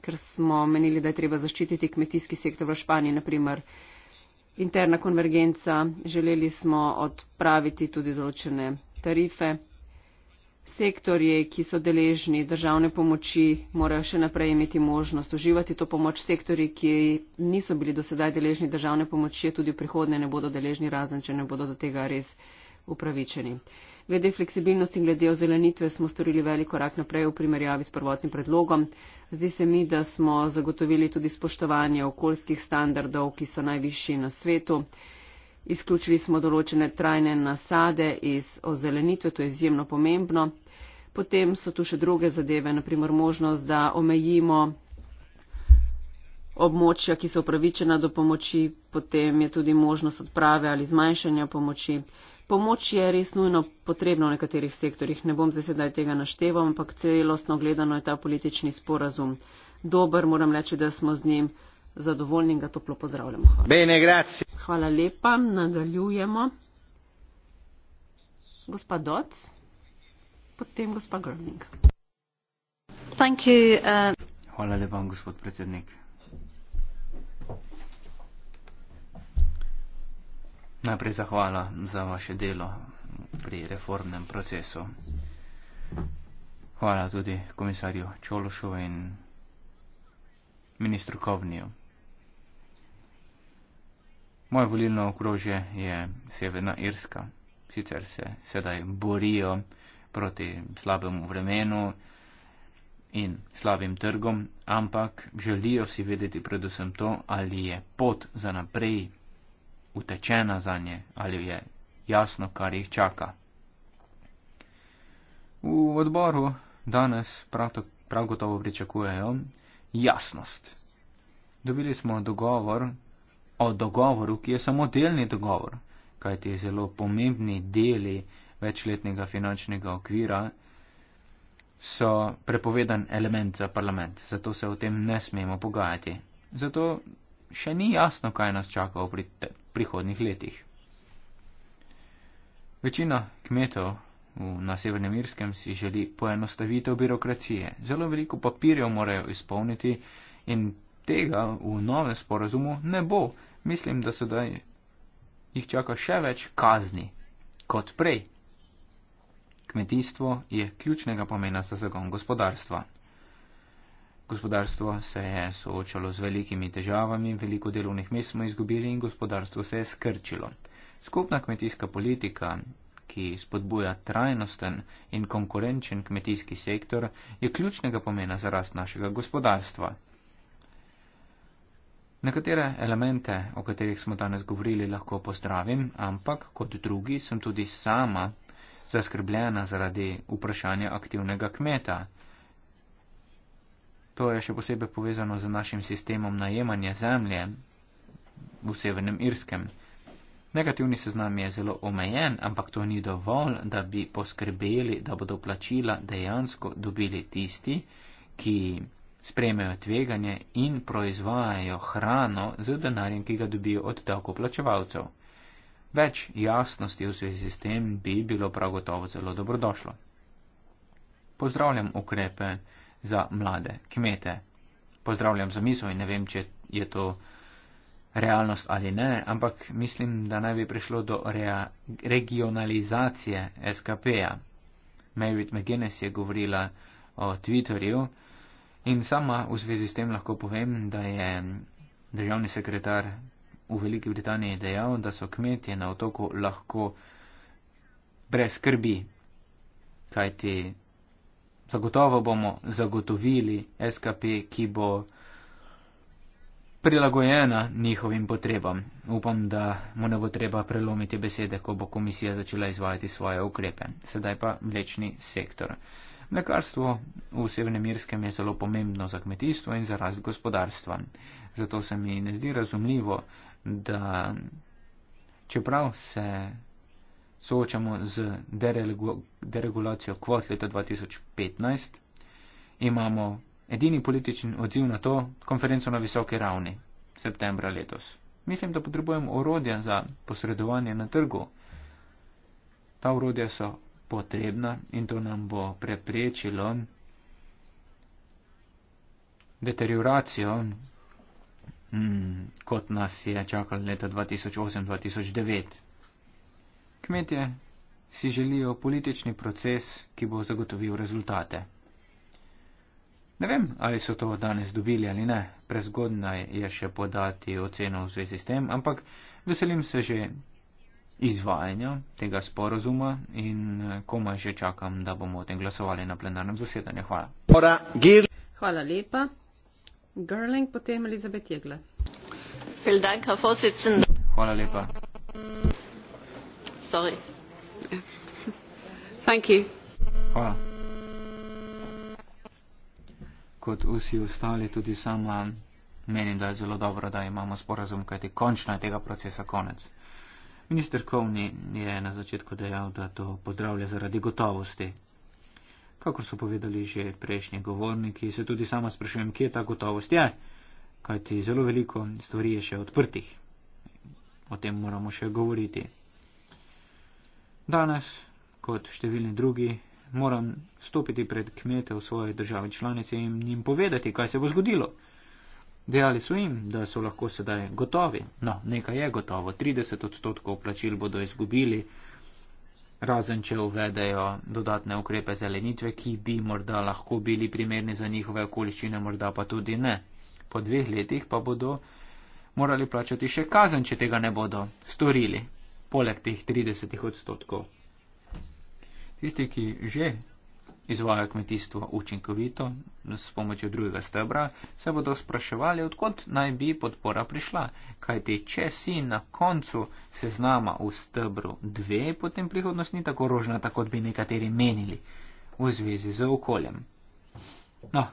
ker smo menili, da je treba zaščititi kmetijski sektor v Španiji, naprimer interna konvergenca, želeli smo odpraviti tudi določene tarife. Sektorje, ki so deležni državne pomoči, morajo še naprej imeti možnost uživati to pomoč. Sektorje, ki niso bili dosedaj deležni državne pomoči, tudi v prihodnje ne bodo deležni, razen če ne bodo do tega res upravičeni. Glede fleksibilnosti in glede ozelenitve smo storili velik korak naprej v primerjavi s prvotnim predlogom. Zdi se mi, da smo zagotovili tudi spoštovanje okoljskih standardov, ki so najvišji na svetu. Izključili smo določene trajne nasade iz ozelenitve, to je izjemno pomembno. Potem so tu še druge zadeve, naprimer možnost, da omejimo območja, ki so upravičena do pomoči, potem je tudi možnost odprave ali zmanjšanja pomoči. Pomoč je res nujno potrebna v nekaterih sektorjih. Ne bom zdaj sedaj tega našteval, ampak celostno gledano je ta politični sporazum dober. Moram reči, da smo z njim zadovoljni in ga toplo pozdravljamo. Hvala. Bene, grazie. Hvala lepa. Nadaljujemo. Gospa Doc, potem gospa Grmling. Uh... Hvala lepa, gospod predsednik. Najprej zahvala za vaše delo pri reformnem procesu. Hvala tudi komisarju Čološu in ministru Kovniju. Moje volilno okrožje je Severna Irska. Sicer se sedaj borijo proti slabemu vremenu in slabim trgom, ampak želijo si vedeti predvsem to, ali je pot za naprej utečena za nje ali je jasno, kar jih čaka. V odboru danes prav, to, prav gotovo pričakujejo jasnost. Dobili smo dogovor o dogovoru, ki je samo delni dogovor, kajti zelo pomembni deli večletnega finančnega okvira so prepovedan element za parlament, zato se o tem ne smemo pogajati. Zato še ni jasno, kaj nas čaka v pritek prihodnih letih. Večina kmetov na Severnem Irskem si želi poenostavitev birokracije. Zelo veliko papirjev morajo izpolniti in tega v novem sporazumu ne bo. Mislim, da sedaj jih čaka še več kazni kot prej. Kmetijstvo je ključnega pomena za zagon gospodarstva. Gospodarstvo se je soočalo z velikimi težavami, veliko delovnih mest smo izgubili in gospodarstvo se je skrčilo. Skupna kmetijska politika, ki spodbuja trajnosten in konkurenčen kmetijski sektor, je ključnega pomena za rast našega gospodarstva. Nekatere elemente, o katerih smo danes govorili, lahko pozdravim, ampak kot drugi sem tudi sama zaskrbljena zaradi vprašanja aktivnega kmeta. To je še posebej povezano z našim sistemom najemanja zemlje v Severnem Irskem. Negativni seznam je zelo omejen, ampak to ni dovolj, da bi poskrbeli, da bodo plačila dejansko dobili tisti, ki sprejmejo tveganje in proizvajajo hrano z denarjem, ki ga dobijo od davkoplačevalcev. Več jasnosti v zvezi s tem bi bilo prav gotovo zelo dobrodošlo. Pozdravljam ukrepe za mlade kmete. Pozdravljam za mizo in ne vem, če je to realnost ali ne, ampak mislim, da naj bi prišlo do rea- regionalizacije SKP-ja. Merit McGuinness je govorila o Twitterju in sama v zvezi s tem lahko povem, da je državni sekretar v Veliki Britaniji dejal, da so kmetje na otoku lahko brez skrbi, kajti zagotovo bomo zagotovili SKP, ki bo prilagojena njihovim potrebam. Upam, da mu ne bo treba prelomiti besede, ko bo komisija začela izvajati svoje ukrepe. Sedaj pa mlečni sektor. Mlekarstvo v Severnem Irskem je zelo pomembno za kmetijstvo in za rast gospodarstva. Zato se mi ne zdi razumljivo, da čeprav se soočamo z deregulacijo kvot leta 2015, imamo edini političen odziv na to konferenco na visoke ravni septembra letos. Mislim, da potrebujemo orodja za posredovanje na trgu. Ta orodja so potrebna in to nam bo preprečilo deterioracijo, mm, kot nas je čakalo leta 2008-2009. Kmetje si želijo politični proces, ki bo zagotovil rezultate. Ne vem, ali so to danes dobili ali ne, prezgodna je še podati oceno v zvezi s tem, ampak veselim se že izvajanja tega sporozuma in eh, komaj že čakam, da bomo o tem glasovali na plenarnem zasedanju. Hvala. Hvala lepa. Gerling, potem Elizabeth Jegle. Hvala lepa sorry. Thank you. Hvala. Kot vsi ostali, tudi sama menim, da je zelo dobro, da imamo sporazum, kajti končno je tega procesa konec. Minister Kovni je na začetku dejal, da to pozdravlja zaradi gotovosti. Kako so povedali že prejšnji govorniki, se tudi sama sprašujem, kje ta gotovost je, kajti zelo veliko stvari je še odprtih. O tem moramo še govoriti. Danes, kot številni drugi, moram stopiti pred kmete v svoje države članice in jim povedati, kaj se bo zgodilo. Dejali so jim, da so lahko sedaj gotovi. No, nekaj je gotovo. 30 odstotkov plačil bodo izgubili, razen če uvedejo dodatne ukrepe zelenitve, ki bi morda lahko bili primerni za njihove okoliščine, morda pa tudi ne. Po dveh letih pa bodo morali plačati še kazen, če tega ne bodo storili poleg teh 30 odstotkov. Tisti, ki že izvajo kmetijstvo učinkovito s pomočjo drugega stebra, se bodo spraševali, odkot naj bi podpora prišla. Kaj ti, če si na koncu seznama v stebru dve, potem prihodnost ni tako rožna, tako kot bi nekateri menili v zvezi z okoljem. No.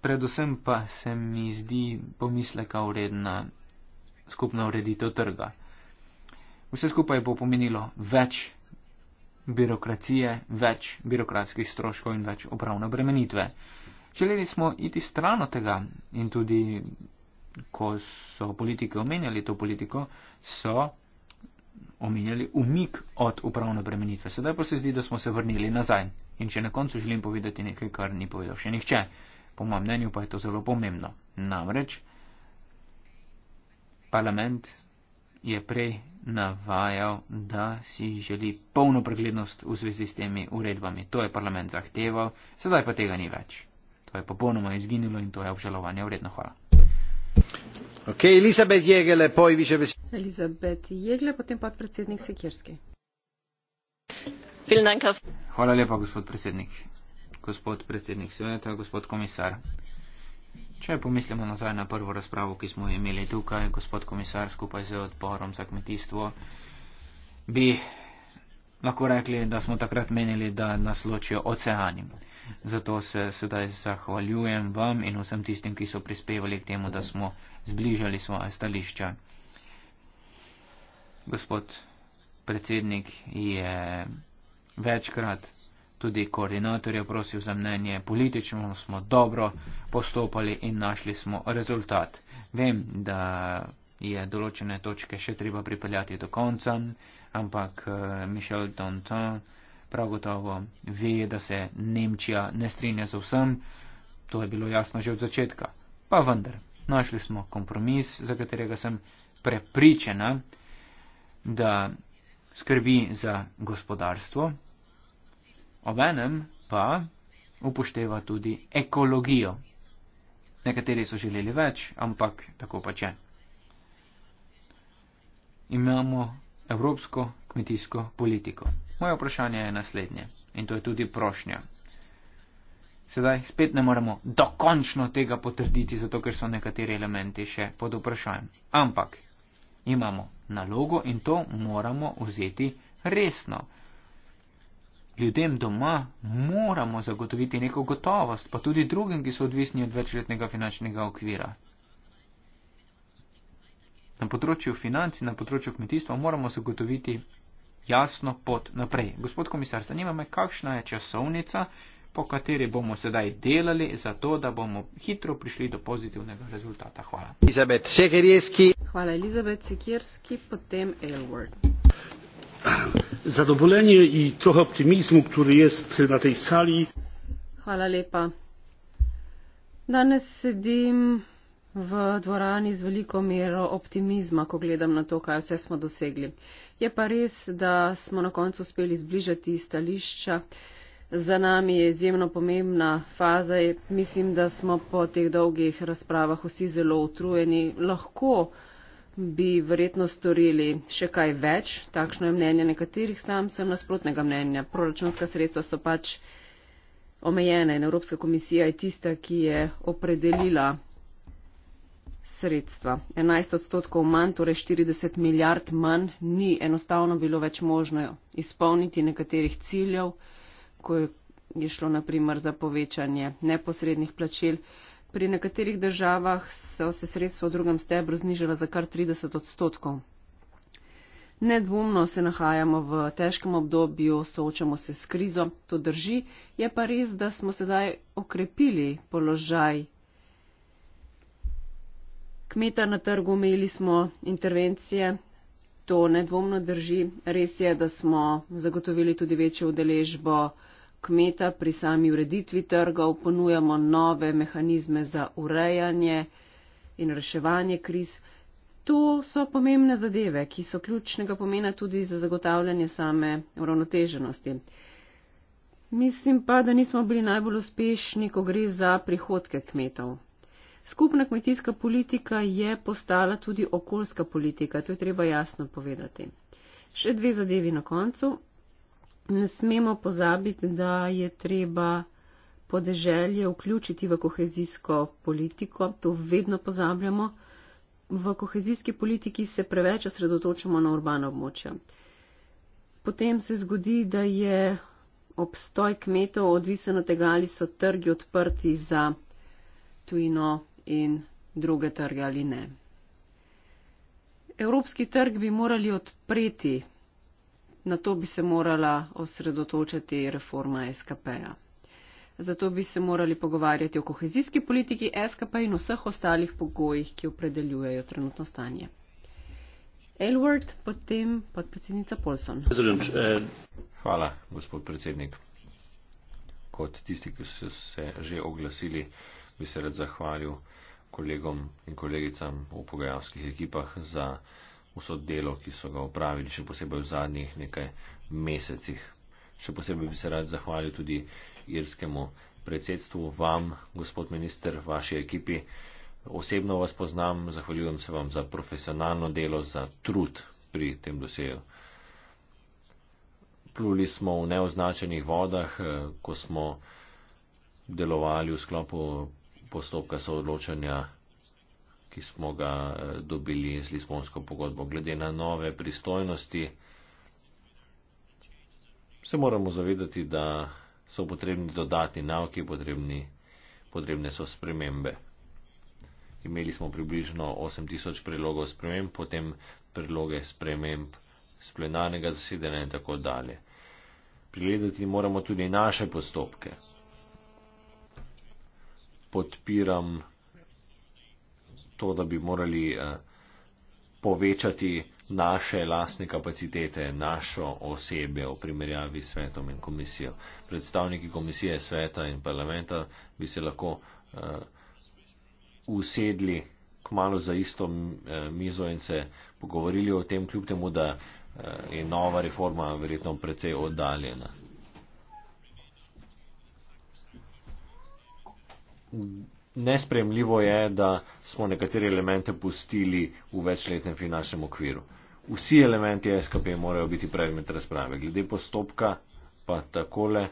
Predvsem pa se mi zdi pomisleka vredna skupna ureditev trga. Vse skupaj bo pomenilo več birokracije, več birokratskih stroškov in več upravne bremenitve. Želeli smo iti strano tega in tudi, ko so politike omenjali to politiko, so omenjali umik od upravne bremenitve. Sedaj pa se zdi, da smo se vrnili nazaj. In če na koncu želim povedati nekaj, kar ni povedal še nihče, po mojem mnenju pa je to zelo pomembno. Namreč, parlament je prej navajal, da si želi polno preglednost v zvezi s temi uredbami. To je parlament zahteval, sedaj pa tega ni več. To je popolnoma izginilo in to je obžalovanje vredno. Hvala. Ok, Elizabeth Jegele, poj više besed. Elizabeth Jegele, potem podpredsednik Sekirski. Hvala lepa, gospod predsednik. Gospod predsednik sveta, gospod komisar. Če pomislimo nazaj na prvo razpravo, ki smo imeli tukaj, gospod komisar, skupaj z odporom za kmetijstvo, bi lahko rekli, da smo takrat menili, da nas ločijo oceani. Zato se sedaj zahvaljujem vam in vsem tistim, ki so prispevali k temu, da smo zbližali svoje stališča. Gospod predsednik je večkrat tudi koordinatorja prosil za mnenje, politično smo dobro postopali in našli smo rezultat. Vem, da je določene točke še treba pripeljati do konca, ampak eh, Michel Danton prav gotovo ve, da se Nemčija ne strinja z vsem, to je bilo jasno že od začetka. Pa vendar, našli smo kompromis, za katerega sem prepričana, da skrbi za gospodarstvo, Obenem pa upošteva tudi ekologijo. Nekateri so želeli več, ampak tako pač je. Imamo evropsko kmetijsko politiko. Moje vprašanje je naslednje in to je tudi prošnja. Sedaj spet ne moremo dokončno tega potrditi, zato ker so nekateri elementi še pod vprašanjem. Ampak imamo nalogo in to moramo vzeti resno. Ljudem doma moramo zagotoviti neko gotovost, pa tudi drugim, ki so odvisni od večletnega finančnega okvira. Na področju financ in na področju kmetijstva moramo zagotoviti jasno pot naprej. Gospod komisar, zanima me, kakšna je časovnica, po kateri bomo sedaj delali, zato da bomo hitro prišli do pozitivnega rezultata. Hvala. Elizabet Sekerski. Hvala Elizabet Sekerski, potem Elward. zadovoljenje i trochę optymizmu, który jest na tej sali. Hvala lepa. Danes sedim v dvorani z veliko mero optimizma, ko gledam na to, kaj vse smo dosegli. Je pa res, da smo na koncu uspeli zbližati stališča. Za nami je izjemno pomembna faza. Mislim, da smo po teh dolgih razpravah vsi zelo utrujeni. Lahko bi verjetno storili še kaj več. Takšno je mnenje nekaterih, sam sem nasprotnega mnenja. Proračunska sredstva so pač omejene in Evropska komisija je tista, ki je opredelila sredstva. 11 odstotkov manj, torej 40 milijard manj, ni enostavno bilo več možno izpolniti nekaterih ciljev, ko je šlo naprimer za povečanje neposrednih plačil. Pri nekaterih državah so se sredstva v drugem stebru znižala za kar 30 odstotkov. Nedvomno se nahajamo v težkem obdobju, soočamo se s krizo, to drži, je pa res, da smo sedaj okrepili položaj kmeta na trgu, imeli smo intervencije, to nedvomno drži. Res je, da smo zagotovili tudi večjo udeležbo kmeta pri sami ureditvi trgov, ponujamo nove mehanizme za urejanje in reševanje kriz. To so pomembne zadeve, ki so ključnega pomena tudi za zagotavljanje same uravnoteženosti. Mislim pa, da nismo bili najbolj uspešni, ko gre za prihodke kmetov. Skupna kmetijska politika je postala tudi okoljska politika, to je treba jasno povedati. Še dve zadevi na koncu ne smemo pozabiti, da je treba podeželje vključiti v kohezijsko politiko. To vedno pozabljamo. V kohezijski politiki se preveč osredotočamo na urbano območje. Potem se zgodi, da je obstoj kmetov odvisen od tega, ali so trgi odprti za tujino in druge trge ali ne. Evropski trg bi morali odpreti Na to bi se morala osredotočati reforma SKP-ja. Zato bi se morali pogovarjati o kohezijski politiki SKP in vseh ostalih pogojih, ki opredeljujejo trenutno stanje. Elward, potem podpredsednica Polson. Eh, Hvala, gospod predsednik. Kot tisti, ki so se že oglasili, bi se rad zahvalil kolegom in kolegicam v pogajalskih ekipah za vso delo, ki so ga upravili, še posebej v zadnjih nekaj mesecih. Še posebej bi se rad zahvalil tudi irskemu predsedstvu, vam, gospod minister, vaši ekipi. Osebno vas poznam, zahvaljujem se vam za profesionalno delo, za trud pri tem doseju. Pluli smo v neoznačenih vodah, eh, ko smo delovali v sklopu postopka soodločanja ki smo ga eh, dobili z Lisbonsko pogodbo. Glede na nove pristojnosti se moramo zavedati, da so potrebni dodatni navki, potrebni, potrebne so spremembe. Imeli smo približno 8000 predlogov sprememb, potem predloge sprememb z plenarnega zasedanja in tako dalje. Prigledati moramo tudi naše postopke. Podpiram to, da bi morali eh, povečati naše lastne kapacitete, našo osebje v primerjavi s svetom in komisijo. Predstavniki komisije, sveta in parlamenta bi se lahko uh, usedli k malu za isto eh, mizo in se pogovorili o tem, kljub temu, da uh, je nova reforma verjetno precej oddaljena. Mm nespremljivo je, da smo nekatere elemente pustili v večletnem finančnem okviru. Vsi elementi SKP morajo biti predmet razprave. Glede postopka pa takole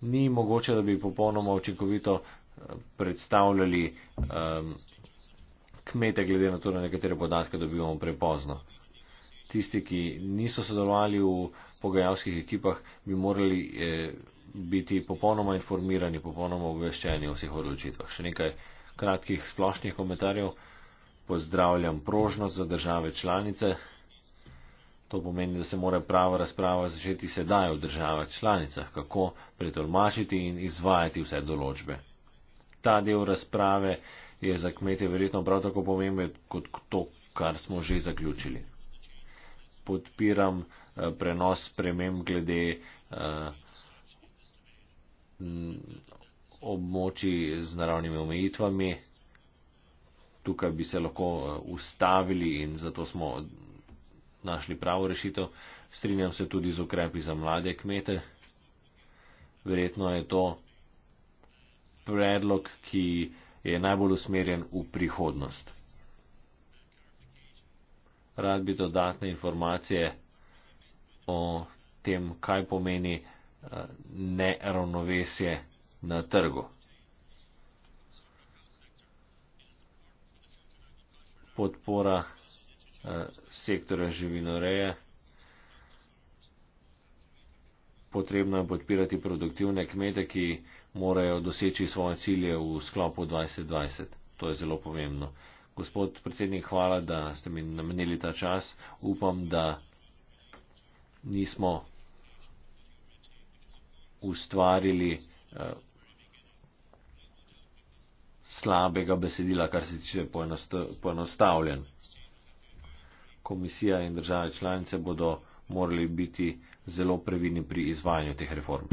ni mogoče, da bi popolnoma očinkovito eh, predstavljali um, kmete, glede na to, da nekatere podatke dobivamo prepozno. Tisti, ki niso sodelovali v pogajalskih ekipah, bi morali. Eh, biti popolnoma informirani, popolnoma obveščeni o vseh odločitvah. Še nekaj kratkih splošnih komentarjev. Pozdravljam prožnost za države članice. To pomeni, da se mora prava razprava začeti sedaj v državah članicah, kako pretolmačiti in izvajati vse določbe. Ta del razprave je za kmete verjetno prav tako pomemben kot to, kar smo že zaključili. Podpiram eh, prenos premem glede eh, Mm, območji z naravnimi omejitvami. Tukaj bi se lahko eh, ustavili in zato smo našli pravo rešitev. Strinjam se tudi z ukrepi za mlade kmete. Verjetno je to predlog, ki je najbolj usmerjen v prihodnost. Rad bi dodatne informacije o tem, kaj pomeni neravnovesje na trgu. Podpora eh, sektora živinoreje. Potrebno je podpirati produktivne kmete, ki morajo doseči svoje cilje v sklopu 2020. To je zelo pomembno. Gospod predsednik, hvala, da ste mi namenili ta čas. Upam, da nismo ustvarili uh, slabega besedila, kar se tiče poenostavljen. Komisija in države članice bodo morali biti zelo previdni pri izvajanju teh reform.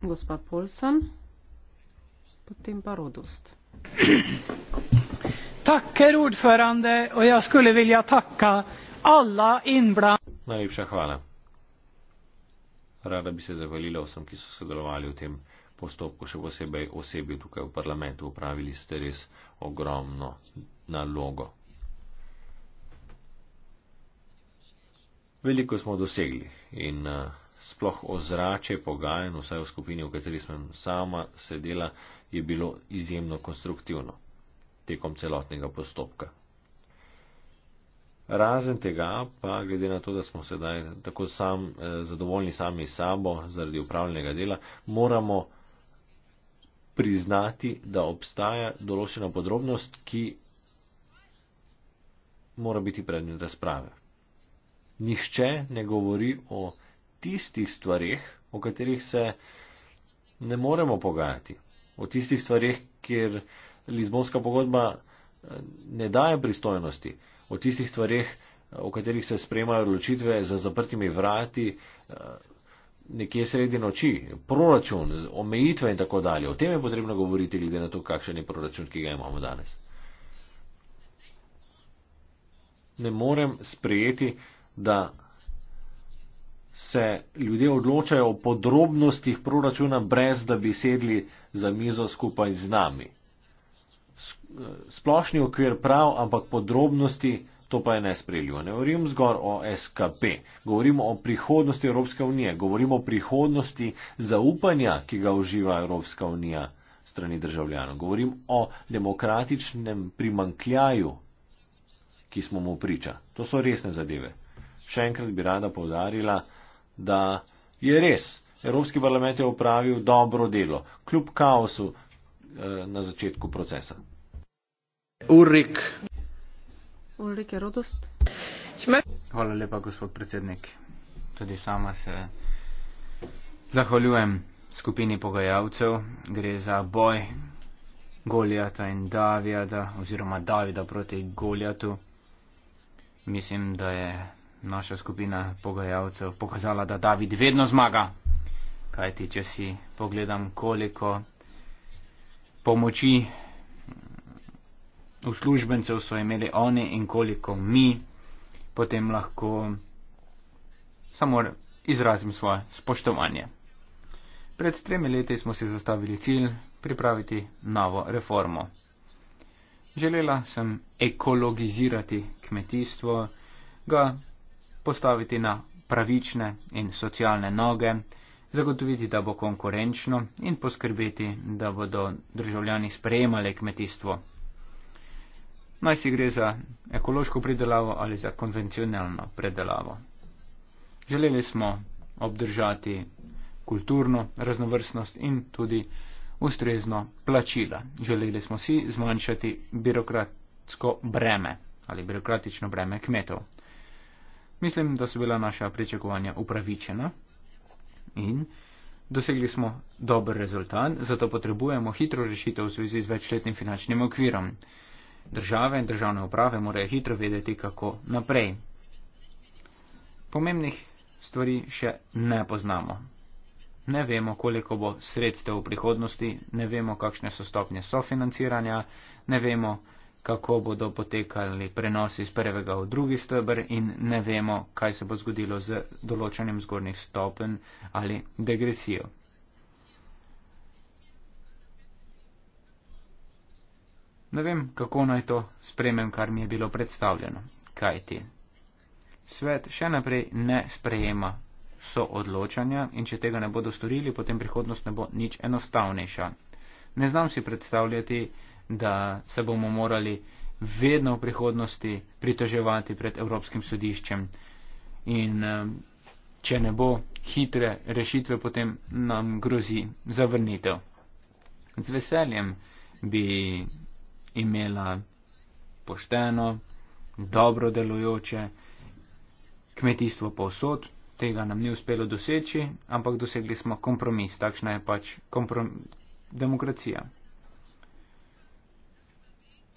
Gospa Polson, potem pa Rodost. Tak, ker ordförande, in jaz skulle vilja takka alla inbla. Najlepša hvala. Rada bi se zahvalila vsem, ki so sodelovali v tem postopku, še posebej osebi tukaj v parlamentu. Upravili ste res ogromno nalogo. Veliko smo dosegli in eh, sploh ozrače pogajen, vsaj v skupini, v kateri sem sama sedela, je bilo izjemno konstruktivno tekom celotnega postopka. Razen tega, pa glede na to, da smo sedaj tako sam, eh, zadovoljni sami s sabo zaradi upravljenega dela, moramo priznati, da obstaja določena podrobnost, ki mora biti predmet razprave. Nihče ne govori o tistih stvarih, o katerih se ne moremo pogajati, o tistih stvarih, kjer Lizbonska pogodba eh, ne daje pristojnosti o tistih stvarih, o katerih se spremajo odločitve za zaprtimi vrati eh, nekje sredi noči, proračun, omejitve in tako dalje. O tem je potrebno govoriti, glede na to, kakšen je proračun, ki ga imamo danes. Ne morem sprejeti, da se ljudje odločajo o podrobnostih proračuna, brez da bi sedli za mizo skupaj z nami splošni okvir prav, ampak podrobnosti to pa je nespreljivo. Ne govorim zgor o SKP, govorimo o prihodnosti Evropske unije, govorimo o prihodnosti zaupanja, ki ga uživa Evropska unija strani državljanov. Govorim o demokratičnem primankljaju, ki smo mu priča. To so resne zadeve. Še enkrat bi rada povdarila, da je res. Evropski parlament je upravil dobro delo, kljub kaosu eh, na začetku procesa. Hvala lepa, gospod predsednik. Tudi sama se zahvaljujem skupini pogajalcev. Gre za boj Goljata in Davida oziroma Davida proti Goljatu. Mislim, da je naša skupina pogajalcev pokazala, da David vedno zmaga. Kajti, če si pogledam, koliko pomoči uslužbencev so imeli oni in koliko mi, potem lahko samo izrazim svoje spoštovanje. Pred tremi leti smo si zastavili cilj pripraviti novo reformo. Želela sem ekologizirati kmetijstvo, ga postaviti na pravične in socialne noge, zagotoviti, da bo konkurenčno in poskrbeti, da bodo državljani sprejemali kmetijstvo naj si gre za ekološko pridelavo ali za konvencionalno predelavo. Želeli smo obdržati kulturno raznovrstnost in tudi ustrezno plačila. Želeli smo si zmanjšati birokratsko breme ali birokratično breme kmetov. Mislim, da so bila naša pričakovanja upravičena in dosegli smo dober rezultat, zato potrebujemo hitro rešitev v zvezi z večletnim finančnim okvirom. Države in državne uprave morajo hitro vedeti, kako naprej. Pomembnih stvari še ne poznamo. Ne vemo, koliko bo sredstev v prihodnosti, ne vemo, kakšne so stopnje sofinanciranja, ne vemo, kako bodo potekali prenosi iz prvega v drugi stebr in ne vemo, kaj se bo zgodilo z določenim zgornjih stopenj ali degresijo. Ne vem, kako naj to spremem, kar mi je bilo predstavljeno. Kaj ti? Svet še naprej ne sprejema so odločanja in če tega ne bodo storili, potem prihodnost ne bo nič enostavnejša. Ne znam si predstavljati, da se bomo morali vedno v prihodnosti pritoževati pred Evropskim sodiščem in če ne bo hitre rešitve, potem nam grozi zavrnitev. Z veseljem bi imela pošteno, dobro delujoče kmetijstvo povsod. Tega nam ni uspelo doseči, ampak dosegli smo kompromis. Takšna je pač demokracija.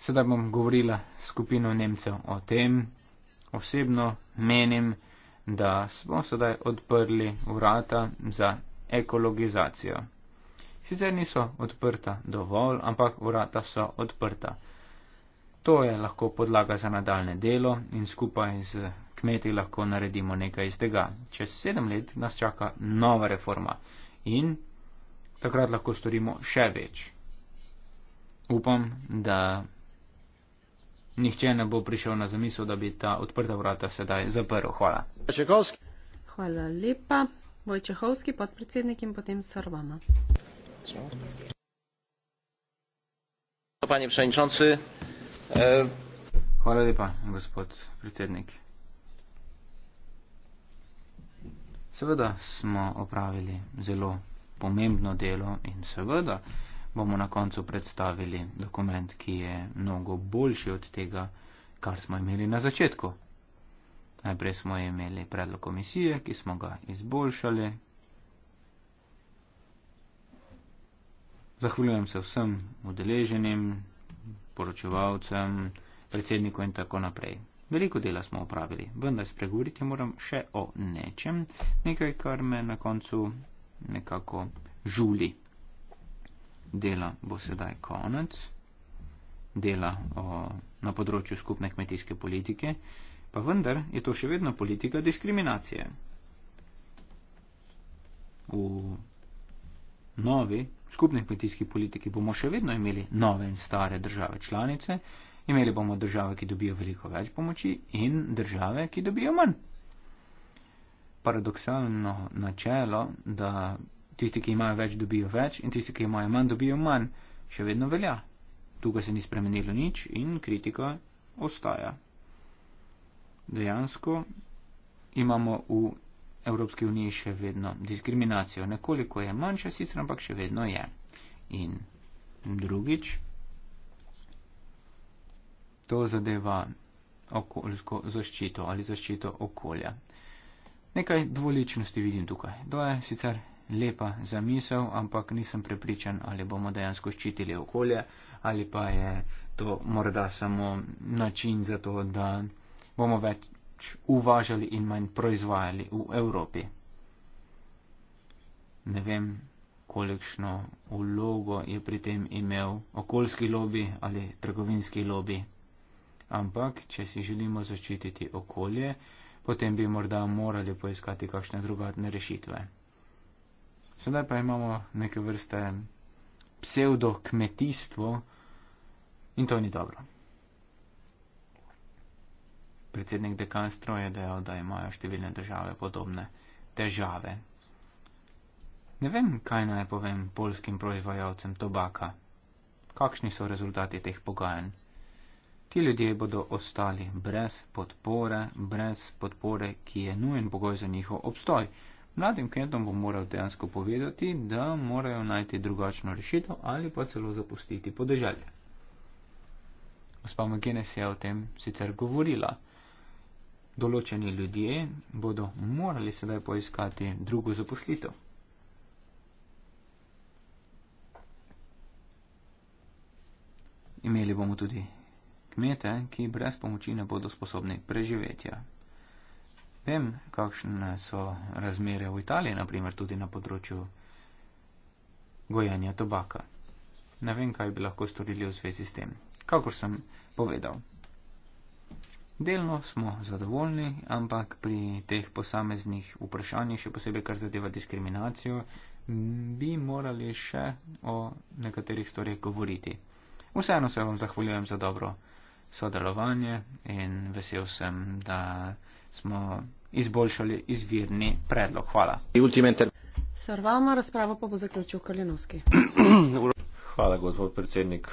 Sedaj bom govorila skupino Nemcev o tem. Osebno menim, da smo sedaj odprli vrata za ekologizacijo. Sicer niso odprta dovolj, ampak vrata so odprta. To je lahko podlaga za nadaljne delo in skupaj z kmeti lahko naredimo nekaj iz tega. Čez sedem let nas čaka nova reforma in takrat lahko storimo še več. Upam, da nihče ne bo prišel na zamisel, da bi ta odprta vrata sedaj zaprl. Hvala. Hvala lepa. Vojčehovski podpredsednik in potem srvama. Panie Przewodniczący. Chwalę e, Pan, Gospod Przewodnik. Seveda smo opravili zelo pomembno delo in seveda bomo na koncu predstavili dokument, ki je mnogo boljši od tega, kar smo imeli na začetku. Najprej smo imeli predlog komisije, ki smo ga izboljšali, Zahvaljujem se vsem udeleženim, poročevalcem, predsedniku in tako naprej. Veliko dela smo opravili, vendar spregovoriti moram še o nečem, nekaj, kar me na koncu nekako žuli. Dela bo sedaj konec, dela o, na področju skupne kmetijske politike, pa vendar je to še vedno politika diskriminacije. V novi skupni kmetijski politiki bomo še vedno imeli nove in stare države članice, imeli bomo države, ki dobijo veliko več pomoči in države, ki dobijo manj. Paradoksalno načelo, da tisti, ki imajo več, dobijo več in tisti, ki imajo manj, dobijo manj, še vedno velja. Tukaj se ni spremenilo nič in kritika ostaja. Dejansko imamo v Evropski uniji še vedno diskriminacijo. Nekoliko je manjša, sicer ampak še vedno je. In drugič, to zadeva okoljsko zaščito ali zaščito okolja. Nekaj dvoličnosti vidim tukaj. To je sicer lepa zamisel, ampak nisem prepričan, ali bomo dejansko ščitili okolje, ali pa je to morda samo način za to, da bomo več uvažali in manj proizvajali v Evropi. Ne vem, kolikšno vlogo je pri tem imel okoljski lobby ali trgovinski lobby. Ampak, če si želimo zaščititi okolje, potem bi morda morali poiskati kakšne drugatne rešitve. Sedaj pa imamo neke vrste pseudo kmetijstvo in to ni dobro. Predsednik dekanstva je dejal, da imajo številne države podobne težave. Ne vem, kaj naj povem polskim proizvajalcem tobaka. Kakšni so rezultati teh pogajanj? Ti ljudje bodo ostali brez podpore, brez podpore, ki je nujen pogoj za njihov obstoj. Mladim kmetom bo moral dejansko povedati, da morajo najti drugačno rešitev ali pa celo zapustiti podeželje. Gospa McGuinness je o tem sicer govorila določeni ljudje bodo morali sedaj poiskati drugo zaposlitev. Imeli bomo tudi kmete, ki brez pomoči ne bodo sposobni preživetja. Vem, kakšne so razmere v Italiji, naprimer tudi na področju gojanja tobaka. Ne vem, kaj bi lahko storili v zvezi s tem. Kakor sem povedal. Delno smo zadovoljni, ampak pri teh posameznih vprašanjih, še posebej kar zadeva diskriminacijo, bi morali še o nekaterih stvarih govoriti. Vseeno se vam zahvaljujem za dobro sodelovanje in vesel sem, da smo izboljšali izvirni predlog. Hvala. Srvama razprava pa bo zaključil Kalinovski. Hvala, gospod predsednik.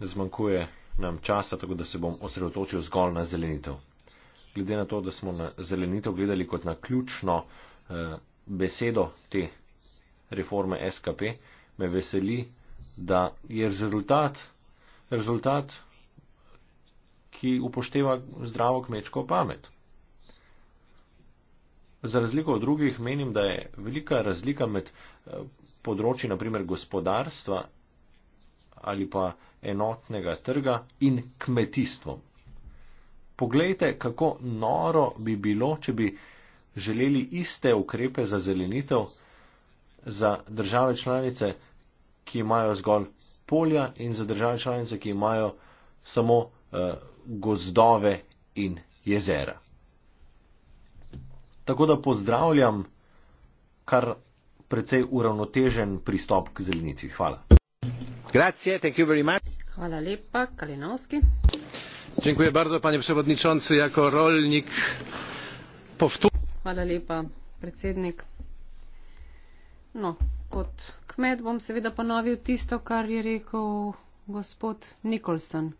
Zmanjkuje nam časa, tako da se bom osredotočil zgolj na zelenitev. Glede na to, da smo na zelenitev gledali kot na ključno eh, besedo te reforme SKP, me veseli, da je rezultat, rezultat, ki upošteva zdravo kmečko pamet. Za razliko od drugih menim, da je velika razlika med eh, področji, naprimer gospodarstva ali pa enotnega trga in kmetijstvom. Poglejte, kako noro bi bilo, če bi želeli iste ukrepe za zelenitev za države članice, ki imajo zgolj polja in za države članice, ki imajo samo eh, gozdove in jezera. Tako da pozdravljam kar precej uravnotežen pristop k zelenitvi. Hvala panie przewodniczący! jako rolnik powtórzę. no kot kmet bom seveda ponovil tisto kar je rekel gospod nicholson.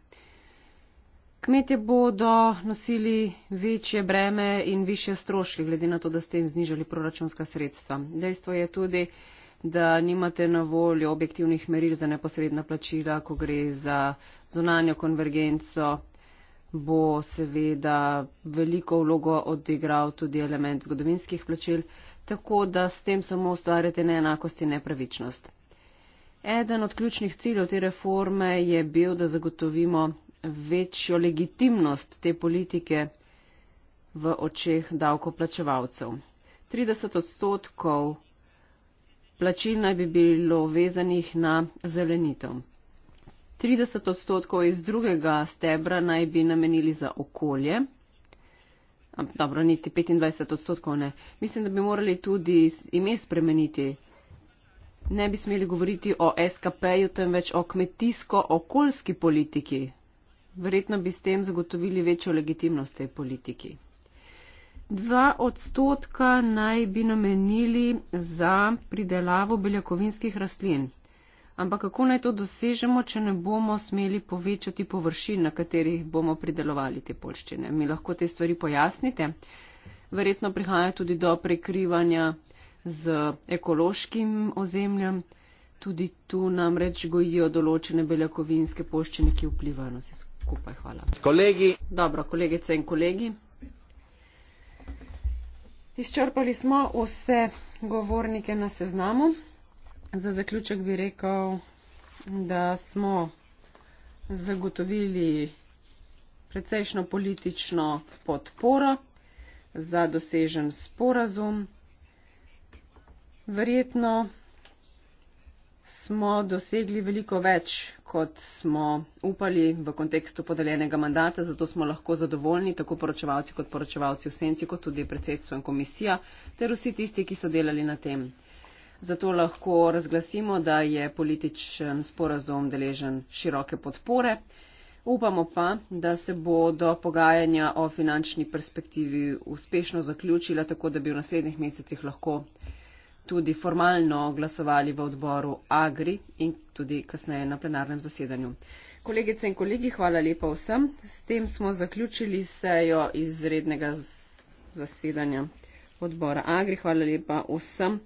kmetje bodo nosili večje breme in višje stroške glede na to da ste jim znižali proračunska sredstva. dejstvo je tudi da da nimate na voljo objektivnih meril za neposredna plačila, ko gre za zunanjo konvergenco, bo seveda veliko vlogo odigral tudi element zgodovinskih plačil, tako da s tem samo ustvarjate neenakost in nepravičnost. Eden od ključnih ciljev te reforme je bil, da zagotovimo večjo legitimnost te politike v očeh davkoplačevalcev. 30 odstotkov plačil naj bi bilo vezanih na zelenitev. 30 odstotkov iz drugega stebra naj bi namenili za okolje. Dobro, niti 25 odstotkov ne. Mislim, da bi morali tudi ime spremeniti. Ne bi smeli govoriti o SKP-ju, temveč o kmetijsko-okoljski politiki. Verjetno bi s tem zagotovili večjo legitimnost tej politiki. Dva odstotka naj bi namenili za pridelavo beljakovinskih rastlin. Ampak kako naj to dosežemo, če ne bomo smeli povečati površin, na katerih bomo pridelovali te polščine? Mi lahko te stvari pojasnite. Verjetno prihaja tudi do prekrivanja z ekološkim ozemljem. Tudi tu namreč gojijo določene beljakovinske polščine, ki vplivajo na vse skupaj. Hvala. Kolegi. Dobro, kolegice in kolegi. Izčrpali smo vse govornike na seznamu. Za zaključek bi rekel, da smo zagotovili precejšno politično podporo za dosežen sporazum. Verjetno smo dosegli veliko več, kot smo upali v kontekstu podeljenega mandata, zato smo lahko zadovoljni, tako poročevalci kot poročevalci v senci, kot tudi predsedstvo in komisija, ter vsi tisti, ki so delali na tem. Zato lahko razglasimo, da je političen sporazum deležen široke podpore. Upamo pa, da se bo do pogajanja o finančni perspektivi uspešno zaključila, tako da bi v naslednjih mesecih lahko tudi formalno glasovali v odboru Agri in tudi kasneje na plenarnem zasedanju. Kolegice in kolegi, hvala lepa vsem. S tem smo zaključili sejo izrednega zasedanja odbora Agri. Hvala lepa vsem,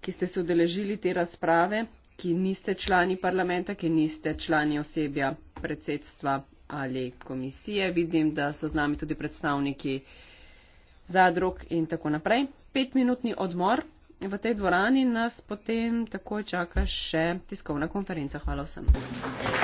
ki ste se udeležili te razprave, ki niste člani parlamenta, ki niste člani osebja predsedstva ali komisije. Vidim, da so z nami tudi predstavniki zadrug in tako naprej. Petminutni odmor v tej dvorani, nas potem takoj čaka še tiskovna konferenca. Hvala vsem.